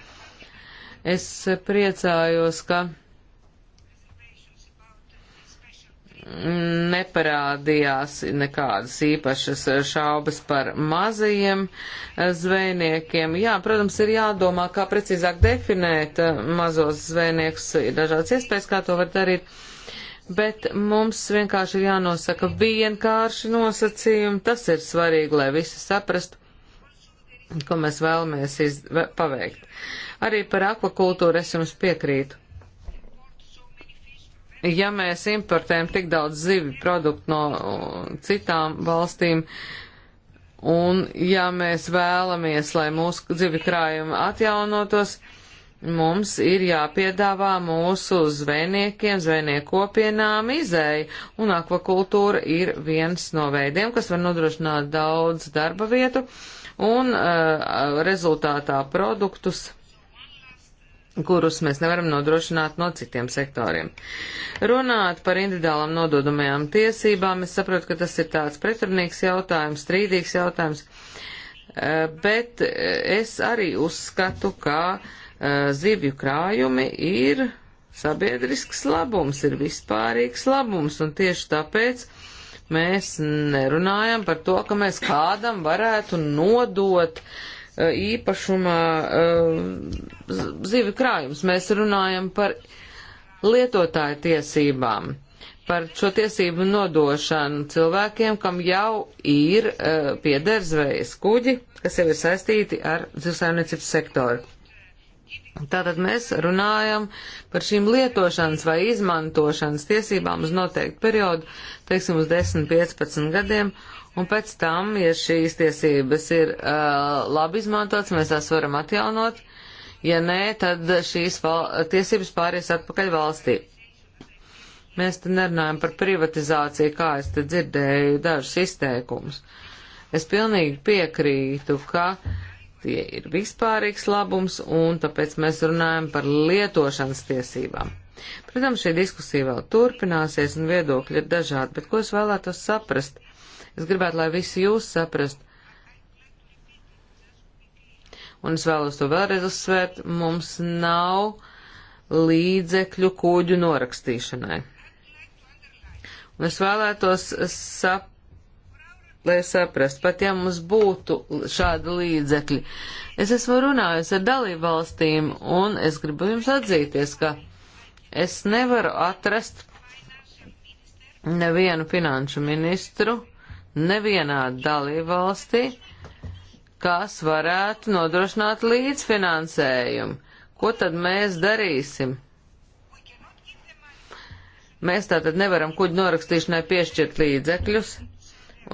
Es eh, priecājos, ka neparādījās nekādas īpašas šaubas par mazajiem eh, zvejniekiem. Jā, protams, ir jādomā, kā precīzāk definēt eh, mazos zvejniekus, ir dažādas iespējas, kā to var darīt, bet mums vienkārši ir jānosaka vienkārši nosacījumi, tas ir svarīgi, lai visi saprastu, ko mēs vēlamies iz... paveikt. Arī par akvakultūru es jums piekrītu ja mēs importējam tik daudz zivju produktu no citām valstīm, un ja mēs vēlamies, lai mūsu zivju krājumi atjaunotos, mums ir jāpiedāvā mūsu zvejniekiem, zvejnieku kopienām izēja, un akvakultūra ir viens no veidiem, kas var nodrošināt daudz darba vietu un uh, rezultātā produktus kurus mēs nevaram nodrošināt no citiem sektoriem. Runāt par individuālām nododamajām tiesībām, es saprotu, ka tas ir tāds pretrunīgs jautājums, strīdīgs jautājums, eh, bet eh, es arī uzskatu, ka eh, zivju krājumi ir sabiedrisks labums, ir vispārīgs labums, un tieši tāpēc mēs nerunājam par to, ka mēs kādam varētu nodot uh, īpašumā eh, zivju krājums. Mēs runājam par lietotāju tiesībām, par šo tiesību nodošanu cilvēkiem, kam jau ir eh, pieder zvejas kuģi, kas jau ir saistīti ar zivsaimniecības sektoru. Tātad mēs runājam par šīm lietošanas vai izmantošanas tiesībām uz noteiktu periodu, teiksim uz 10-15 gadiem, Un pēc tam, ja šīs tiesības ir uh, labi izmantotas, mēs tās varam atjaunot. Ja nē, tad šīs tiesības pāries atpakaļ valstī. Mēs te nerunājam par privatizāciju, kā es te dzirdēju dažus izteikumus. Es pilnīgi piekrītu, ka tie ir vispārīgs labums, un tāpēc mēs runājam par lietošanas tiesībām. Protams, šī diskusija vēl turpināsies, un viedokļi ir dažādi, bet ko es vēlētos saprast? Es gribētu, lai visi jūs saprast. Un es vēlos to vēlreiz uzsvērt, mums nav līdzekļu kūģu norakstīšanai. Un es vēlētos sap, lai saprast, pat ja mums būtu šādi līdzekļi. Es esmu runājusi ar dalību valstīm, un es gribu jums atzīties, ka es nevaru atrast nevienu finanšu ministru, nevienā dalībvalstī, kas varētu nodrošināt līdzfinansējumu. Ko tad mēs darīsim? Mēs tātad nevaram kuģu norakstīšanai piešķirt līdzekļus,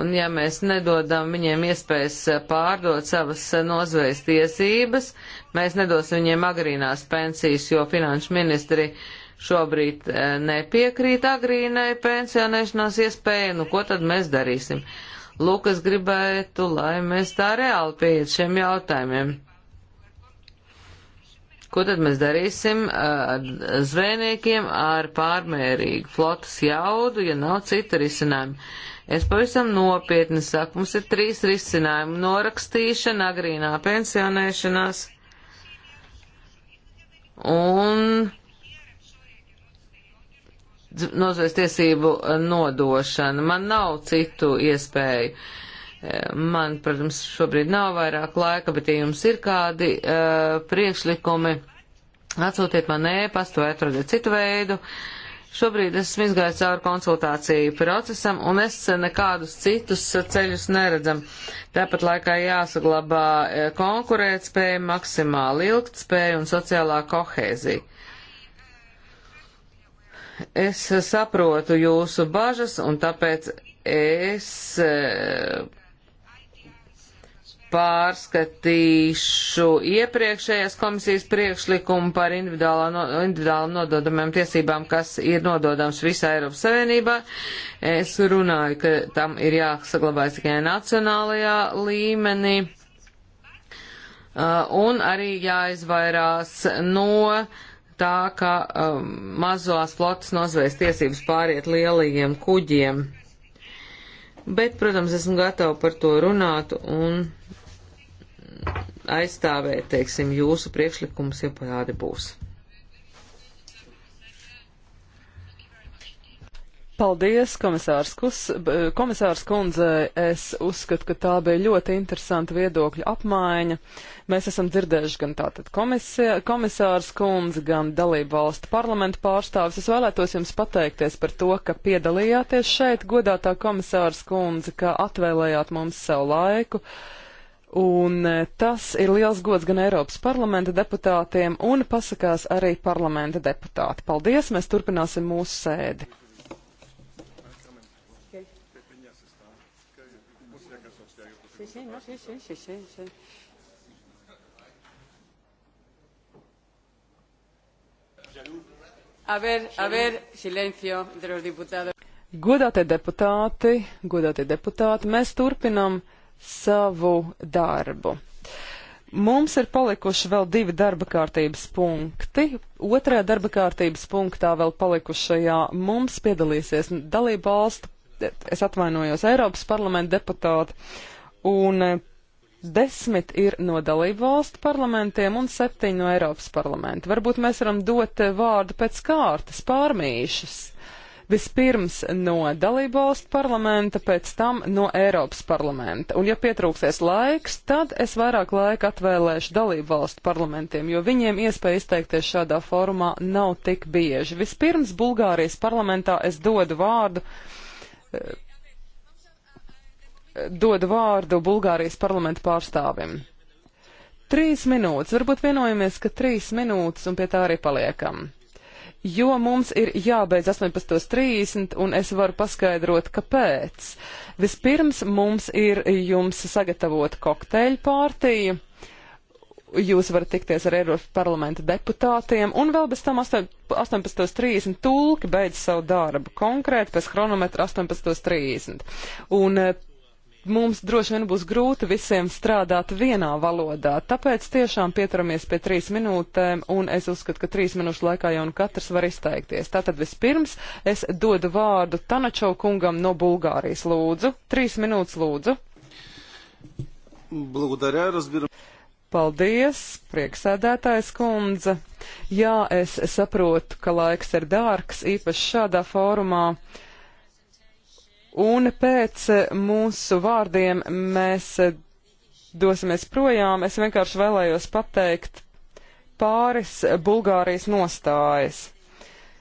un ja mēs nedodam viņiem iespējas pārdot savas nozvejas tiesības, mēs nedosim viņiem agrīnās pensijas, jo finanšu ministri uh, šobrīd e, nepiekrīt agrīnai pensionēšanās iespējai, nu ko tad mēs darīsim? Lūk, es gribētu, lai mēs tā reāli pieiet šiem jautājumiem. Ko tad mēs darīsim e, ar zvejniekiem ar pārmērīgu flotas jaudu, ja nav cita risinājuma? Es pavisam nopietni saku, mums ir trīs risinājumi - norakstīšana, agrīnā pensionēšanās un nozvejas tiesību eh, nodošana. Man nav citu iespēju. Eh, man, protams, šobrīd nav vairāk laika, bet ja jums ir kādi uh, priekšlikumi, atsūtiet man ēpastu vai atrodiet citu veidu. Šobrīd esmu izgājis cauri konsultāciju procesam un es nekādus citus ceļus neredzam. Tāpat laikā jāsaglabā konkurētspēja, maksimāli ilgtspēja un sociālā kohēzija. Es saprotu jūsu bažas, un tāpēc es eh, pārskatīšu iepriekšējās komisijas priekšlikumu par individuāli nododamiem tiesībām, kas ir nododams visā Eiropas Savienībā. Es runāju, ka tam ir jāsaglabājas tikai nacionālajā līmenī. Eh, un arī jāizvairās no uh, tā, ka um, mazās flotas nozvēs tiesības pāriet lielajiem kuģiem. Bet, protams, esmu gatava par to runāt un aizstāvēt, teiksim, jūsu priekšlikums, ja tādi būs. Paldies, komisārs, Kus, komisārs kundze. Es uzskatu, ka tā bija ļoti interesanta viedokļa apmaiņa. Mēs esam dzirdējuši gan tātad komisija, komisārs kundze, gan dalību valstu parlamentu pārstāvis. Es vēlētos jums pateikties par to, ka piedalījāties šeit, godātā komisārs kundze, ka atvēlējāt mums savu laiku. Un e, tas ir liels gods gan Eiropas parlamenta deputātiem un pasakās arī parlamenta deputāti. Paldies, mēs turpināsim mūsu sēdi. sí, no, sí, sí, sí, sí. sí. A ver, a ver, silencio de los diputados. Godātie deputāti, godātie deputāti, mēs turpinam savu darbu. Mums ir palikuši vēl divi darba kārtības punkti. Otrajā darba kārtības punktā vēl palikušajā mums piedalīsies dalība valstu, es atvainojos, Eiropas parlamenta deputāti un eh, desmit ir no dalību valstu parlamentiem un septiņi no Eiropas parlamenta. Varbūt mēs varam dot eh, vārdu pēc kārtas pārmīšas. Vispirms no dalību valstu parlamenta, pēc tam no Eiropas parlamenta. Un ja pietrūksies laiks, tad es vairāk laika atvēlēšu dalību valstu parlamentiem, jo viņiem iespēja izteikties šādā formā nav tik bieži. Vispirms Bulgārijas parlamentā es dodu vārdu eh, dod vārdu Bulgārijas parlamenta pārstāvim. Trīs minūtes, varbūt vienojamies, ka trīs minūtes un pie tā arī paliekam. Jo mums ir jābeidz 18.30 un es varu paskaidrot, kāpēc. Vispirms mums ir jums sagatavota kokteļu pārtīja. Jūs varat tikties ar Eiropas parlamenta deputātiem, un vēl bez tam 18.30 tulki beidz savu darbu, konkrēti pēc chronometra 18.30. Un eh, mums droši vien būs grūti visiem strādāt vienā valodā. Tāpēc tiešām pieturamies pie trīs minūtēm, un es uzskatu, ka trīs minūšu laikā jau nu katrs var izteikties. Tātad vispirms es dodu vārdu Tanačau kungam no Bulgārijas. Lūdzu, trīs minūtes lūdzu. Благодаря, разбирам. Paldies, prieksēdētājs kundze. Jā, es saprotu, ka laiks ir dārgs, īpaši šādā fórumā. Uh, Un pēc eh, mūsu vārdiem mēs eh, dosimies projām. Es vienkārši vēlējos pateikt pāris eh, Bulgārijas nostājas.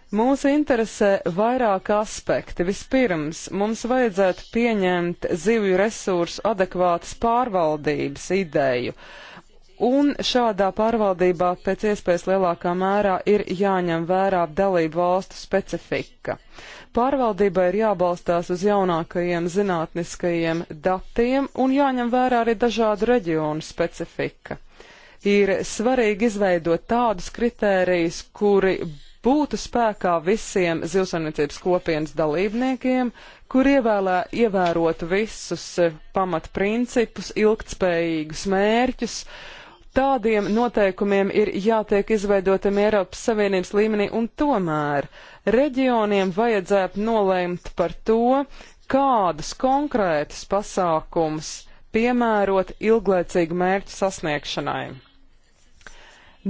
Mūs interesē vairāk aspekti. Vispirms, mums vajadzētu pieņemt zivju resursu adekvātas pārvaldības ideju. Un šādā pārvaldībā pēc iespējas lielākā mērā ir jāņem vērā dalību valstu specifika. Uh, Pārvaldībai ir jābalstās uz jaunākajiem zinātniskajiem datiem un jāņem vērā arī dažādu reģionu specifika. Ir svarīgi izveidot tādus kritērijus, kuri būtu spēkā visiem zivsaimniecības kopienas dalībniekiem, kur ievēlē, ievērotu visus pamatprincipus, ilgtspējīgus mērķus Tādiem noteikumiem ir jātiek izveidotiem Eiropas Savienības līmenī, un tomēr reģioniem vajadzētu nolēmt par to, kādus konkrētus pasākumus piemērot ilglaicīgu mērķu sasniegšanai.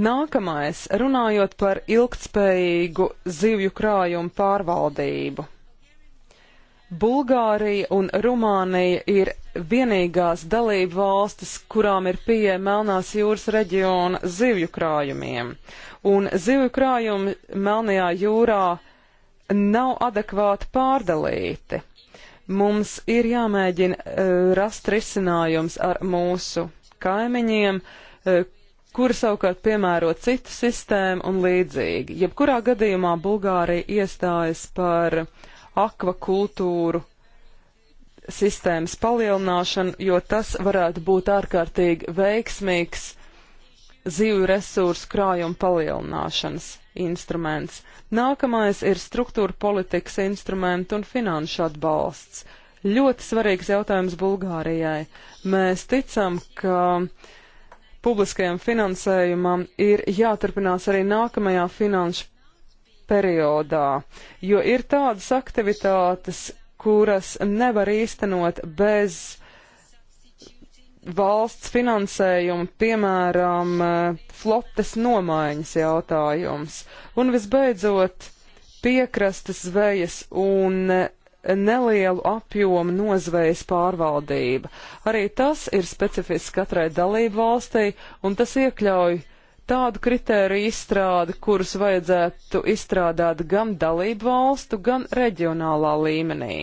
Nākamais, runājot par ilgtspējīgu zivju krājumu pārvaldību. Bulgārija un Rumānija ir vienīgās dalību valstis, kurām ir pieeja Melnās jūras reģiona zivju krājumiem. Un zivju krājumi Melnajā jūrā nav adekvāti pārdalīti. Mums ir jāmēģina uh, rast risinājums ar mūsu kaimiņiem, uh, kuri savukārt piemēro citu sistēmu un līdzīgi. Jebkurā gadījumā Bulgārija iestājas par uh, akvakultūru sistēmas palielināšanu, jo tas varētu būt ārkārtīgi veiksmīgs zivju resursu krājuma palielināšanas instruments. Nākamais ir struktūra politikas instrumenti un finanšu atbalsts. Ļoti svarīgs jautājums Bulgārijai. Mēs ticam, ka publiskajam finansējumam ir jāturpinās arī nākamajā finanšu periodā, jo ir tādas aktivitātes, kuras nevar īstenot bez valsts finansējumu, piemēram, flotes nomaiņas jautājums. Un visbeidzot, piekrastes zvejas un nelielu apjomu nozvejas pārvaldība. Arī tas ir specifisks katrai dalību valstī, un tas iekļauj tādu kritēriju izstrādi, kurus vajadzētu izstrādāt gan dalību valstu, gan reģionālā līmenī.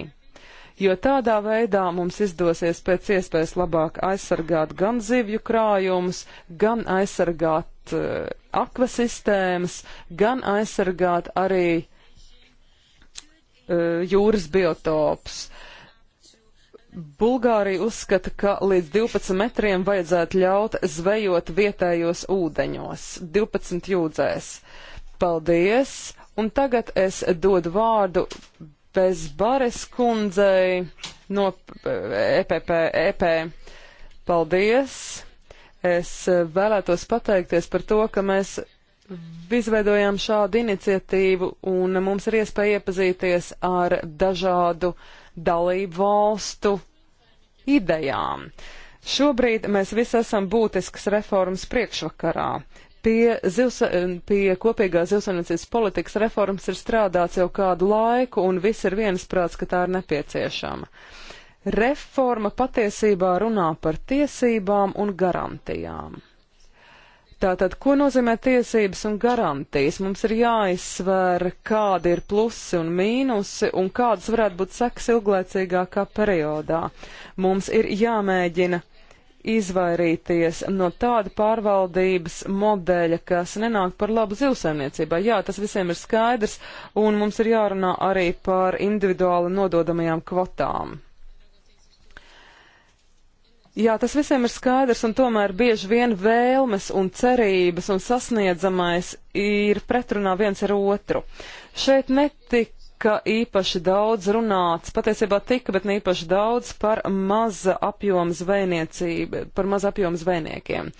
Jo tādā veidā mums izdosies pēc iespējas labāk aizsargāt gan zivju krājumus, gan aizsargāt uh, akvasistēmas, gan aizsargāt arī uh, jūras biotops. Uh, Bulgārija uzskata, ka līdz 12 metriem vajadzētu ļaut zvejot vietējos ūdeņos, 12 jūdzēs. Paldies! Un tagad es dodu vārdu Bezbares kundzei no EPP. Eh, e EP. Paldies! Es eh, vēlētos pateikties par to, ka mēs izveidojām šādu iniciatīvu un mums ir iespēja iepazīties ar dažādu uh, dalību valstu idejām. Šobrīd mēs visi esam būtiskas reformas priekšvakarā. Pie, zivs, eh, pie kopīgā zivsaimniecības politikas reformas ir strādāts jau kādu laiku, un viss ir viensprāts, ka tā ir nepieciešama. Reforma patiesībā runā par tiesībām un garantijām. Tātad, ko nozīmē tiesības un garantijas? Mums ir jāizsver, kādi ir plusi un mīnusi un kādas varētu būt sekas ilglaicīgākā periodā. Mums ir jāmēģina izvairīties no tāda pārvaldības modeļa, kas nenāk par labu zivsaimniecībai. Jā, tas visiem ir skaidrs, un mums ir jārunā arī par individuāli nododamajām kvotām. Jā, tas visiem ir skaidrs, un tomēr bieži vien vēlmes un cerības un sasniedzamais ir pretrunā viens ar otru. Šeit netika īpaši daudz runāts, patiesībā tika, bet ne īpaši daudz par maza apjoma zvejniecību, par maza apjoma zvejniekiem.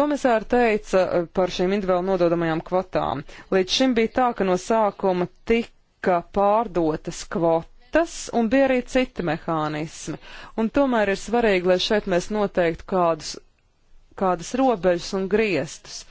Komisāri teica eh, par šīm individuāli nododamajām kvotām. Līdz šim bija tā, ka no sākuma tika pārdotas kvotas tas, un bija arī citi mehānismi. Un tomēr ir svarīgi, lai šeit mēs noteiktu kādus, kādas robežas un griestus.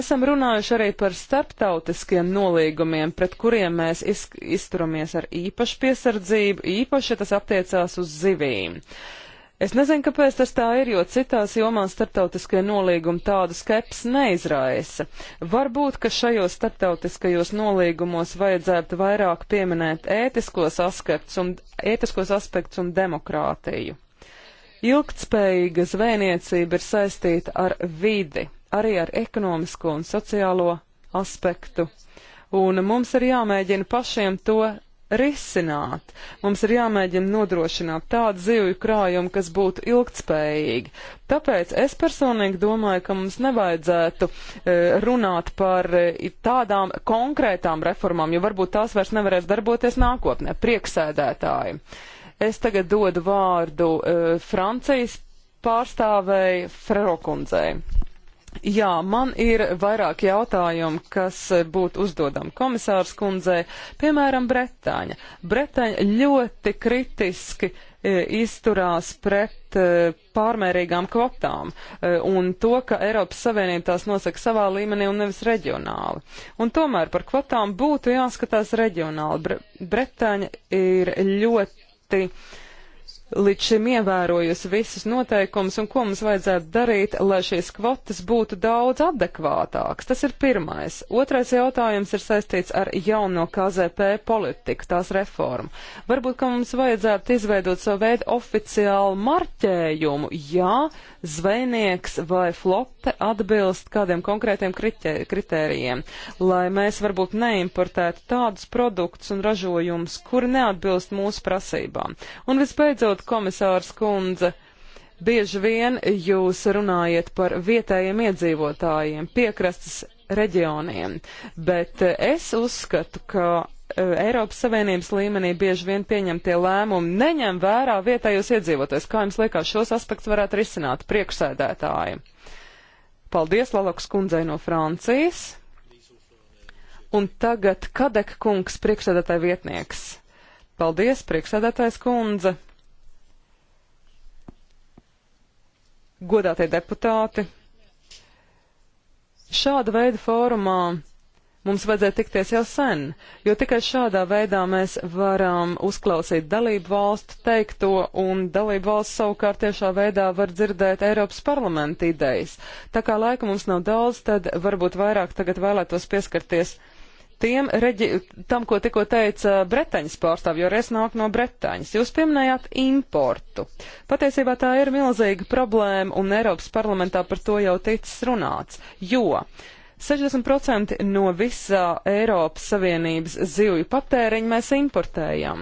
Esam runājuši arī par starptautiskiem nolīgumiem, pret kuriem mēs iz, izturamies ar īpašu piesardzību, īpaši, ja tas attiecās uz zivīm. Uh, Es nezinu, kāpēc tas tā ir, jo citās jomās starptautiskie nolīgumi tādu skepsi neizraisa. Varbūt, ka šajos starptautiskajos nolīgumos vajadzētu vairāk pieminēt ētiskos aspektus un, ētiskos aspektus un demokrātiju. Ilgtspējīga zvejniecība ir saistīta ar vidi, arī ar ekonomisko un sociālo aspektu, un mums ir jāmēģina pašiem to risināt. Mums ir jāmēģina nodrošināt tādu zivju krājumu, kas būtu ilgtspējīgi. Tāpēc es personīgi domāju, ka mums nevajadzētu e, runāt par e, tādām konkrētām reformām, jo varbūt tās vairs nevarēs darboties nākotnē. Prieksēdētāji. Es tagad dodu vārdu e, Francijas pārstāvēji Frerokundzei. Jā, man ir vairāk jautājumu, kas būtu uzdodam komisārs kundzei, piemēram, Bretaņa. Bretaņa ļoti kritiski e, izturās pret e, pārmērīgām kvotām e, un to, ka Eiropas Savienība tās nosaka savā līmenī un nevis reģionāli. Un tomēr par kvotām būtu jāskatās reģionāli. Bre Bretaņa ir ļoti līdz šim ievērojusi visus noteikumus un ko mums vajadzētu darīt, lai šīs kvotas būtu daudz adekvātākas. Tas ir pirmais. Otrais jautājums ir saistīts ar jauno KZP politiku, tās reformu. Varbūt, ka mums vajadzētu izveidot savu veidu oficiālu marķējumu, jā, ja zvejnieks vai flote atbilst kādiem konkrētiem kritērijiem, lai mēs varbūt neimportētu tādus produktus un ražojumus, kuri neatbilst mūsu prasībām. Un visbeidzot, komisārs kundze. Bieži vien jūs runājat par vietējiem iedzīvotājiem, piekrastes reģioniem, bet es uzskatu, ka Eiropas Savienības līmenī bieži vien pieņemtie lēmumi neņem vērā vietējos iedzīvotājus. Kā jums liekas, šos aspektus varētu risināt priekšsēdētāji? Paldies Laloks kundzei no Francijas. Un tagad Kadek kungs, priekšsēdētāja vietnieks. Paldies, priekšsēdētājs kundze. Godātie deputāti. Šāda veida fórumā Mums vajadzēja tikties jau sen, jo tikai šādā veidā mēs varam uzklausīt dalību valstu teikto, un dalību valsts savukārt tiešā veidā var dzirdēt Eiropas parlamenta idejas. Tā kā laika mums nav daudz, tad varbūt vairāk tagad vēlētos pieskarties tiem reģi, tam, ko tikko teica Bretaņas pārstāvja, jo es nāku no Bretaņas. Jūs pieminējāt importu. Patiesībā tā ir milzīga problēma, un Eiropas parlamentā par to jau ticis runāts, jo 60% no visā Eiropas Savienības zivju patēriņa mēs importējam.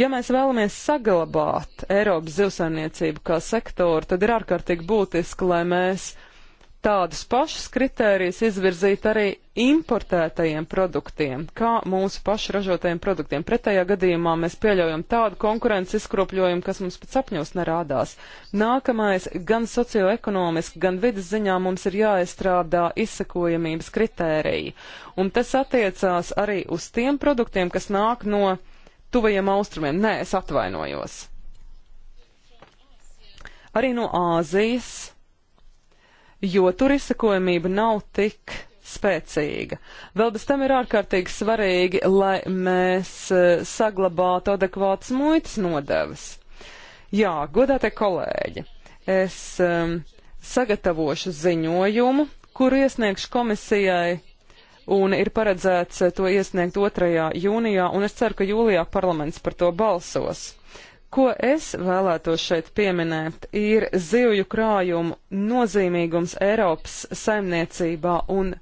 Ja mēs vēlamies saglabāt Eiropas zivsainiecību kā sektoru, tad ir ārkārtīgi būtiski, lai mēs tādus pašus kritērijus izvirzītu arī importētajiem produktiem, kā mūsu pašu ražotajiem produktiem. Pretējā gadījumā mēs pieļaujam tādu konkurences izkropļojumu, kas mums pat sapņos nerādās. Nākamais, gan socioekonomiski, gan vidas ziņā mums ir jāizstrādā izsekojamības kritērija. Un tas attiecās arī uz tiem produktiem, kas nāk no tuvajiem austrumiem. Nē, es atvainojos. Arī no Āzijas, jo tur izsekojamība nav tik spēcīga. Vēl bez tam ir ārkārtīgi svarīgi, lai mēs eh, saglabātu adekvātas muitas nodevas. Jā, godātie kolēģi, es um, sagatavošu ziņojumu, kuru iesniegšu komisijai un ir paredzēts eh, to iesniegt 2. jūnijā, un es ceru, ka jūlijā parlaments par to balsos. Ko es vēlētos šeit pieminēt, ir zivju krājumu nozīmīgums Eiropas saimniecībā un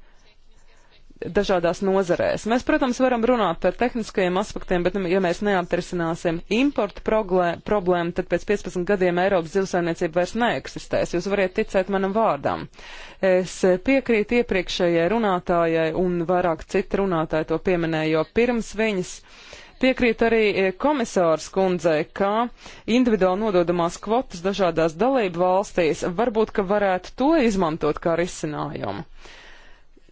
dažādās nozarēs. Mēs, protams, varam runāt par tehniskajiem aspektiem, bet, nu, ja mēs neatrisināsim importu problēmu, tad pēc 15 gadiem Eiropas zivsainiecība vairs neeksistēs. Jūs varat ticēt manam vārdam. Es piekrītu iepriekšējai runātājai un vairāk citu runātāju to pieminēju, jo pirms viņas. Piekrīt arī komisārs kundzei, ka individuāli nododamās kvotas dažādās dalību valstīs varbūt, ka varētu to izmantot kā risinājumu.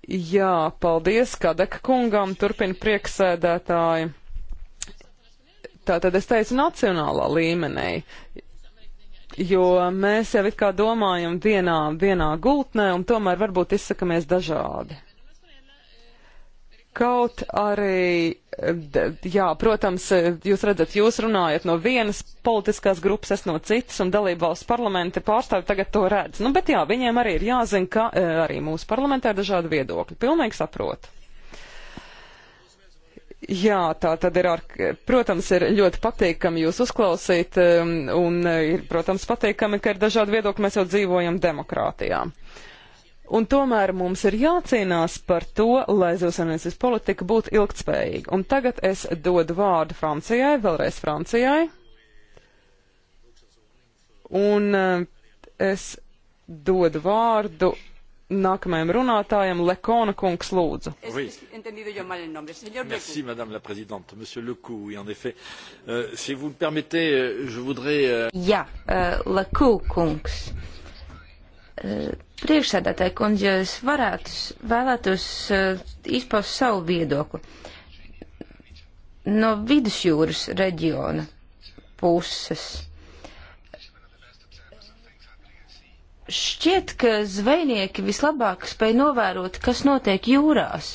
Jā, paldies Kadeka kungam, turpina prieksēdētāji. Tātad es teicu nacionālā līmenī, jo mēs jau it kā domājam vienā, vienā gultnē un tomēr varbūt izsakamies dažādi. Kaut arī, jā, protams, jūs redzat, jūs runājat no vienas politiskās grupas, es no citas, un dalību valsts parlamenta pārstāvi tagad to redz. Nu, bet jā, viņiem arī ir jāzina, ka e, arī mūsu parlamentā ir dažādi viedokļi. Pilnīgi saprotu. Jā, tā tad ir, ar, protams, ir ļoti patīkami jūs uzklausīt, e, un e, ir, protams, patīkami, ka ir dažādi viedokļi, mēs jau dzīvojam demokrātijā. Uh, Un tomēr mums ir jācīnās par to, lai zivsaimniecības politika būtu ilgtspējīga. Un tagad es dodu vārdu Francijai, vēlreiz Francijai. Un eh, es dodu vārdu nākamajam runātājam, Lekona kungs lūdzu. Oui. Merci, madame la présidente. Monsieur Lecoux, oui, en effet. Euh, si vous le permettez, euh, je voudrais... Euh... Jā, uh, Lecoux kungs. Uh, Priekšsēdētāji kundze, es varētu, vēlētos eh, izpaust savu viedokli. No vidusjūras reģiona puses. Šķiet, ka zvejnieki vislabāk spēj novērot, kas notiek jūrās.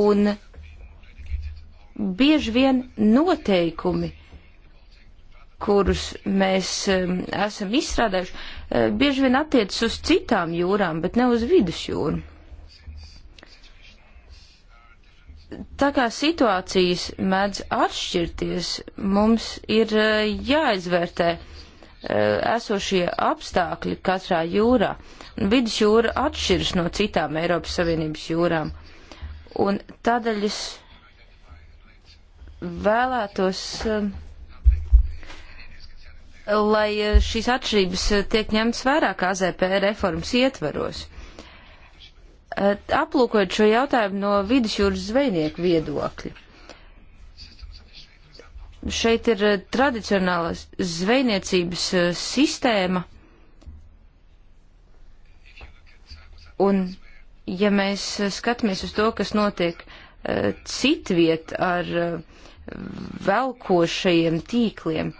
Un bieži vien noteikumi kurus mēs um, esam izstrādājuši, uh, bieži vien attiecas uz citām jūrām, bet ne uz vidusjūru. Tā kā situācijas mēdz atšķirties, mums ir uh, jāizvērtē uh, esošie apstākļi katrā jūrā. Vidusjūra atšķiras no citām Eiropas Savienības jūrām. Un tādēļ es um, vēlētos uh, lai eh, šīs atšķirības eh, tiek ņemtas vērā KZP reformas ietvaros. Eh, aplūkojot šo jautājumu no vidusjūras zvejnieku viedokļa. Šeit ir tradicionālas zvejniecības sistēma, un ja mēs skatāmies uz to, kas notiek citviet ar velkošajiem tīkliem,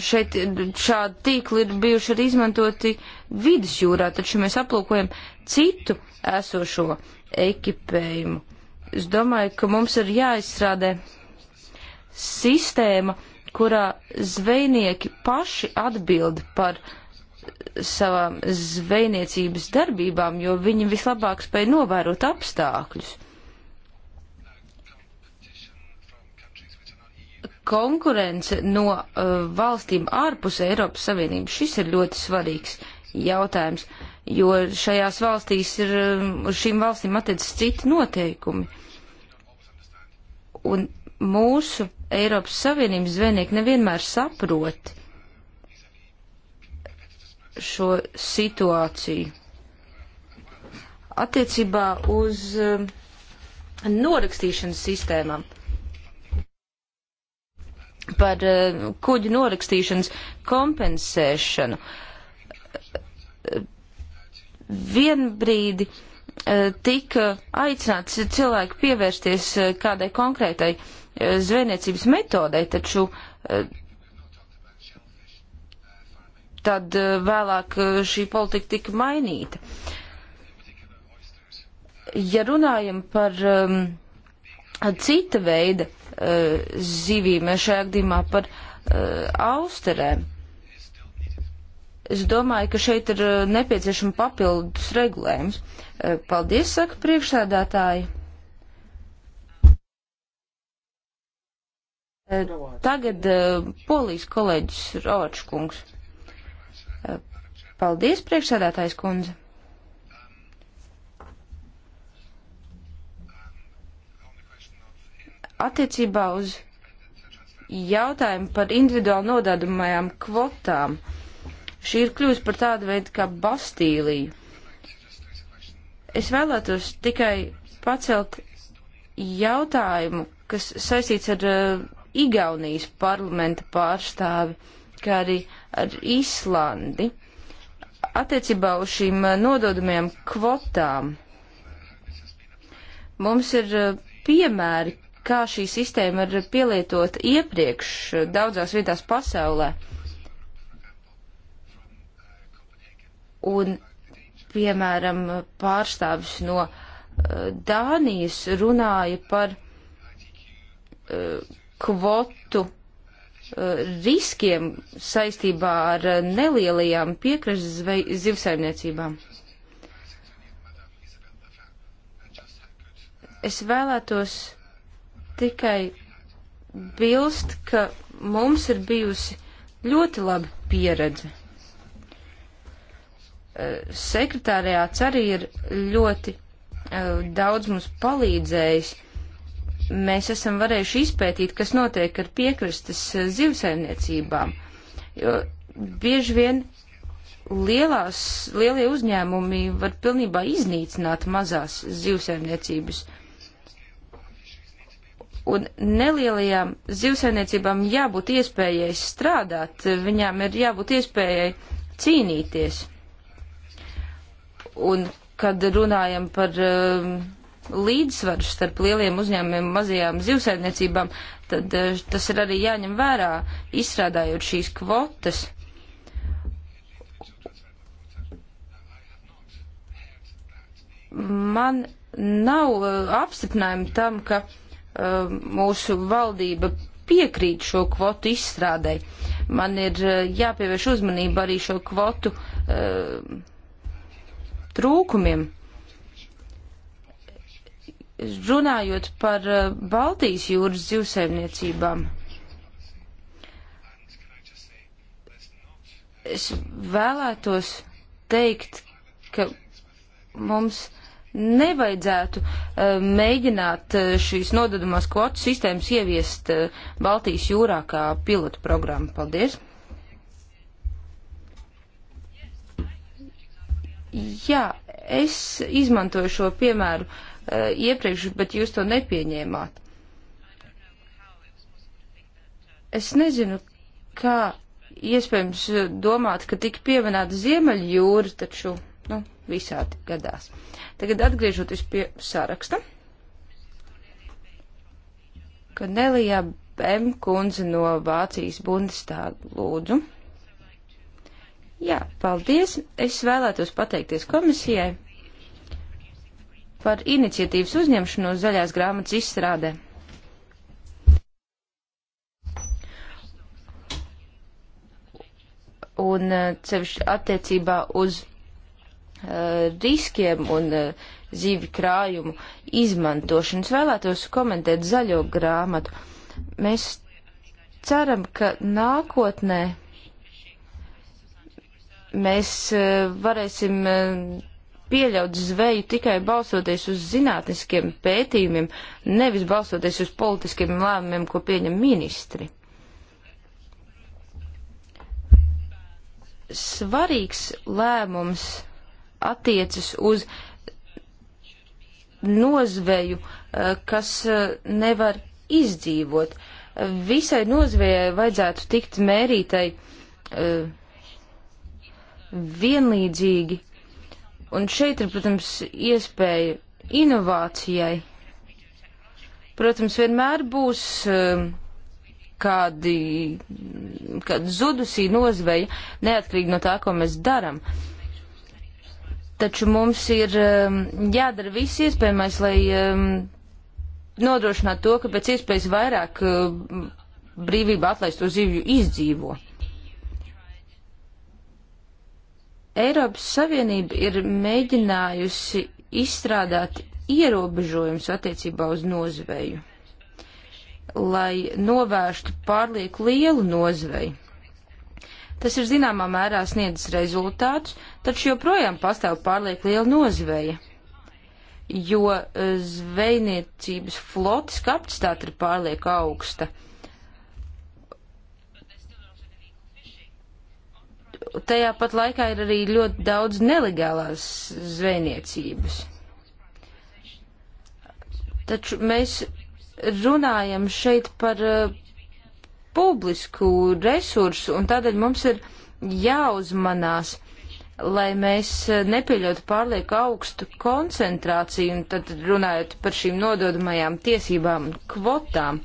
šeit šādi tīkli ir bijuši arī izmantoti vidusjūrā, taču mēs aplūkojam citu esošo ekipējumu. Es domāju, ka mums ir jāizstrādē sistēma, kurā zvejnieki paši atbild par savām zvejniecības darbībām, jo viņi vislabāk spēja novērot apstākļus. konkurence no uh, valstīm ārpus Eiropas Savienības. Šis ir ļoti svarīgs jautājums, jo šajās valstīs ir, um, uz šīm valstīm attiecas citi noteikumi. Un mūsu Eiropas Savienības zvejnieki nevienmēr saprot šo situāciju. Attiecībā uz uh, norakstīšanas sistēmām. Uh, par uh, kuģu norakstīšanas kompensēšanu. Vienbrīdi uh, eh, tika aicināts cilvēki pievērsties uh, kādai konkrētai zvejniecības metodei, taču tad vēlāk šī politika tika mainīta. Ja runājam par um, cita veida zivīm, eh, šajā gadījumā par eh, austerēm. Es domāju, ka šeit ir eh, nepieciešama papildus regulējums. Paldies, saka priekšsēdētāji. Tagad polijas kolēģis Ročkungs. Paldies, priekšsēdētājs kundze. attiecībā uz jautājumu par individuāli nodādumajām kvotām. Šī ir kļūst par tādu veidu kā Bastīliju. Es vēlētos tikai pacelt jautājumu, kas saistīts ar uh, Igaunijas parlamenta pārstāvi, kā arī ar Islandi, attiecībā uz šīm uh, nododamajām kvotām. Mums ir uh, piemēri, kā šī sistēma ir pielietota iepriekš daudzās vietās pasaulē. Un, piemēram, pārstāvis no eh, Dānijas runāja par eh, kvotu eh, riskiem saistībā ar nelielajām piekrastes zivsaimniecībām. Es vēlētos tikai bilst, ka mums ir bijusi ļoti laba pieredze. Eh, Sekretārijāts arī ir ļoti eh, daudz mums palīdzējis. Mēs esam varējuši izpētīt, kas notiek ar piekrastes eh, zivsaimniecībām, jo bieži vien lielās, lielie uzņēmumi var pilnībā iznīcināt mazās zivsaimniecības. Uh, Un nelielajām zivsainiecībām jābūt iespējai strādāt, viņām ir jābūt iespējai cīnīties. Un kad runājam par uh, līdzsvaru starp lieliem uzņēmumiem un mazajām zivsaimniecībām, tad uh, tas ir arī jāņem vērā, izstrādājot šīs kvotas. Man nav uh, apstiprinājumi tam, ka uh, Um, mūsu valdība piekrīt šo kvotu izstrādē. Man ir uh, jāpievērš uzmanība arī šo kvotu uh, trūkumiem. Runājot par uh, Baltijas jūras zivsaimniecībām, es vēlētos teikt, ka mums uh, nevajadzētu eh, mēģināt eh, šīs nodadumās kvotu sistēmas ieviest eh, Baltijas jūrā kā pilotu programmu. Paldies! Jā, es izmantoju šo piemēru uh, iepriekš, bet jūs to nepieņēmāt. Es nezinu, kā iespējams domāt, ka tik pieminēta Ziemeļjūra, taču. Nu, visādi gadās. Tagad atgriežoties pie saraksta, kad Nelija Bemkundze no Vācijas Bundestāga lūdzu. Jā, paldies. Es vēlētos pateikties komisijai par iniciatīvas uzņemšanu zaļās grāmatas izstrādē. Un eh, cevišķi attiecībā uz Eh, riskiem un eh, zīvi krājumu izmantošanu. Es vēlētos komentēt zaļo grāmatu. Mēs ceram, ka nākotnē mēs eh, varēsim pieļaut zveju tikai balsoties uz zinātniskiem pētījumiem, nevis balsoties uz politiskiem lēmumiem, ko pieņem ministri. Svarīgs lēmums attiecas uz nozveju, eh, kas eh, nevar izdzīvot. Visai nozvejai vajadzētu tikt mērītai eh, vienlīdzīgi. Un šeit ir, protams, iespēja inovācijai. Protams, vienmēr būs kādi, kāda zudusī nozveja, neatkarīgi no tā, ko mēs darām. Uh, taču mums ir um, jādara viss iespējamais, lai um, nodrošinātu to, ka pēc iespējas vairāk uh, brīvība atlaisto zivju izdzīvo. Eiropas Savienība ir mēģinājusi izstrādāt ierobežojumus attiecībā uz nozveju, lai novērstu pārlieku lielu nozveju. Tas ir zināmā mērā sniedzis rezultātus, taču joprojām pastāv pārlieku liela nozveja, jo e, zvejniecības flotes kapacitāte ir pārlieku augsta. Tajā pat laikā ir arī ļoti daudz nelegālās zvejniecības. Taču mēs runājam šeit par e, publisku resursu, un tādēļ mums ir jāuzmanās, lai mēs eh, nepieļautu pārlieku augstu koncentrāciju, un tad runājot par šīm nododamajām tiesībām un kvotām.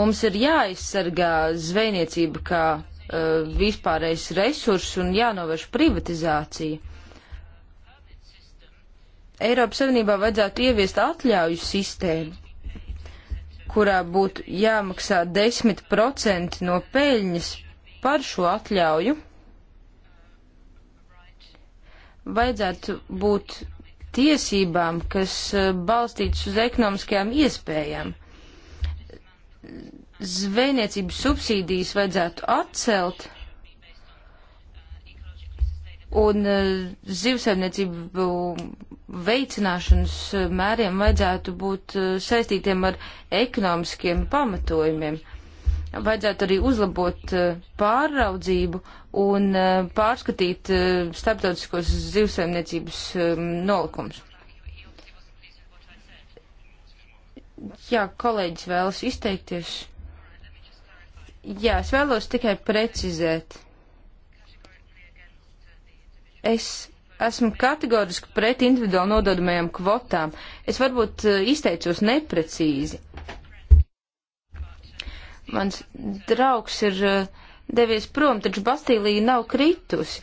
Mums ir jāaizsargā zvejniecība kā uh, vispārējais resurs un jānovērš privatizācija. Eiropas Savienībā vajadzētu ieviest atļauju sistēmu, kurā būtu jāmaksā 10% no peļņas par šo atļauju, vajadzētu būt tiesībām, kas e, balstītas uz ekonomiskajām iespējām. Zvejniecības subsīdijas vajadzētu atcelt un eh, zivsaimniecību veicināšanas eh, mēriem vajadzētu būt eh, saistītiem ar ekonomiskiem pamatojumiem. Vajadzētu arī uzlabot pārraudzību un pārskatīt starptautiskos zivsaimniecības nolikums. Jā, kolēģis vēlas izteikties. Jā, es vēlos tikai precizēt Es esmu kategoriski pret individuāli nododamajām kvotām. Es varbūt eh, izteicos neprecīzi. Mans draugs ir eh, devies prom, taču Bastīlija nav kritusi,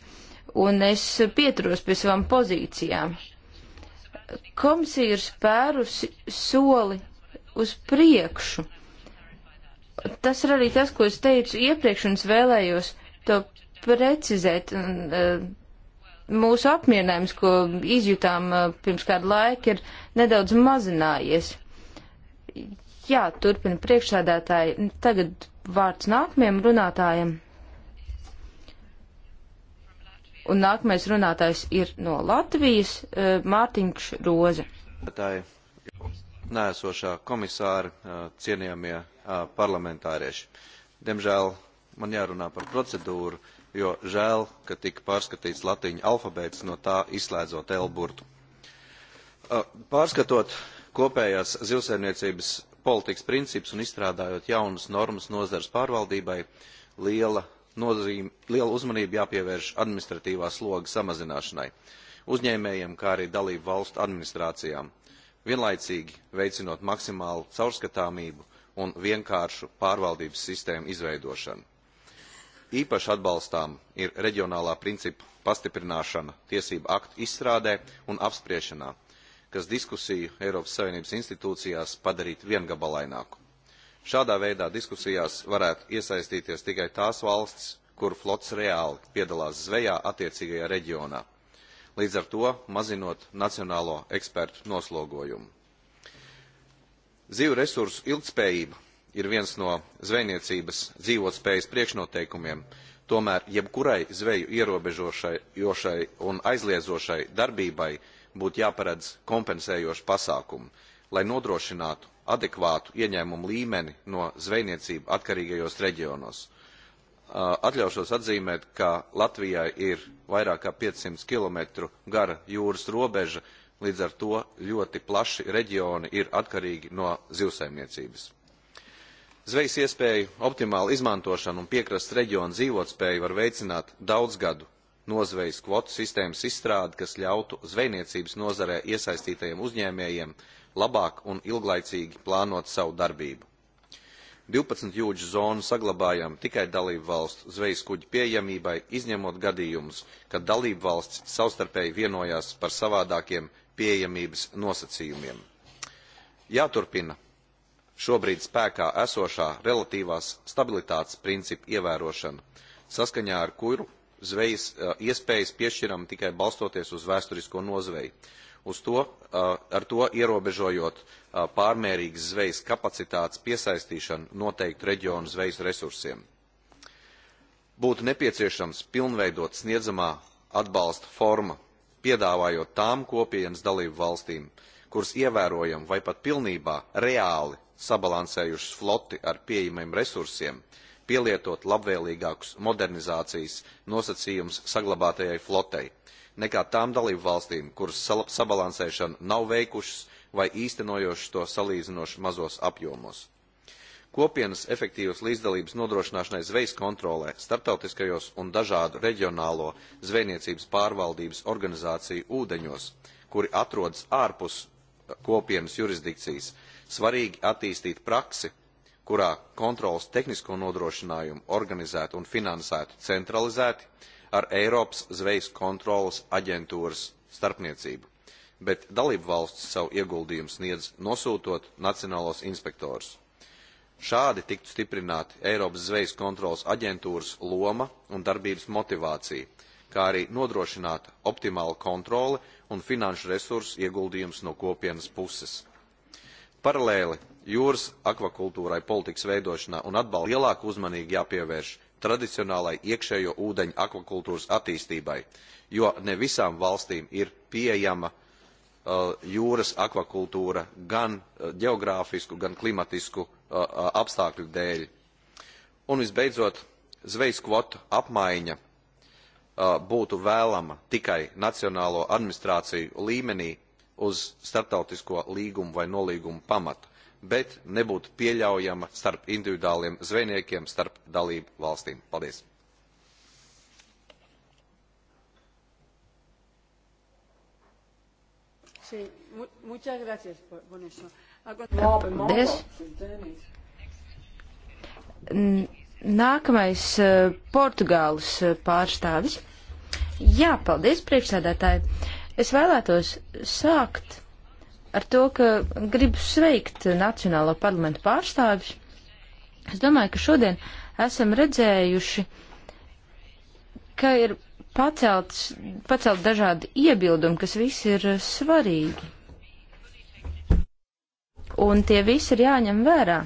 un es pieturos pie savām pozīcijām. Komisija ir spērusi soli uz priekšu. Tas ir arī tas, ko es teicu iepriekš, un es vēlējos to precizēt un uh, mūsu apmierinājums, ko izjutām uh, pirms kādu laiku, ir nedaudz mazinājies. Jā, turpina priekšsēdētāji. Tagad vārds nākamajam runātājam. Un nākamais runātājs ir no Latvijas uh, Mārtiņš Roze. Nēsošā komisāra, uh, cienījamie parlamentārieši. Diemžēl man jārunā par procedūru jo žēl, ka tika pārskatīts latiņu alfabēts, no tā izslēdzot L burtu. Pārskatot kopējās zivsaimniecības politikas principus un izstrādājot jaunas normas nozares pārvaldībai, liela, nozīme, liela uzmanība jāpievērš administratīvā sloga samazināšanai uzņēmējiem, kā arī dalību valstu administrācijām, vienlaicīgi veicinot maksimālu caurskatāmību un vienkāršu pārvaldības sistēmu izveidošanu īpaši atbalstām ir reģionālā principa pastiprināšana tiesību aktu izstrādē un apspriešanā kas diskusiju Eiropas Savienības institūcijās padarīt viengabalaināku. Šādā veidā diskusijās varētu iesaistīties tikai tās valstis, kur flots reāli piedalās zvejā attiecīgajā reģionā, līdz ar to mazinot nacionālo ekspertu noslogojumu. Zivu resursu ilgtspējība ir viens no zvejniecības dzīvotspējas priekšnoteikumiem, tomēr jebkurai zveju ierobežošai un aizliedzošai darbībai būtu jāparedz kompensējoši pasākumi, lai nodrošinātu adekvātu ieņēmumu līmeni no zvejniecību atkarīgajos reģionos. Atļaušos atzīmēt, ka Latvijai ir vairāk kā 500 km gara jūras robeža, līdz ar to ļoti plaši reģioni ir atkarīgi no zivsaimniecības. Zvejas iespēju optimālu izmantošanu un piekrasts reģionu dzīvotspēju var veicināt daudzgadu nozvejas kvotu sistēmas izstrādi, kas ļautu zvejniecības nozarē iesaistītajiem uzņēmējiem labāk un ilglaicīgi plānot savu darbību. 12 jūdžu zonu saglabājam tikai dalību valstu zvejas kuģu pieejamībai, izņemot gadījumus, kad dalību valsts savstarpēji vienojās par savādākiem pieejamības nosacījumiem. Jāturpina šobrīd spēkā esošā relatīvās stabilitātes principa ievērošana saskaņā ar kuru zvejas iespējas piešķiram tikai balstoties uz vēsturisko nozveju uz to, ar to ierobežojot pārmērīgas zvejas kapacitātes piesaistīšanu noteiktu reģionu zvejas resursiem. Būtu nepieciešams pilnveidot sniedzamā atbalsta forma, piedāvājot tām kopienas dalību valstīm, kuras ievērojam vai pat pilnībā reāli sabalansējušas floti ar pieejamiem resursiem, pielietot labvēlīgākus modernizācijas nosacījumus saglabātajai flotei nekā tām dalību valstīm, kuras sabalansēšanu nav veikušas vai īstenojošas to salīdzinoši mazos apjomos. Kopienas efektīvas līdzdalības nodrošināšanai zvejas kontrolē starptautiskajos un dažādu reģionālo zvejniecības pārvaldības organizāciju ūdeņos, kuri atrodas ārpus kopienas jurisdikcijas, svarīgi attīstīt praksi kurā kontroles tehnisko nodrošinājumu organizētu un finansētu centralizēti ar eiropas zvejas kontroles aģentūras starpniecību bet dalībvalstis savu ieguldījumu sniedz nosūtot nacionālos inspektorus. Šādi tiktu stiprināti Eiropas zvejas kontrolas aģentūras loma un darbības motivācija, kā arī nodrošināta optimāla kontrole un finanšu resursu ieguldījums no kopienas puses. Paralēli jūras akvakultūrai politikas veidošanā un atbalstu lielāku uzmanību jāpievērš tradicionālai iekšējo ūdeņu akvakultūras attīstībai, jo ne visām valstīm ir pieejama uh, jūras akvakultūra gan uh, geogrāfisku, gan klimatisku uh, uh apstākļu dēļ. Un visbeidzot, zvejas kvotu apmaiņa uh, būtu vēlama tikai nacionālo administrāciju līmenī, uz starptautisko līgumu vai nolīgumu pamatu, bet nebūtu pieļaujama starp individuāliem zvejniekiem, starp dalību valstīm. Paldies! Sí, mu muchas gracias por, por eso. Paldies! Nākamais eh, Portugāles eh, pārstāvis. Jā, paldies, priekšsēdētāji. Es vēlētos sākt ar to, ka gribu sveikt Nacionālo parlamentu pārstāvis. Es domāju, ka šodien esam redzējuši, ka ir pacelts, pacelt dažādi iebildumi, kas visi ir svarīgi. Un tie visi ir jāņem vērā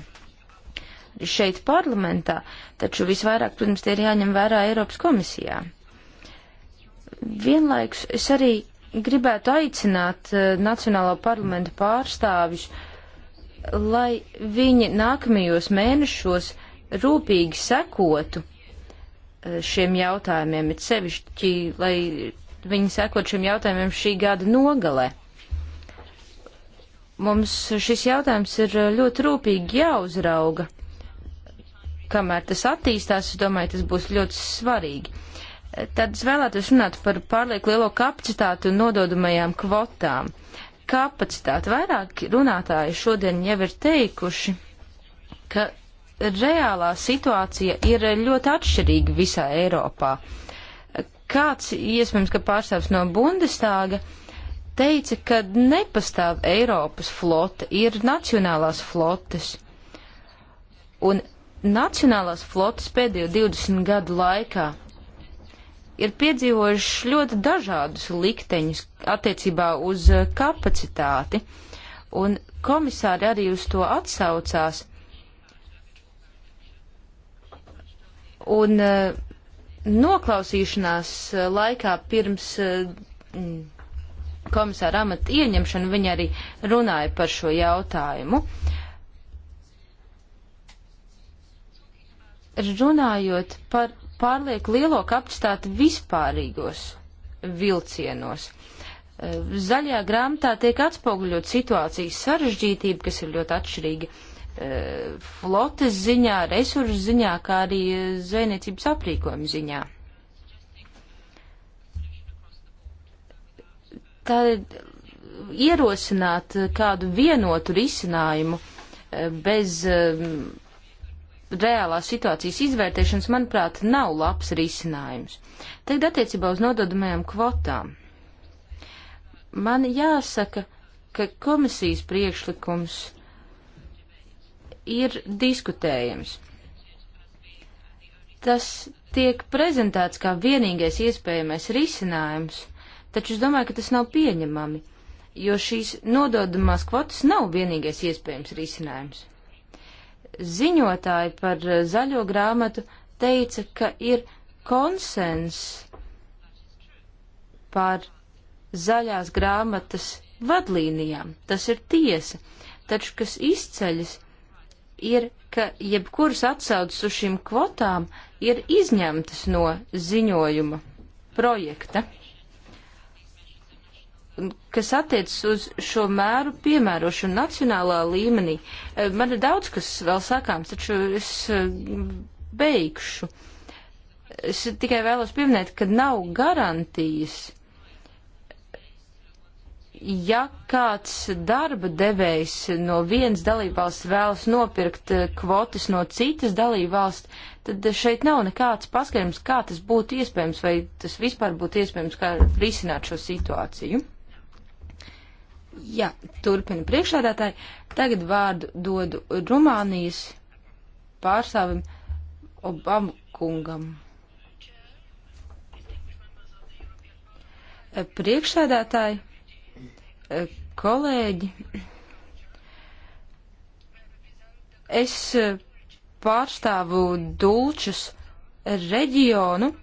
šeit parlamentā, taču visvairāk, protams, tie ir jāņem vērā Eiropas komisijā. Vienlaikus es arī gribētu aicināt eh, Nacionālo parlamentu pārstāvis, lai viņi nākamajos mēnešos rūpīgi sekotu eh, šiem jautājumiem, it sevišķi, lai viņi sekot šiem jautājumiem šī gada nogalē. Mums šis jautājums ir eh, ļoti rūpīgi jāuzrauga. Kamēr tas attīstās, es domāju, tas būs ļoti svarīgi Tad es vēlētos runāt par pārlieku lielo kapacitātu un nododamajām kvotām. Kapacitāte vairāk runātāji šodien jau ir teikuši, ka reālā situācija ir ļoti atšķirīga visā Eiropā. Kāds, iespējams, ka pārstāvs no Bundestāga, teica, ka nepastāv Eiropas flote, ir nacionālās flotes. Un nacionālās flotes pēdējo 20 gadu laikā ir piedzīvojuši ļoti dažādus likteņus attiecībā uz eh, kapacitāti, un komisāri arī uz to atsaucās. Un eh, noklausīšanās eh, laikā pirms komisāra amata ieņemšanu viņa arī runāja par šo jautājumu. Runājot par pārlieku lielo kapacitāti vispārīgos vilcienos. Eh, zaļajā grāmatā tiek atspoguļot situācijas sarežģītība, kas ir ļoti atšķirīga eh, flotes ziņā, resursu ziņā, kā arī eh, zvejniecības aprīkojuma ziņā. Tā ierosināt kādu vienotu risinājumu bez reālās situācijas izvērtēšanas, manuprāt, nav labs risinājums. Tagad attiecībā uz nododamajām kvotām. Man jāsaka, ka komisijas priekšlikums ir diskutējams. Tas tiek prezentēts kā vienīgais iespējamais risinājums, taču es domāju, ka tas nav pieņemami, jo šīs nododamās kvotas nav vienīgais iespējams risinājums ziņotāji par zaļo grāmatu teica, ka ir konsens par zaļās grāmatas vadlīnijām. Tas ir tiesa, taču kas izceļas ir, ka jebkuras atsaucas uz šīm kvotām ir izņemtas no ziņojuma projekta kas attiecas uz šo mēru piemērošanu nacionālā līmenī. E, man ir daudz, kas vēl sakāms, taču es e, beigšu. Es tikai vēlos pieminēt, ka nav garantijas. Ja kāds darba devējs no vienas dalībvalsts vēlas nopirkt e, kvotas no citas dalībvalsts, tad šeit nav nekāds paskaidrojums, kā tas būtu iespējams, vai tas vispār būtu iespējams, kā risināt šo situāciju. Jā, turpina priekšsēdētāji. Tagad vārdu dodu Rumānijas pārstāvim Obamu kungam. Priekšsēdētāji, kolēģi, es pārstāvu Dulčus reģionu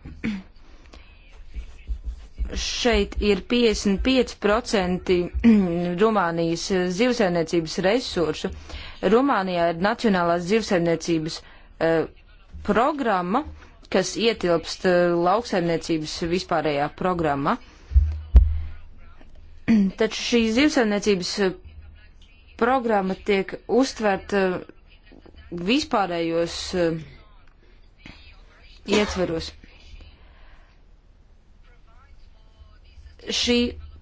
šeit ir 55% Rumānijas zivsaimniecības resursu. Rumānijā ir Nacionālās zivsaimniecības uh, programma, kas ietilpst uh, lauksaimniecības vispārējā programma. Taču šī zivsaimniecības programma tiek uztverta uh, e, vispārējos ietveros. šī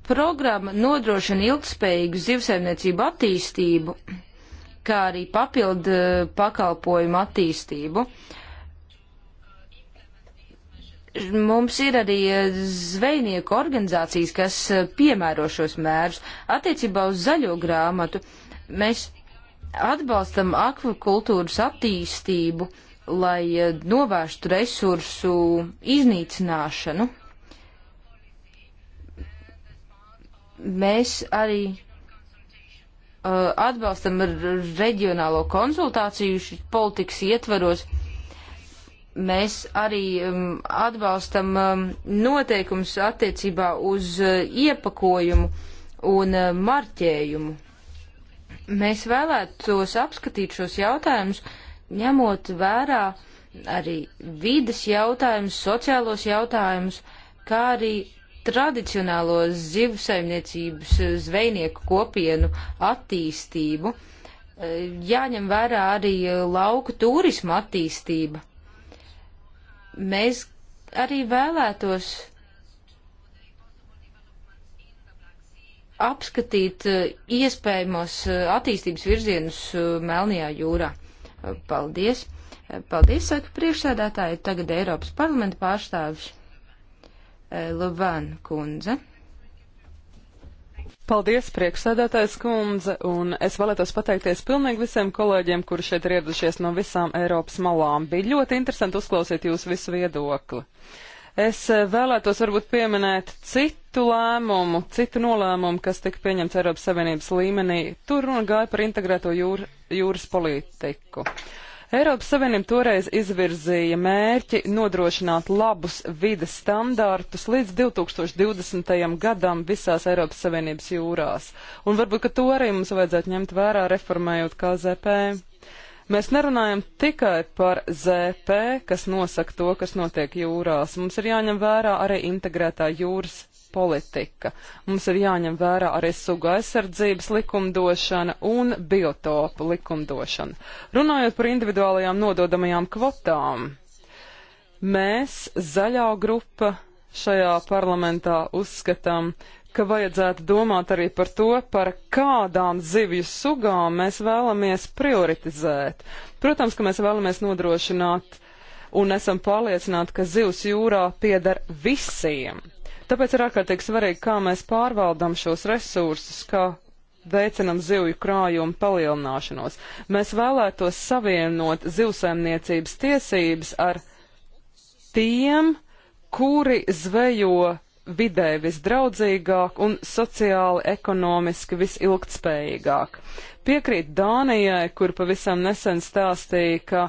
programma nodrošina ilgspējīgu zivsaimniecību attīstību, kā arī papildu eh, pakalpojumu attīstību. Mums ir arī eh, zvejnieku organizācijas, kas eh, piemēro šos mērus. Attiecībā uz zaļo grāmatu mēs atbalstam akvakultūras attīstību, lai novērstu resursu iznīcināšanu Mēs arī uh, atbalstam reģionālo konsultāciju politikas ietvaros. Mēs arī um, atbalstam um, noteikums attiecībā uz uh, iepakojumu un uh, marķējumu. Mēs vēlētos apskatīt šos jautājumus, ņemot vērā arī vides jautājumus, sociālos jautājumus, kā arī tradicionālo zivsaimniecības eh, zvejnieku kopienu attīstību, eh, jāņem vērā arī eh, lauku turisma attīstība. Mēs arī vēlētos apskatīt iespējamos attīstības virzienus Melnajā jūrā. Paldies! Paldies, saka priekšsēdētāji, tagad Eiropas parlamenta pārstāvis. Eh, Luban kundze. Paldies, priekšsēdētājs kundze, un es vēlētos pateikties pilnīgi visiem kolēģiem, kuri šeit ir ieradušies no visām Eiropas malām. Bija ļoti interesanti uzklausīt jūsu visu viedokli. Es eh, vēlētos varbūt pieminēt citu lēmumu, citu nolēmumu, kas tika pieņemts Eiropas Savienības līmenī. Tur runa gāja par integrēto jūr, jūras politiku. Uh, Eiropas Savienība toreiz izvirzīja mērķi nodrošināt labus vides standārtus līdz 2020. gadam visās Eiropas Savienības jūrās. Un varbūt, ka to arī mums vajadzētu ņemt vērā reformējot KZP. Mēs nerunājam tikai par ZP, kas nosaka to, kas notiek jūrās. Mums ir jāņem vērā arī integrētā jūras politika. Mums ir jāņem vērā arī suga aizsardzības likumdošana un biotopu likumdošana. Runājot par individuālajām nododamajām kvotām, mēs zaļā grupa šajā parlamentā uzskatām, ka vajadzētu domāt arī par to, par kādām zivju sugām mēs vēlamies prioritizēt. Protams, ka mēs vēlamies nodrošināt un esam pārliecināti, ka zivs jūrā pieder visiem. Tāpēc ir ārkārtīgi svarīgi, kā mēs pārvaldam šos resursus, kā veicinam zivju krājumu palielināšanos. Mēs vēlētos savienot zivsaimniecības tiesības ar tiem, kuri zvejo vidē visdraudzīgāk un sociāli ekonomiski visilgtspējīgāk. Piekrīt Dānijai, kur pavisam nesen stāstīja, ka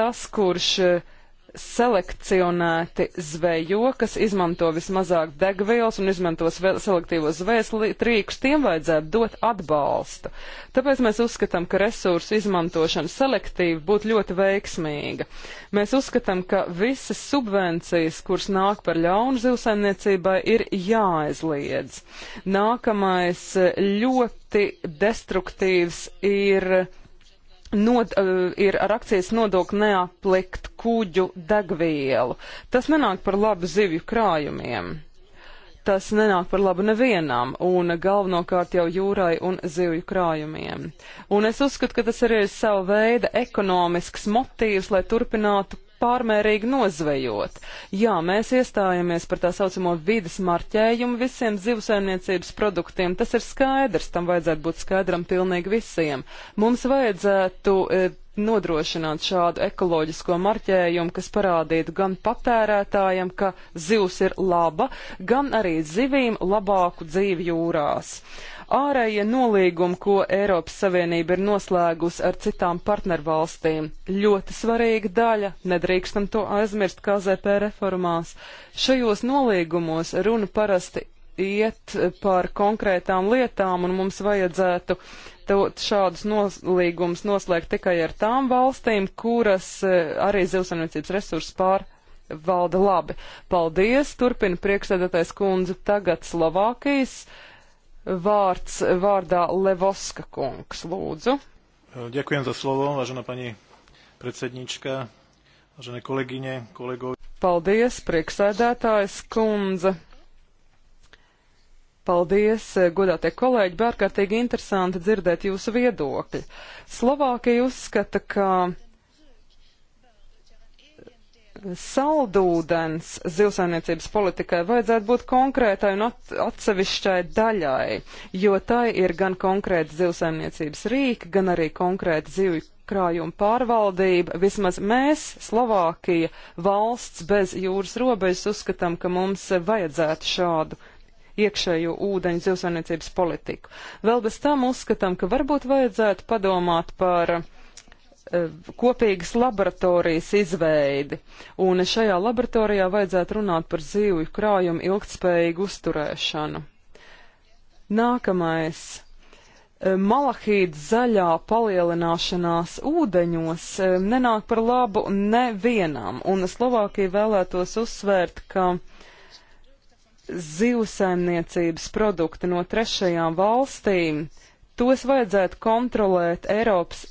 tas, kurš uh, selekcionēti zvejo, kas izmanto vismazāk degvielas un izmanto selektīvos zvejas trīkus, tiem vajadzētu dot atbalstu. Tāpēc mēs uzskatām, ka resursu izmantošana selektīvi būtu ļoti veiksmīga. Mēs uzskatām, ka visas subvencijas, kuras nāk par ļaunu zivsaimniecībai, ir jāaizliedz. Nākamais ļoti destruktīvs ir Nod, uh, ir ar akcijas nodokli neaplikt kuģu degvielu. Tas nenāk par labu zivju krājumiem. Tas nenāk par labu nevienam, un galvenokārt jau jūrai un zivju krājumiem. Un es uzskatu, ka tas arī ir sava veida ekonomisks motīvs, lai turpinātu pārmērīgi nozvejot. Jā, mēs iestājamies par tā saucamo vidas marķējumu visiem zivsaimniecības produktiem. Tas ir skaidrs, tam vajadzētu būt skaidram pilnīgi visiem. Mums vajadzētu e, nodrošināt šādu ekoloģisko marķējumu, kas parādītu gan patērētājiem, ka zivs ir laba, gan arī zivīm labāku dzīvi jūrās. Uh, Ārējie nolīgumi, ko Eiropas Savienība ir noslēgusi ar citām partnervalstīm, ļoti svarīga daļa, nedrīkstam to aizmirst KZP reformās. Šajos nolīgumos runa parasti iet par konkrētām lietām, un mums vajadzētu to, šādus noslīgumus noslēgt tikai ar tām valstīm, kuras eh, arī zivsaimniecības resursus pārvalda labi. Paldies! Turpina priekšsēdētais kundze tagad Slovākijas Vārds vārdā Levoska kungs, lūdzu. Ďakujem za slovo, vážená pani predsednička, vážené kolegyne, kolegovi. Paldies, prieksēdētājs kundze. Paldies, godātie kolēģi, bērkārtīgi interesanti dzirdēt jūsu viedokļi. Slovākija uzskata, ka saldūdens zivsainiecības politikai vajadzētu būt konkrētai un at, atsevišķai daļai, jo tai ir gan konkrēta zivsainiecības rīka, gan arī konkrēta zivju krājuma pārvaldība. Vismaz mēs, Slovākija, valsts bez jūras robežas, uzskatām, ka mums vajadzētu šādu iekšējo ūdeņu zivsainiecības politiku. Vēl bez tam uzskatām, ka varbūt vajadzētu padomāt par uh, Eh, kopīgas laboratorijas izveidi, un šajā laboratorijā vajadzētu runāt par zīvju krājumu ilgtspējīgu uzturēšanu. Nākamais. Eh, Malahīda zaļā palielināšanās ūdeņos eh, nenāk par labu nevienam, un Slovākija vēlētos uzsvērt, ka zivsaimniecības produkti no trešajām valstīm, tos vajadzētu kontrolēt Eiropas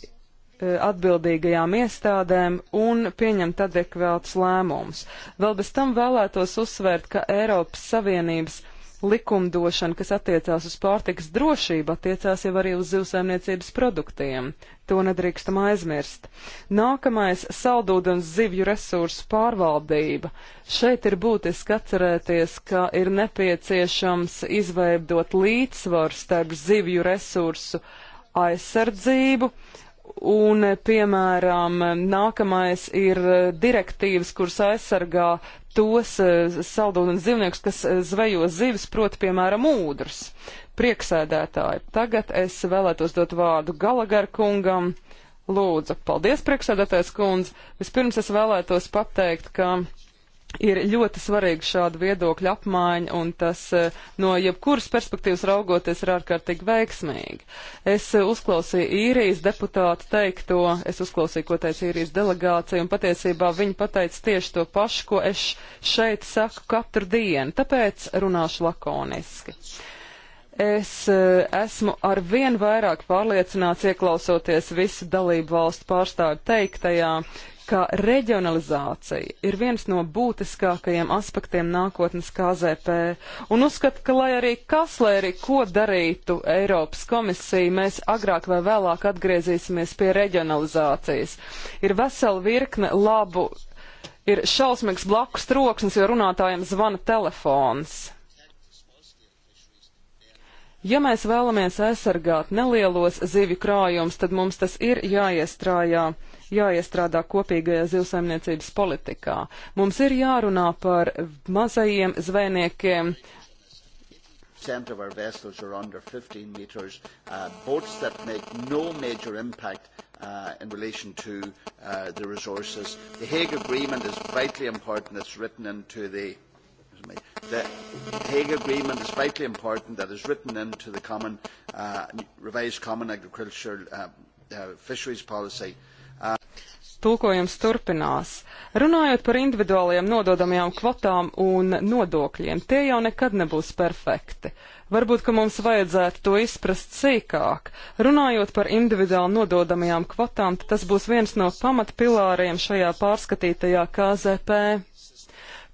Eh, atbildīgajām iestādēm un pieņemt adekvātus lēmumus. Vēl bez tam vēlētos uzsvērt, ka Eiropas Savienības likumdošana, kas attiecās uz pārtikas drošību, attiecās jau arī uz zivsaimniecības produktiem. To nedrīkstam aizmirst. Nākamais - saldūdens zivju resursu pārvaldība. Šeit ir būtiski atcerēties, ka ir nepieciešams izveidot līdzsvaru starp zivju resursu aizsardzību, uh, Un, piemēram, nākamais ir eh, direktīvas, kuras aizsargā tos eh, saldūdens dzīvniekus, kas eh, zvejo zivis, proti, piemēram, ūdrs. Prieksēdētāji, tagad es vēlētos dot vārdu Galagar kungam. Lūdzu, paldies, prieksēdētājs kundze. Vispirms es vēlētos pateikt, ka ir ļoti svarīga šāda viedokļa apmaiņa, un tas eh, no jebkuras perspektīvas raugoties ir ārkārtīgi veiksmīgi. Es eh, uzklausīju īrijas deputātu teikto, es uzklausīju, ko teica īrijas delegācija, un patiesībā viņi pateica tieši to pašu, ko es šeit saku katru dienu, tāpēc runāšu lakoniski. Es eh, esmu ar vien vairāk pārliecināts, ieklausoties visu dalību valstu pārstāvu teiktajā, ka reģionalizācija ir viens no būtiskākajiem aspektiem nākotnes KZP, un uzskata, ka lai arī kas, lai arī ko darītu Eiropas komisija, mēs agrāk vai vēlāk atgriezīsimies pie reģionalizācijas. Ir vesela virkne labu, ir šausmīgs blakus troksnis, jo runātājiem zvana telefons. Ja mēs vēlamies aizsargāt nelielos zivju krājumus, tad mums tas ir jāiestrājā jāiestrādā kopīgajā zivsaimniecības politikā. Mums ir jārunā par mazajiem zvejniekiem. Of our vessels are under 15 metres, uh, boats that make no major impact uh, in relation to uh, the resources. The Hague Agreement is vitally important. It's written into the me. The Hague Agreement is vitally important that is written into the common, uh, revised common agricultural uh, uh, fisheries policy. Uh, Tūkojums turpinās. Runājot par individuālajām nododamajām kvotām un nodokļiem, tie jau nekad nebūs perfekti. Varbūt, ka mums vajadzētu to izprast sīkāk. Runājot par individuāli nododamajām kvotām, tas būs viens no pamatpilāriem šajā pārskatītajā KZP.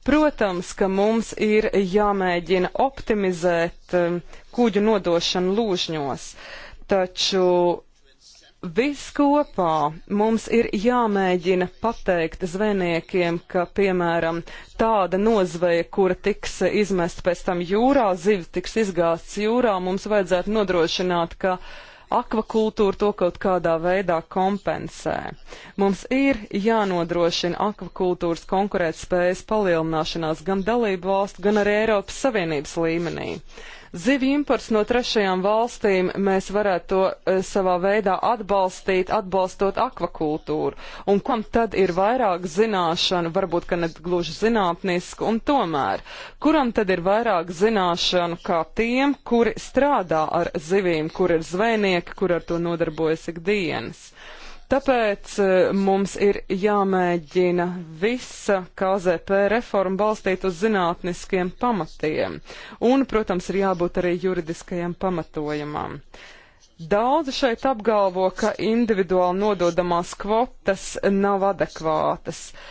Protams, ka mums ir jāmēģina optimizēt um, kuģu nodošanu lūžņos, taču Viss kopā mums ir jāmēģina pateikt zvejniekiem, ka, piemēram, tāda nozveja, kura tiks izmesta pēc tam jūrā, zivs tiks izgāsts jūrā, mums vajadzētu nodrošināt, ka akvakultūra to kaut kādā veidā kompensē. Mums ir jānodrošina akvakultūras konkurētspējas palielināšanās gan dalību valstu, gan arī Eiropas Savienības līmenī. Zivju imports no trešajām valstīm mēs varētu to e, savā veidā atbalstīt, atbalstot akvakultūru. Un kam tad ir vairāk zināšanu, varbūt, ka ne gluži zinātnisku, un tomēr, kuram tad ir vairāk zināšanu kā tiem, kuri strādā ar zivīm, kur ir zvejnieki, kur ar to nodarbojas ikdienas? Tāpēc e, mums ir jāmēģina visa KZP reforma balstīt uz zinātniskiem pamatiem. Un, protams, ir jābūt arī juridiskajam pamatojumam. Daudzi šeit apgalvo, ka individuāli nododamās kvotas nav adekvātas. Uh,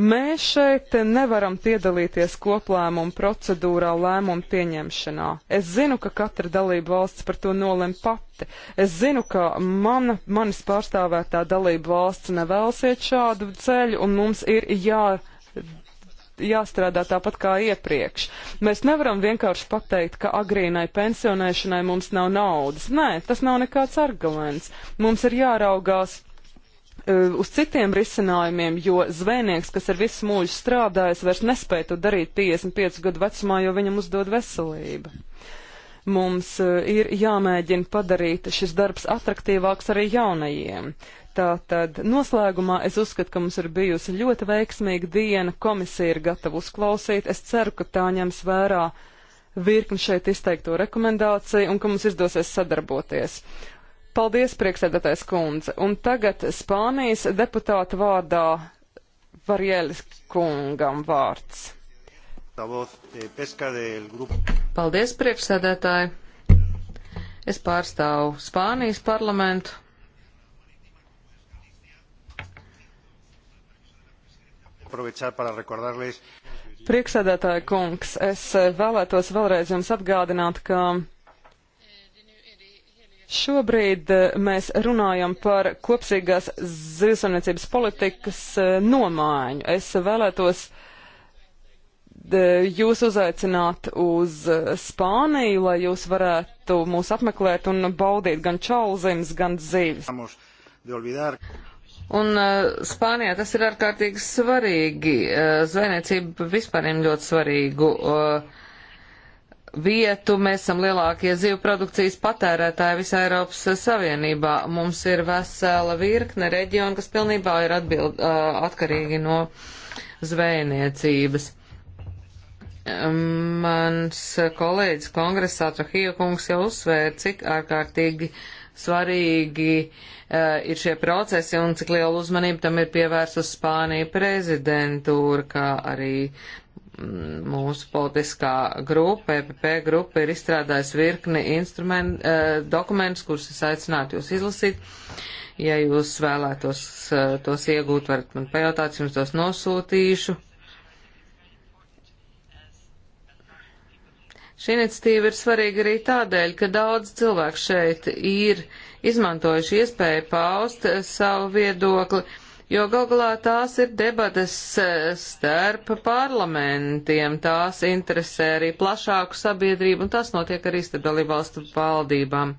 Mēs šeit nevaram piedalīties koplēmumu procedūrā lēmumu pieņemšanā. Es zinu, ka katra dalība valsts par to nolem pati. Es zinu, ka mana, manis pārstāvētā dalība valsts nevēlas iet šādu ceļu un mums ir jā, jāstrādā tāpat kā iepriekš. Mēs nevaram vienkārši pateikt, ka agrīnai pensionēšanai mums nav naudas. Nē, tas nav nekāds arguments. Mums ir jāraugās E, uz citiem risinājumiem, jo zvejnieks, kas ar visu mūžu strādājis, vairs nespēja to darīt 55 gadu vecumā, jo viņam uzdod veselība. Mums e, ir jāmēģina padarīt šis darbs atraktīvāks arī jaunajiem. Tātad noslēgumā es uzskatu, ka mums ir bijusi ļoti veiksmīga diena, komisija ir gatava uzklausīt, es ceru, ka tā ņems vērā virkni šeit izteikto rekomendāciju un ka mums izdosies sadarboties. Paldies, priekšsēdētājs kundze. Un tagad Spānijas deputāta vārdā Varielis kungam vārds. Paldies, priekšsēdētāji. Es pārstāvu Spānijas parlamentu. Priekšsēdētāja kungs, es vēlētos vēlreiz jums atgādināt, ka Šobrīd eh, mēs runājam par kopsīgās zivsaimniecības politikas eh, nomaiņu. Es vēlētos eh, jūs uzaicināt uz Spāniju, lai jūs varētu mūs apmeklēt un baudīt gan čalzims, gan zīves. Un Spānijā tas ir ārkārtīgi svarīgi. Zvejniecība vispār ir ļoti svarīgu uh, vietu, mēs esam lielākie zivju produkcijas patērētāji visā Eiropas Savienībā. Mums ir vesela virkne reģionu, kas pilnībā ir atbild, atkarīgi no zvejniecības. Mans kolēģis kongresā Trahija kungs jau uzsvēra, cik ārkārtīgi svarīgi uh, ir šie procesi un cik lielu uzmanību tam ir pievērsus Spānija prezidentūra, kā arī mūsu politiskā grupa, EPP grupa, ir izstrādājusi virkni instrumentu, eh, dokumentus, kurus es aicinātu jūs izlasīt. Ja jūs vēlētos eh, tos iegūt, varat man pajautāt, jums tos nosūtīšu. Šī iniciatīva ir svarīga arī tādēļ, ka daudz cilvēku šeit ir izmantojuši iespēju paust savu viedokli jo galgalā tās ir debates e, starp parlamentiem, tās interesē arī plašāku sabiedrību, un tas notiek arī starp dalībvalstu valdībām.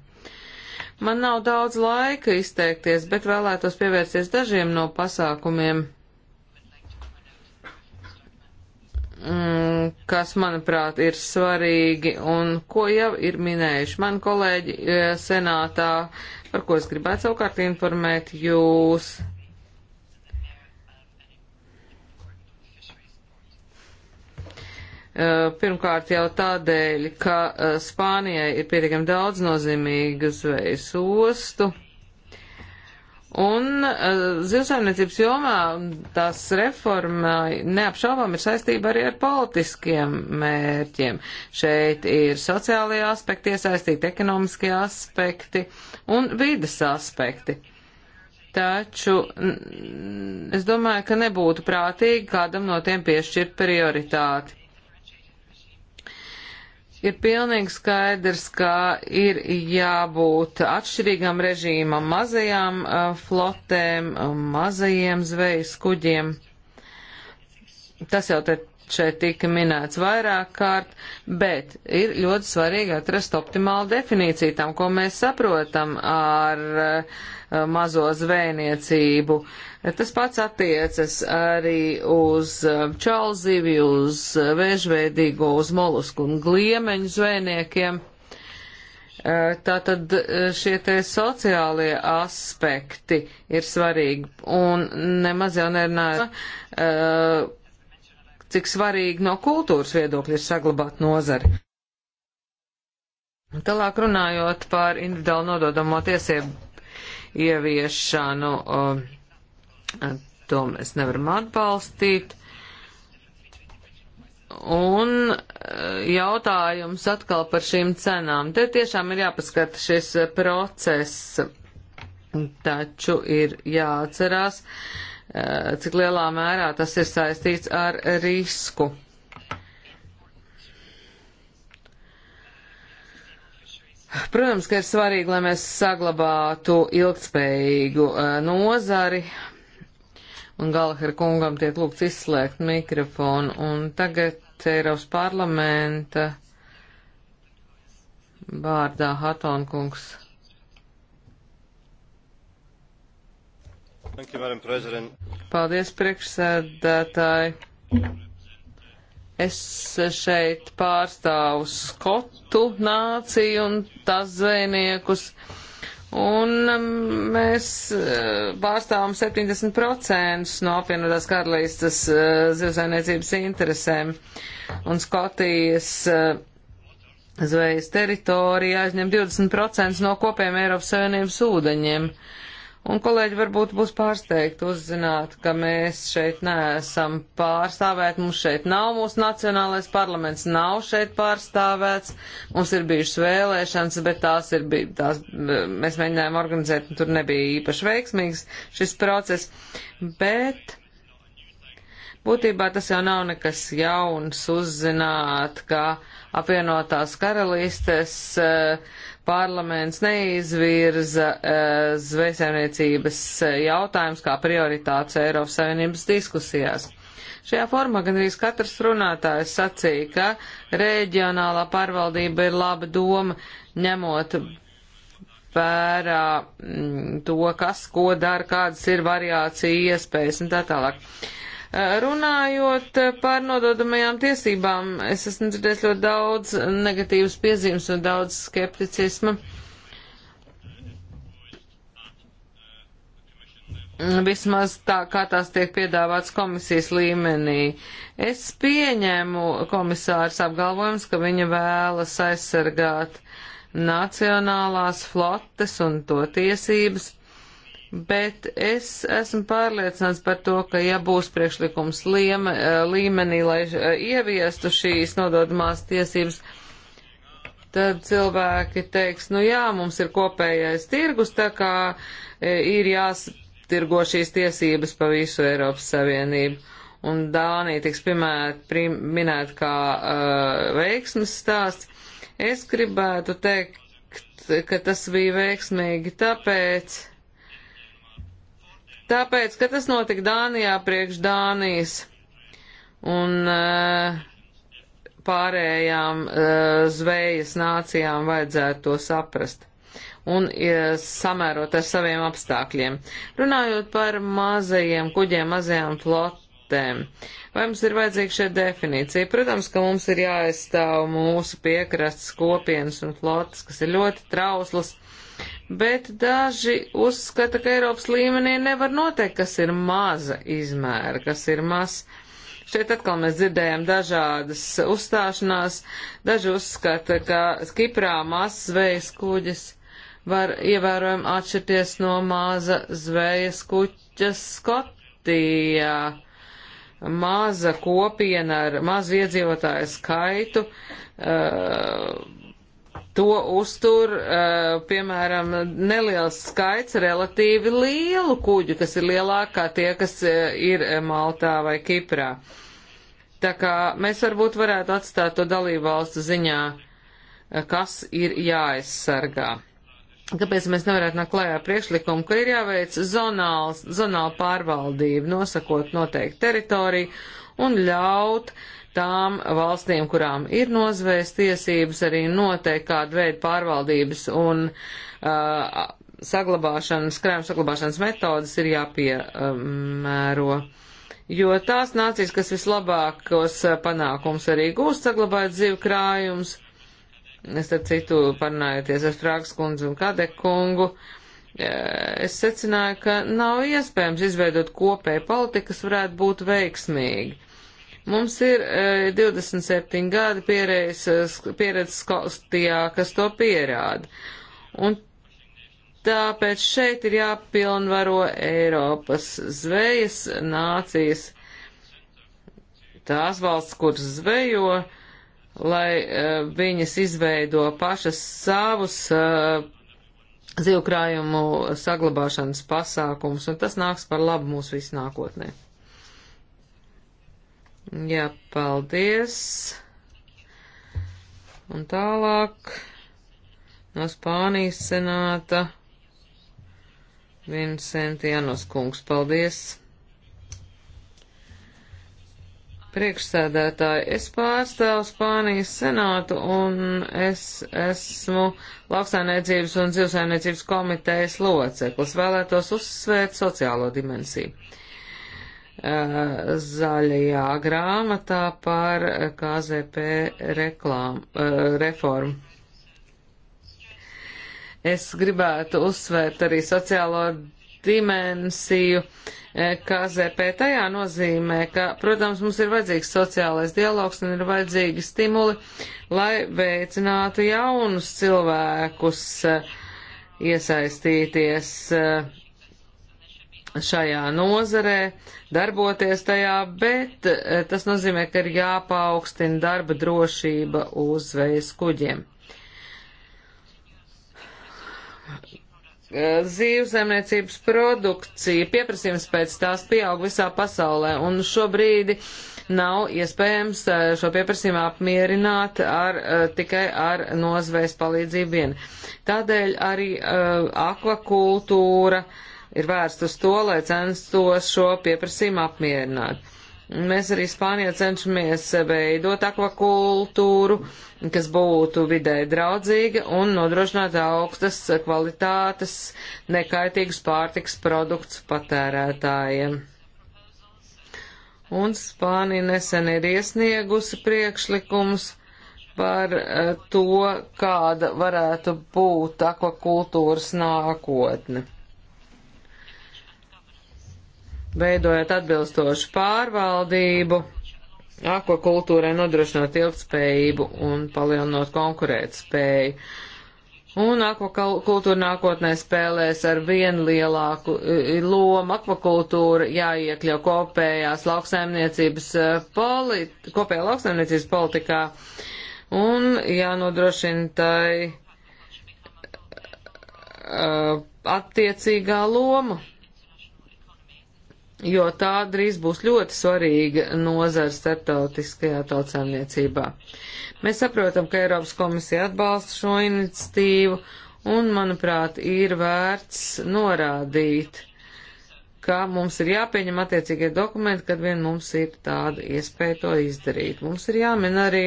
Man nav daudz laika izteikties, bet vēlētos pievērsties dažiem no pasākumiem, mm, kas, manuprāt, ir svarīgi un ko jau ir minējuši mani kolēģi e, senātā, par ko es gribētu savukārt informēt jūs. Eh, pirmkārt jau tādēļ, ka eh, Spānijai ir pietiekami daudz nozīmīgu zvejas ostu. Un eh, zivsaimniecības jomā tās reformai neapšaubām ir saistība arī ar politiskiem mērķiem. Šeit ir sociālajie aspekti iesaistīti, ekonomiskie aspekti un vidas aspekti. Taču es domāju, ka nebūtu prātīgi kādam no tiem piešķirt prioritāti. Ir pilnīgi skaidrs, ka ir jābūt atšķirīgam režīmam mazajām uh, flotēm, mazajiem zvejas kuģiem. Tas jau te šeit tika minēts vairāk kārt, bet ir ļoti svarīgi atrast optimālu definīciju tam, ko mēs saprotam ar eh, mazo zvejniecību. Tas pats attiecas arī uz eh, čalzivju, uz eh, vēžveidīgo, uz molusku un gliemeņu zvejniekiem. Tātad šie te sociālie aspekti ir svarīgi un nemaz jau nerunāju cik svarīgi no kultūras viedokļa ir saglabāt nozari. Tālāk runājot par individuāli nododamo tiesību ieviešanu, to mēs nevaram atbalstīt. Un e, jautājums atkal par šīm cenām. Te tiešām ir jāpaskata šis process, taču ir jāatcerās, uh, Eh, cik lielā mērā tas ir saistīts ar risku. Protams, ka ir svarīgi, lai mēs saglabātu ilgtspējīgu eh, nozari, un Galahera kungam tiek lūgts izslēgt mikrofonu, un tagad Eiropas parlamenta vārdā Hatonkungs. Paldies, priekšsēdētāji. Es šeit pārstāvu skotu nāciju un tās zvejniekus. Un um, mēs eh, pārstāvam 70% no apvienotās karalīstas eh, zivsainiecības interesēm. Un Skotijas eh, zvejas teritorija aizņem 20% no kopējiem Eiropas Savienības ūdeņiem. Uh, Un kolēģi varbūt būs pārsteigti uzzināt, ka mēs šeit neesam pārstāvēti, mums šeit nav mūsu nacionālais parlaments, nav šeit pārstāvēts, mums ir bijušas vēlēšanas, bet tās ir, bij, tās, mēs mēģinājām organizēt, un tur nebija īpaši veiksmīgs šis process, bet būtībā tas jau nav nekas jauns uzzināt, ka apvienotās karalistes uh, parlaments neizvirza uh, zvejsaimniecības eh, jautājums kā prioritāts Eiropas Savienības diskusijās. Šajā formā gandrīz katrs runātājs sacīja, ka reģionālā pārvaldība ir laba doma, ņemot vērā mm, to, kas, ko dara, kādas ir variācija iespējas un tā tālāk. Uh, Runājot par nododamajām tiesībām, es esmu dzirdējis ļoti daudz negatīvas piezīmes un daudz skepticisma. Vismaz tā, kā tās tiek piedāvāts komisijas līmenī. Es pieņēmu komisārs apgalvojums, ka viņa vēlas aizsargāt nacionālās flotes un to tiesības bet es esmu pārliecināts par to, ka ja būs priekšlikums liema, eh, līmenī, lai eh, ieviestu šīs nododamās tiesības, tad cilvēki teiks, nu jā, mums ir kopējais tirgus, tā kā eh, ir jāstirgo šīs tiesības pa visu Eiropas Savienību. Un Dānija tiks minēta kā uh, veiksmes stāsts. Es gribētu teikt, ka tas bija veiksmīgi tāpēc, Tāpēc, ka tas notika Dānijā priekš Dānijas un eh, pārējām eh, zvejas nācijām vajadzētu to saprast un eh, samērot ar saviem apstākļiem. Runājot par mazajiem kuģiem, mazajām flotēm, vai mums ir vajadzīga šī definīcija? Protams, ka mums ir jāaizstāv mūsu piekrastes kopienas un flotas, kas ir ļoti trauslas bet daži uzskata, ka Eiropas līmenī nevar noteikt, kas ir maza izmēra, kas ir maz. Šeit atkal mēs dzirdējam dažādas uzstāšanās. Daži uzskata, ka Kiprā mazs zvejas kuģis var ievērojami atšķirties no maza zvejas kuģa Skotijā. Maza kopiena ar mazu iedzīvotāju skaitu. Uh, to uztur, eh, piemēram, neliels skaits relatīvi lielu kuģu, kas ir lielāk kā tie, kas eh, ir eh, Maltā vai Kiprā. Tā kā mēs varbūt varētu atstāt to dalību valstu ziņā, kas ir jāaizsargā. Kāpēc mēs nevarētu nākt klajā priekšlikumu, ka ir jāveic zonāls, zonāla pārvaldība, nosakot noteikti teritoriju un ļaut uh, tām valstīm, kurām ir nozvēs tiesības, arī noteikti kādu veidu pārvaldības un uh, saglabāšanas, krājuma saglabāšanas metodas ir jāpiemēro. Um, jo tās nācijas, kas vislabākos panākums arī gūst saglabājot dzīvu krājumus, es te citu parunājoties ar Frāgas kundzi un Kadekungu, e, es secināju, ka nav iespējams izveidot kopēju politiku, kas varētu būt veiksmīgi Mums ir e, eh, 27 gadi pieredzes, eh, pieredzes Skotijā, kas to pierāda. Un tāpēc šeit ir jāpilnvaro Eiropas zvejas nācijas, tās valsts, kuras zvejo, lai e, viņas izveido pašas savus e, zivkrājumu saglabāšanas pasākumus, un tas nāks par labu mūsu visu nākotnē. Jā, paldies. Un tālāk no Spānijas senāta Vincentianos kungs. Paldies. Priekšsēdētāji, es pārstāvu Spānijas senātu un es esmu lauksainiecības un dzīvesainiecības komitejas loceklis. Vēlētos uzsvērt sociālo dimensiju. Eh, zaļajā grāmatā par KZP reklām, eh, reformu. Es gribētu uzsvērt arī sociālo dimensiju eh, KZP tajā nozīmē, ka, protams, mums ir vajadzīgs sociālais dialogs un ir vajadzīgi stimuli, lai veicinātu jaunus cilvēkus iesaistīties šajā nozarē, darboties tajā, bet e, tas nozīmē, ka ir jāpaukstina darba drošība uz zvejas kuģiem. E, Zīvzemniecības produkcija, pieprasījums pēc tās pieaug visā pasaulē, un šobrīd nav iespējams e, šo pieprasījumu apmierināt ar, tikai ar nozvejas palīdzību vien. Tādēļ arī akvakultūra, uh, ir vērsts uz to, lai censtos šo pieprasījumu apmierināt. Mēs arī Spānijā cenšamies veidot akvakultūru, kas būtu vidē draudzīga un nodrošināt augstas kvalitātes nekaitīgus pārtiks produktus patērētājiem. Un Spānija nesen ir iesniegusi priekšlikums par eh, to, kāda varētu būt akvakultūras nākotne veidojot atbilstošu pārvaldību, akvakultūrai nodrošinot ilgspējību un palielinot konkurētspēju. Un akvakultūra nākotnē spēlēs ar vien lielāku eh, lomu. Akvakultūra jāiekļau kopējās lauksaimniecības eh, politi kopējā lauksaimniecības politikā un jānodrošina tai uh, attiecīgā loma jo tā drīz būs ļoti svarīga nozara starptautiskajā tautsēmniecībā. Mēs saprotam, ka Eiropas komisija atbalsta šo iniciatīvu un, manuprāt, ir vērts norādīt, ka mums ir jāpieņem attiecīgie dokumenti, kad vien mums ir tāda iespēja to izdarīt. Mums ir jāmin arī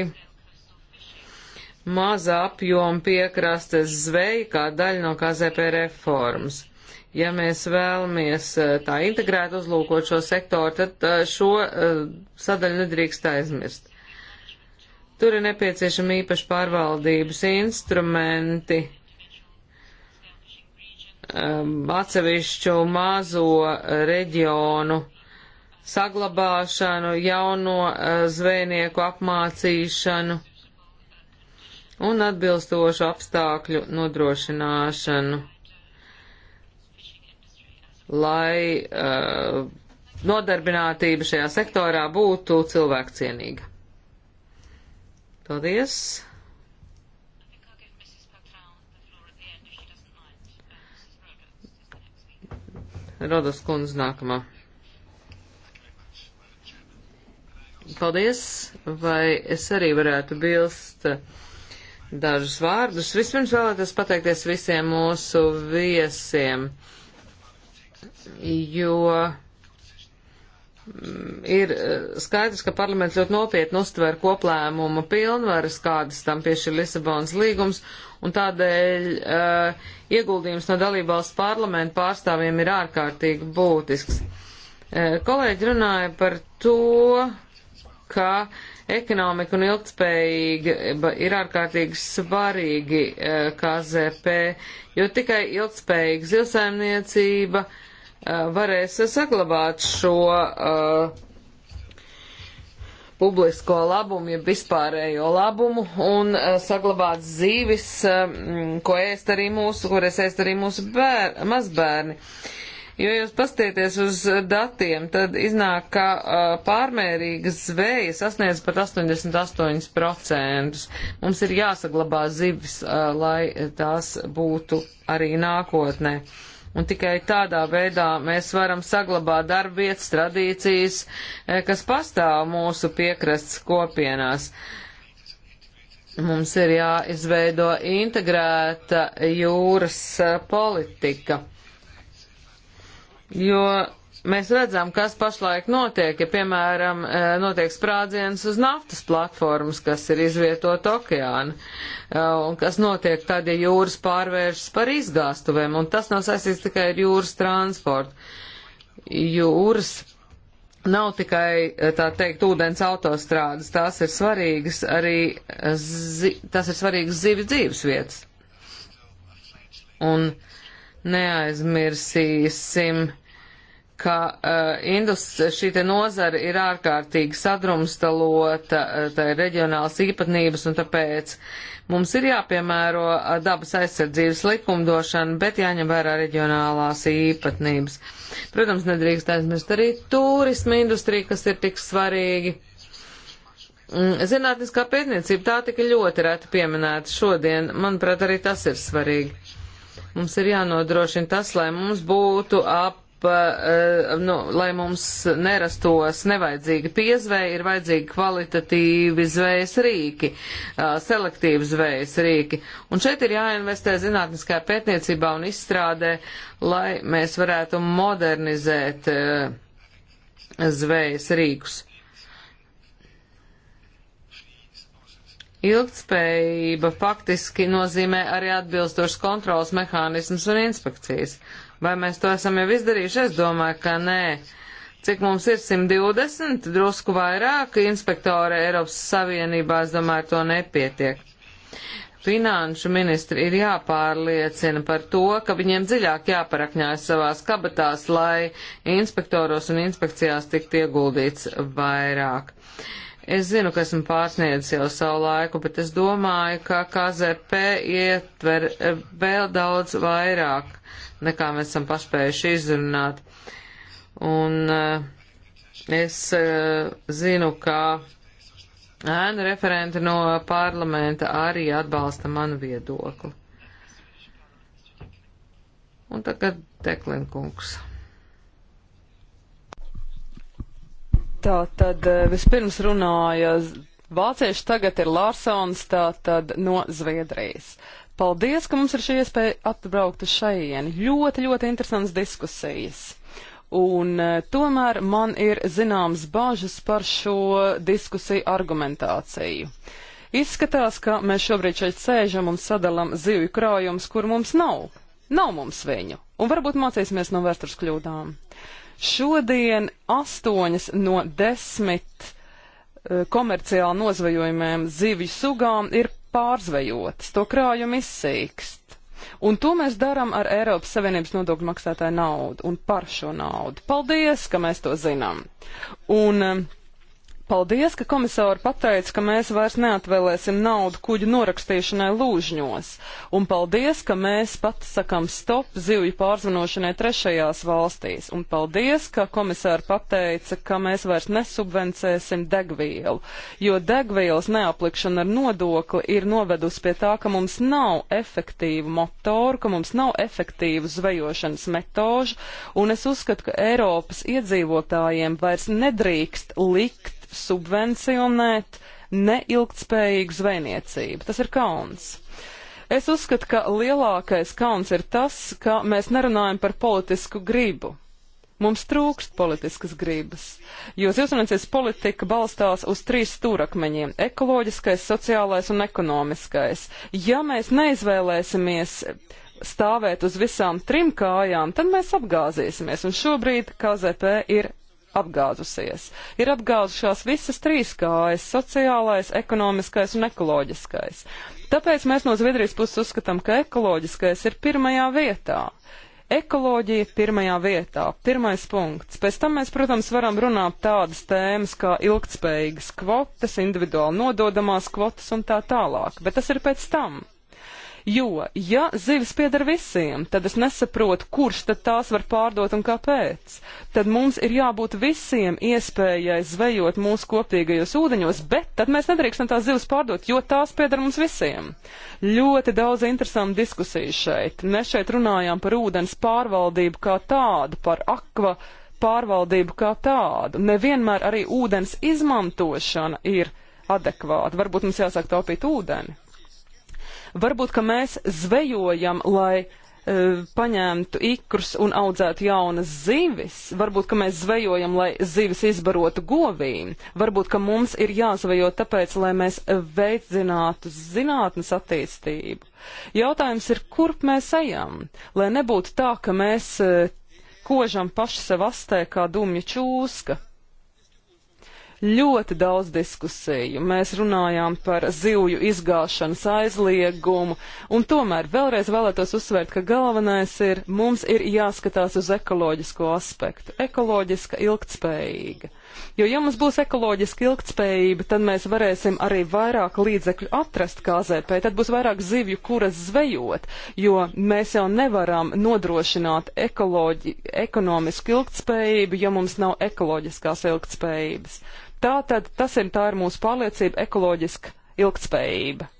maza apjoma piekrastes zveja kā daļa no KZP reformas. Ja mēs vēlamies eh, tā integrēt uzlūkot šo sektoru, tad eh, šo eh, sadaļu nedrīkst aizmirst. Tur ir nepieciešami īpaši pārvaldības instrumenti, ehm, atsevišķu mazo reģionu saglabāšanu, jauno zvejnieku apmācīšanu un atbilstošu apstākļu nodrošināšanu lai uh, nodarbinātība šajā sektorā būtu cilvēkcienīga. Paldies! Rodas kundze nākamā. Paldies, vai es arī varētu bilst dažus vārdus. Vispirms vēlētos pateikties visiem mūsu viesiem. Uh, jo mm, ir eh, skaidrs, ka parlaments ļoti nopietni uztver koplēmuma pilnvaras, kādas tam piešķir Lisabonas līgums, un tādēļ uh, ieguldījums no dalībvalsts parlamenta pārstāvjiem ir ārkārtīgi būtisks. Uh, kolēģi runāja par to, ka ekonomika un ilgtspējīga ir ārkārtīgi svarīgi uh, KZP, jo tikai ilgtspējīga zilsaimniecība uh, Uh, varēs saglabāt šo uh, publisko labumu, jeb vispārējo labumu un uh, saglabāt zīvis, uh, ko ēst arī mūsu, kuras ēst arī mūsu bēr, mazbērni. Jo jūs pastieties uz datiem, tad iznāk, ka uh, pārmērīgas zvejas sasniedz pat 88%. Mums ir jāsaglabā zivis, uh, lai tās būtu arī nākotnē. Uh, un tikai tādā veidā mēs varam saglabāt darbvietas, tradīcijas, eh, kas pastāv mūsu piekrasts kopienās. Mums ir jāizveido integrēta jūras eh, politika, jo Mēs redzam, kas pašlaik notiek, ja, piemēram, e, notiek sprādziens uz naftas platformas, kas ir izvietot okeāna, e, un kas notiek tad, ja jūras pārvēršas par izgāstuvēm, un tas nav saistīts tikai ar jūras transportu. Jūras nav tikai, e, tā teikt, ūdens autostrādes, tās ir svarīgas arī, zi, tās ir svarīgas zivju dzīves vietas. Un neaizmirsīsim ka uh, indus, šī te nozara ir ārkārtīgi sadrumstalota, eh, tā ir reģionāls īpatnības un tāpēc mums ir jāpiemēro eh, dabas aizsardzības likumdošana, bet jāņem vērā reģionālās īpatnības. Protams, nedrīkst aizmirst arī turisma industrija, kas ir tik svarīgi. Mm, zinātniskā pētniecība tā tika ļoti reti pieminēta šodien, manuprāt, arī tas ir svarīgi. Mums ir jānodrošina tas, lai mums būtu ap pa, eh, nu, lai mums nerastos nevajadzīga piezvēja, ir vajadzīgi kvalitatīvi zvējas rīki, eh, selektīvi zvējas rīki. Un šeit ir jāinvestē zinātniskā pētniecībā un izstrādē, lai mēs varētu modernizēt eh, zvējas rīkus. Ilgtspējība faktiski nozīmē arī atbilstošs kontrols mehānisms un inspekcijas. Uh, Vai mēs to esam jau izdarījuši? Es domāju, ka nē. Cik mums ir 120, drusku vairāk, inspektore Eiropas Savienībā, es domāju, to nepietiek. Finanšu ministri ir jāpārliecina par to, ka viņiem dziļāk jāparakņājas savās kabatās, lai inspektoros un inspekcijās tiktu ieguldīts vairāk. Es zinu, ka esmu pārsniedzis jau savu laiku, bet es domāju, ka KZP ietver eh, vēl daudz vairāk nekā mēs esam paspējuši izrunāt. Un eh, es eh, zinu, ka ēnu referenti no parlamenta arī atbalsta manu viedokli. Un tagad Teklinkungs. Tā tad eh, vispirms runāja vācieši, tagad ir Lārsons, tā tad no Zviedrijas. Paldies, ka mums ir šī iespēja atbraukt uz šajienu. Ļoti, ļoti interesants diskusijas. Un e, tomēr man ir zināms bažas par šo diskusiju argumentāciju. Izskatās, ka mēs šobrīd šeit sēžam un sadalām zivju krājumus, kur mums nav. Nav mums viņu. Un varbūt mācīsimies no vēstures kļūdām. Šodien astoņas no desmit e, komerciāli nozvejojumiem zivju sugām ir pārzvejotas, to krājumu izsīkst. Un to mēs darām ar Eiropas Savienības nodokļu maksātāju naudu un par šo naudu. Paldies, ka mēs to zinām. Un, uh, Paldies, ka komisāri pateica, ka mēs vairs neatvēlēsim naudu kuģu norakstīšanai lūžņos, un paldies, ka mēs pat sakam stop zivju pārzvanošanai trešajās valstīs, un paldies, ka komisāri pateica, ka mēs vairs nesubvencēsim degvielu, jo degvielas neaplikšana ar nodokli ir novedusi pie tā, ka mums nav efektīvu motoru, ka mums nav efektīvu zvejošanas metožu, un es uzskatu, ka Eiropas iedzīvotājiem vairs nedrīkst likt subvencionēt neilgtspējīgu zvejniecību. Tas ir kauns. Es uzskatu, ka lielākais kauns ir tas, ka mēs nerunājam par politisku gribu. Mums trūkst politiskas gribas, jo zivsarnēcības politika balstās uz trīs stūrakmeņiem - ekoloģiskais, sociālais un ekonomiskais. Ja mēs neizvēlēsimies stāvēt uz visām trim kājām, tad mēs apgāzīsimies, un šobrīd KZP ir apgāzusies. Ir apgāzušās visas trīs kājas - sociālais, ekonomiskais un ekoloģiskais. Tāpēc mēs no Zviedrijas puses uzskatām, ka ekoloģiskais ir pirmajā vietā. Ekoloģija pirmajā vietā, pirmais punkts. Pēc tam mēs, protams, varam runāt tādas tēmas kā ilgtspējīgas kvotas, individuāli nododamās kvotas un tā tālāk, bet tas ir pēc tam. Jo, ja zivis pieder visiem, tad es nesaprotu, kurš tad tās var pārdot un kāpēc. Tad mums ir jābūt visiem iespējai zvejot mūsu kopīgajos ūdeņos, bet tad mēs nedrīkstam tās zivis pārdot, jo tās pieder mums visiem. Ļoti daudz interesanti diskusijas šeit. Mēs šeit runājām par ūdens pārvaldību kā tādu, par akva pārvaldību kā tādu. Nevienmēr arī ūdens izmantošana ir adekvāta. Varbūt mums jāsāk taupīt ūdeni. Varbūt, ka mēs zvejojam, lai e, paņemtu ikrus un audzētu jaunas zivis. Varbūt, ka mēs zvejojam, lai zivis izbarotu govīm. Varbūt, ka mums ir jāzvejo tāpēc, lai mēs veicinātu zinātnes attīstību. Jautājums ir, kurp mēs ejam, lai nebūtu tā, ka mēs e, kožam paši sev astē kā dumja čūska ļoti daudz diskusiju. Mēs runājām par zivju izgāšanas aizliegumu, un tomēr vēlreiz vēlētos uzsvērt, ka galvenais ir, mums ir jāskatās uz ekoloģisko aspektu. Ekoloģiska ilgtspējīga. Jo, ja mums būs ekoloģiski ilgtspējība, tad mēs varēsim arī vairāk līdzekļu atrast KZP, tad būs vairāk zivju, kuras zvejot, jo mēs jau nevaram nodrošināt ekoloģi, ekonomisku ilgtspējību, ja mums nav ekoloģiskās ilgtspējības. Tā tad tas ir, tā ir mūsu pārliecība, ekoloģiska ilgtspējība.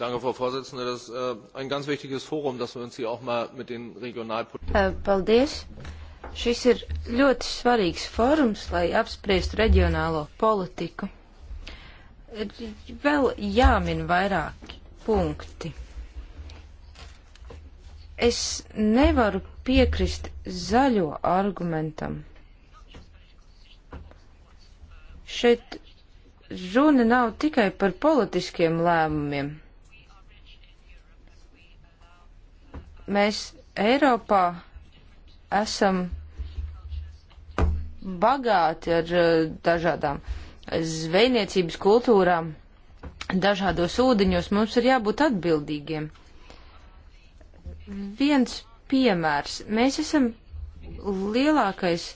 Frau Vorsitzende. Das ist äh, ein ganz wichtiges Forum, dass wir uns hier auch mal mit den Regionalpolitiken. Äh, paldies. Šis ir ļoti svarīgs forums, lai apspriestu reģionālo politiku. Vēl jāmin vairāki punkti. Es nevaru piekrist zaļo argumentam. Šeit runa nav tikai par politiskiem lēmumiem. Mēs Eiropā esam bagāti ar eh, dažādām zvejniecības kultūrām, dažādos ūdeņos, mums ir jābūt atbildīgiem. Viens piemērs. Mēs esam lielākais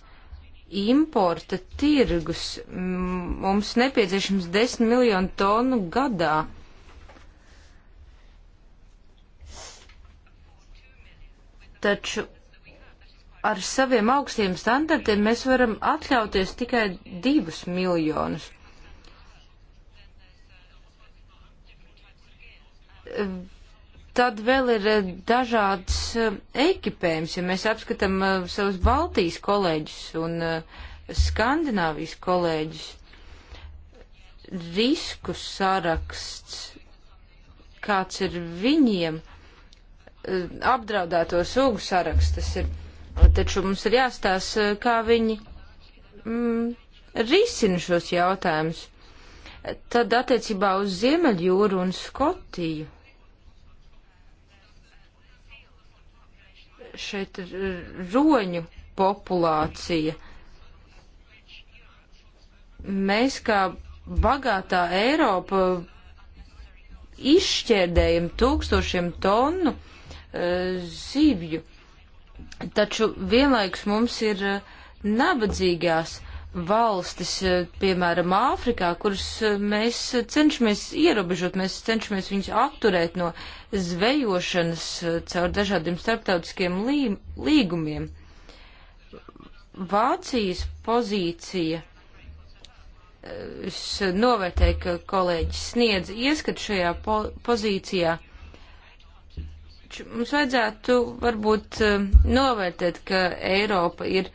importa tirgus. Mums nepieciešams 10 miljonu tonu gadā. Taču ar saviem augstiem standartiem mēs varam atļauties tikai divus miljonus. Tad vēl ir eh, dažāds eh, ekipējums, ja mēs apskatām eh, savus Baltijas kolēģus un Skandināvijas kolēģus. Risku saraksts, kāds ir viņiem, apdraudēto sugu saraksts, tas ir Taču mums ir jāstāsta, eh, kā viņi mm, risina šos jautājumus. Tad attiecībā uz Ziemeļjūru un Skotiju. Šeit ir roņu populācija. Mēs kā bagātā Eiropa izšķērdējam tūkstošiem tonu uh, eh, zivju. Taču vienlaikus mums ir eh, nabadzīgās valstis, eh, piemēram, Āfrikā, kuras eh, mēs cenšamies ierobežot, mēs cenšamies viņus atturēt no zvejošanas caur dažādiem starptautiskiem lī, līgumiem. Vācijas pozīcija. Es novērtēju, ka kolēģis sniedz ieskatu šajā po pozīcijā. Uh, Taču mums vajadzētu varbūt eh, novērtēt, ka Eiropa ir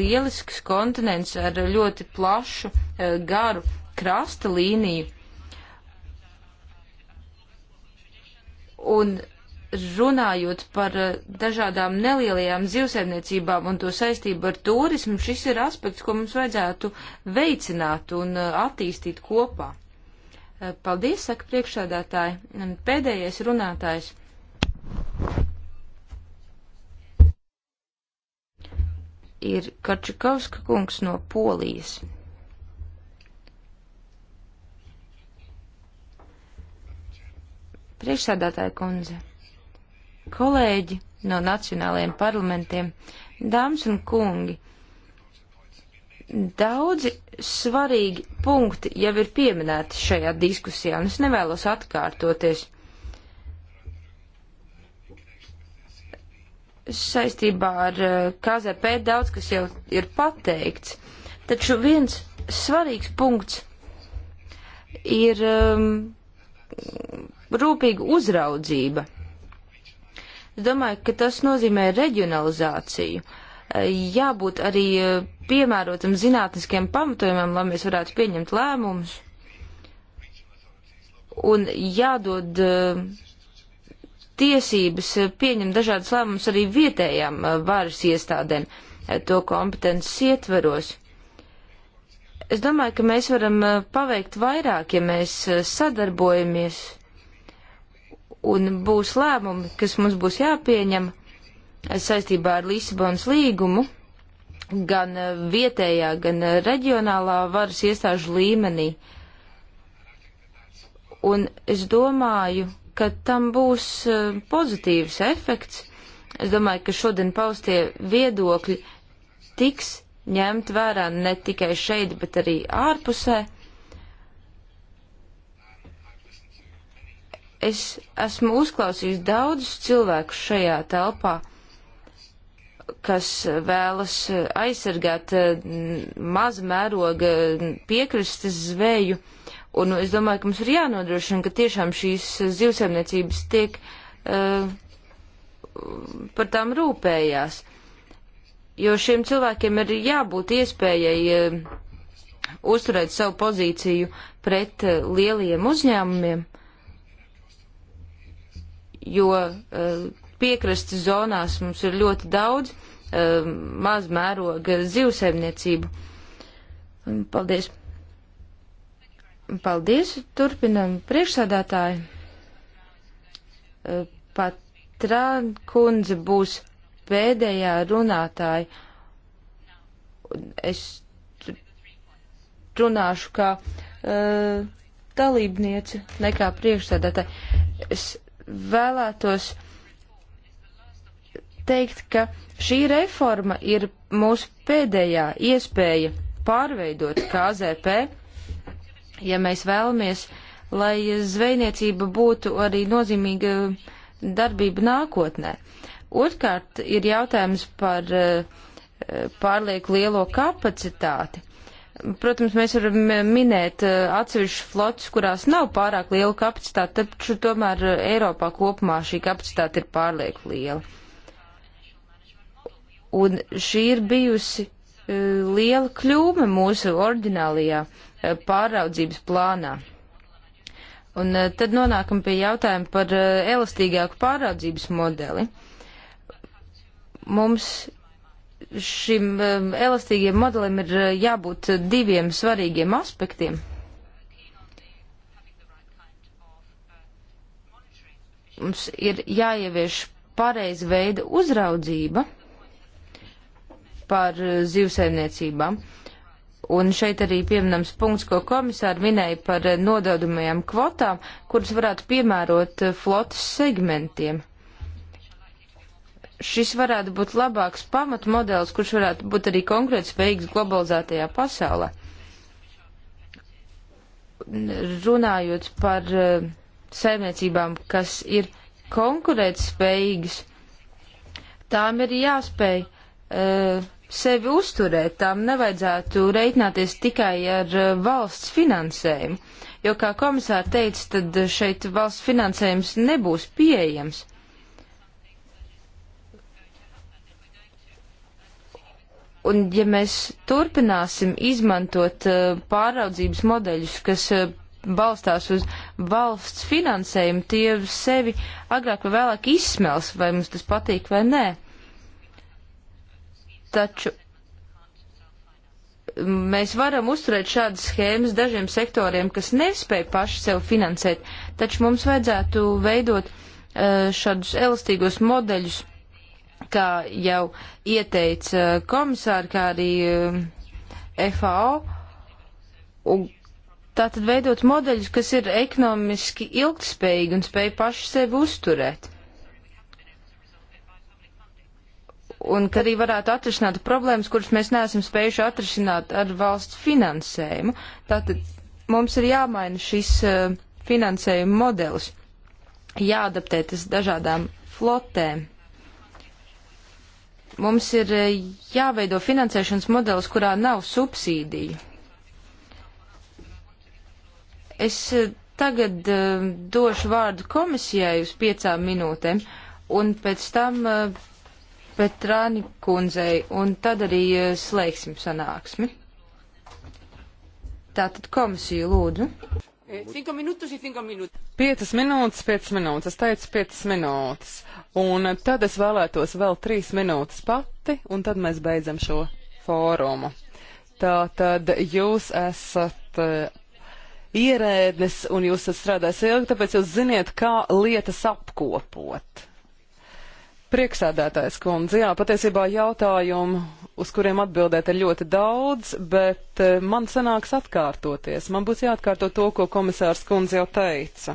lielisks kontinents ar ļoti plašu, eh, garu krasta līniju. Un runājot par eh, dažādām nelielajām zivsēmniecībām un to saistību ar turismu, šis ir aspekts, ko mums vajadzētu veicināt un attīstīt kopā. Paldies, saka priekšsādātāji. Pēdējais runātājs ir Kačikauska kungs no Polijas. Priekšsādātāja kundze, kolēģi no nacionālajiem parlamentiem, dāmas un kungi, daudzi svarīgi punkti jau ir pieminēti šajā diskusijā, un es nevēlos atkārtoties. saistībā ar eh, KZP daudz kas jau ir pateikts, taču viens svarīgs punkts ir um, rūpīga uzraudzība. Es domāju, ka tas nozīmē reģionalizāciju. Eh, jābūt arī eh, piemērotam zinātniskiem pamatojumam, lai mēs varētu pieņemt lēmumus. Un jādod uh, tiesības eh, pieņemt dažādas lēmumus arī vietējām eh, varas iestādēm eh, to kompetences ietveros. Es domāju, ka mēs varam paveikt vairāk, ja mēs sadarbojamies un būs lēmumi, kas mums būs jāpieņem saistībā ar Lisabonas līgumu gan vietējā, gan reģionālā varas iestāžu līmenī. Un es domāju, ka tam būs e, pozitīvs efekts. Es domāju, ka šodien paustie viedokļi tiks ņemt vērā ne tikai šeit, bet arī ārpusē. Es esmu uzklausījis daudzus cilvēkus šajā telpā, kas vēlas e, aizsargāt e, mazmēroga piekrastes zvēju. Un es domāju, ka mums ir jānodrošina, ka tiešām šīs zivsaimniecības tiek uh, par tām rūpējās. Jo šiem cilvēkiem ir jābūt iespējai uh, uzturēt savu pozīciju pret uh, lieliem uzņēmumiem, jo piekrastes zonās mums ir ļoti daudz mazmēroga zivsaimniecību. Paldies! Paldies, turpinam priekšsādātāji. Eh, Patrā kundze būs pēdējā runātāja. Es runāšu kā uh, dalībniece, nekā priekšsādātāja. Es vēlētos teikt, ka šī reforma ir mūsu pēdējā iespēja pārveidot KZP ja mēs vēlamies, lai zvejniecība būtu arī nozīmīga darbība nākotnē. Otkārt ir jautājums par eh, pārlieku lielo kapacitāti. Protams, mēs varam minēt eh, atsevišķu flotus, kurās nav pārāk liela kapacitāte, taču tomēr eh, Eiropā kopumā šī kapacitāte ir pārlieku liela. Un šī ir bijusi liela kļūme mūsu orģinālajā uh, Eh, pāraudzības plānā. Un eh, tad nonākam pie jautājuma par eh, elastīgāku pāraudzības modeli. Mums šim elastīgiem modelim ir jābūt diviem svarīgiem aspektiem. Mums ir jāievieš pareizi veida uzraudzība par zivsaimniecībām. Uh, Un šeit arī pieminams punkts, ko komisāri minēja par eh, nododamajām kvotām, kuras varētu piemērot eh, flotas segmentiem. Šis varētu būt labāks pamatmodelis, kurš varētu būt arī konkrēti spējīgs globalizētajā pasaulē. Runājot par uh, saimniecībām, kas ir konkurētspējīgas, tām ir jāspēj uh, sevi uzturēt, tām nevajadzētu reiķināties tikai ar eh, valsts finansējumu, jo, kā komisāra teica, tad šeit valsts finansējums nebūs pieejams. Un ja mēs turpināsim izmantot eh, pāraudzības modeļus, kas eh, balstās uz valsts finansējumu, tie sevi agrāk vai vēlāk izsmels, vai mums tas patīk vai nē. Taču mēs varam uzturēt šādas schēmas dažiem sektoriem, kas nespēja paši sev finansēt, taču mums vajadzētu veidot eh, šādus elastīgos modeļus, kā jau ieteica eh, komisāri, kā arī eh, FAO. Un tātad veidot modeļus, kas ir ekonomiski ilgtspējīgi un spēj paši sevi uzturēt. un ka arī varētu atrisināt problēmas, kuras mēs neesam spējuši atrisināt ar valsts finansējumu. Tātad mums ir jāmaina šis uh, finansējuma modelis, jāadaptē tas dažādām flotēm. Mums ir uh, jāveido finansēšanas modelis, kurā nav subsīdiju. Es uh, tagad došu vārdu komisijai uz piecām minūtēm, un pēc tam Petrāni kundzei, un tad arī eh, slēgsim sanāksmi. Tātad komisiju lūdzu. Eh, piecas minūtes, piecas minūtes. Es teicu piecas minūtes. Un tad es vēlētos vēl trīs minūtes pati, un tad mēs beidzam šo fórumu. Tātad jūs esat eh, ierēdnis un jūs esat strādājis ilgi, tāpēc jūs ziniet, kā lietas apkopot. Prieksēdētājs kundze, jā, patiesībā jautājumu, uz kuriem atbildēt ir ļoti daudz, bet eh, man sanāks atkārtoties. Man būs jāatkārto to, ko komisārs kundze jau teica.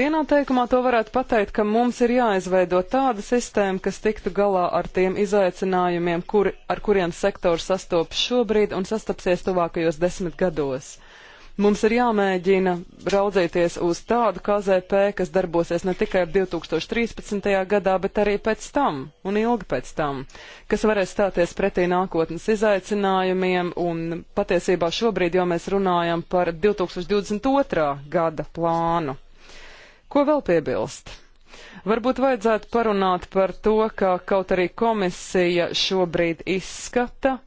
Vienā teikumā to varētu pateikt, ka mums ir jāizveido tāda sistēma, kas tiktu galā ar tiem izaicinājumiem, kur, ar kuriem sektors sastopas šobrīd un sastapsies tuvākajos desmit gados. Mums ir jāmēģina raudzīties uz tādu KZP, kas darbosies ne tikai 2013. gadā, bet arī pēc tam un ilgi pēc tam, kas varēs stāties pretī nākotnes izaicinājumiem un patiesībā šobrīd jau mēs runājam par 2022. gada plānu. Ko vēl piebilst? Varbūt vajadzētu parunāt par to, ka kaut arī komisija šobrīd izskata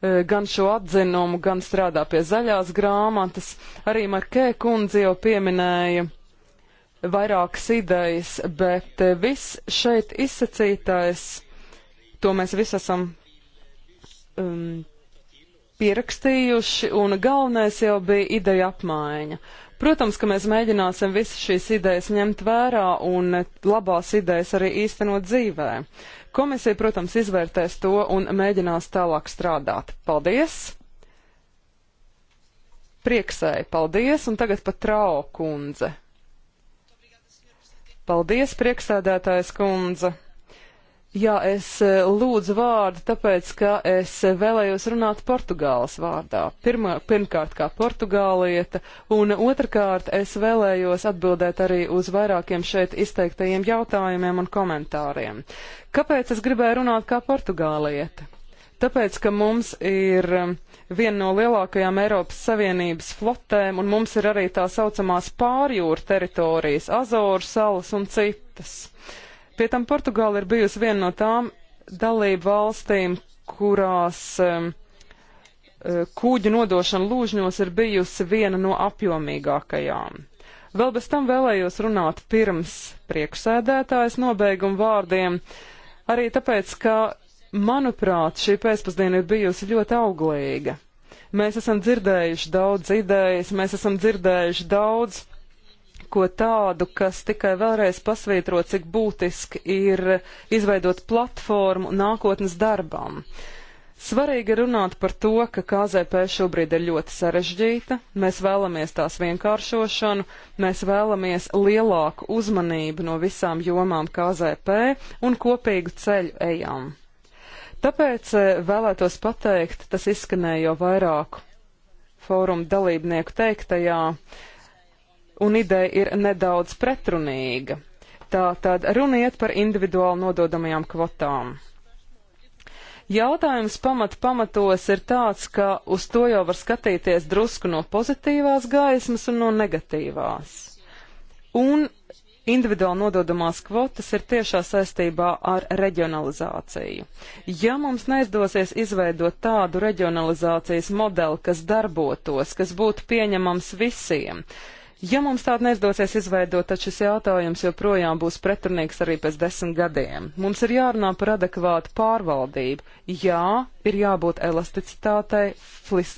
E, gan šo atzinumu, gan strādā pie zaļās grāmatas. Arī Markē kundze jau pieminēja vairākas idejas, bet e, viss šeit izsacītais, to mēs visi esam um, pierakstījuši, un galvenais jau bija ideja apmaiņa. Protams, ka mēs mēģināsim visas šīs idejas ņemt vērā un labās idejas arī īstenot dzīvē. Komisija, protams, izvērtēs to un mēģinās tālāk strādāt. Paldies! Prieksēji, paldies, un tagad pat trau kundze. Paldies, prieksēdētājs kundze! Jā, es e, lūdzu vārdu, tāpēc, ka es vēlējos runāt Portugāles vārdā. Pirmā, pirmkārt, kā portugālieta, un otrkārt, es vēlējos atbildēt arī uz vairākiem šeit izteiktajiem jautājumiem un komentāriem. Kāpēc es gribēju runāt kā portugālieta? Tāpēc, ka mums ir e, viena no lielākajām Eiropas Savienības flotēm, un mums ir arī tā saucamās pārjūra teritorijas, Azoru salas un citas. Uh, Pie tam Portugāla ir bijusi viena no tām dalību valstīm, kurās um, kūģu nodošana lūžņos ir bijusi viena no apjomīgākajām. Vēl bez tam vēlējos runāt pirms priekšsēdētājas nobeiguma vārdiem, arī tāpēc, ka, manuprāt, šī pēcpusdiena ir bijusi ļoti auglīga. Mēs esam dzirdējuši daudz idejas, mēs esam dzirdējuši daudz ko tādu, kas tikai vēlreiz pasvītro, cik būtiski ir izveidot platformu nākotnes darbam. Svarīgi runāt par to, ka KZP šobrīd ir ļoti sarežģīta, mēs vēlamies tās vienkāršošanu, mēs vēlamies lielāku uzmanību no visām jomām KZP un kopīgu ceļu ejam. Tāpēc eh, vēlētos pateikt, tas izskanēja jau vairāku fórumu dalībnieku teiktajā, uh, un ideja ir nedaudz pretrunīga. Tā tad runiet par individuāli nododamajām kvotām. Jautājums pamat pamatos ir tāds, ka uz to jau var skatīties drusku no pozitīvās gaismas un no negatīvās. Un individuāli nododamās kvotas ir tiešā saistībā ar reģionalizāciju. Ja mums neizdosies izveidot tādu reģionalizācijas modeli, kas darbotos, kas būtu pieņemams visiem, uh, Ja mums tāda neizdosies izveidot, tad šis jautājums joprojām būs pretrunīgs arī pēc desmit gadiem. Mums ir jārunā par adekvātu pārvaldību. Jā, ir jābūt elasticitātei,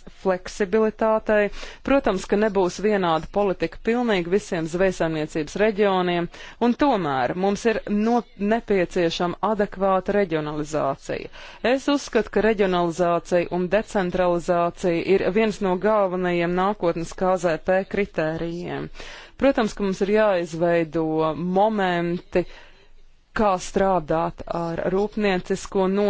fleksibilitātei. Protams, ka nebūs vienāda politika pilnīgi visiem zvejsaimniecības reģioniem, un tomēr mums ir no, nepieciešama adekvāta reģionalizācija. Es uzskatu, ka reģionalizācija un decentralizācija ir viens no galvenajiem nākotnes KZP kritērijiem. Protams, ka mums ir jāizveido momenti, kā strādāt ar rūpniecisko nozīmi.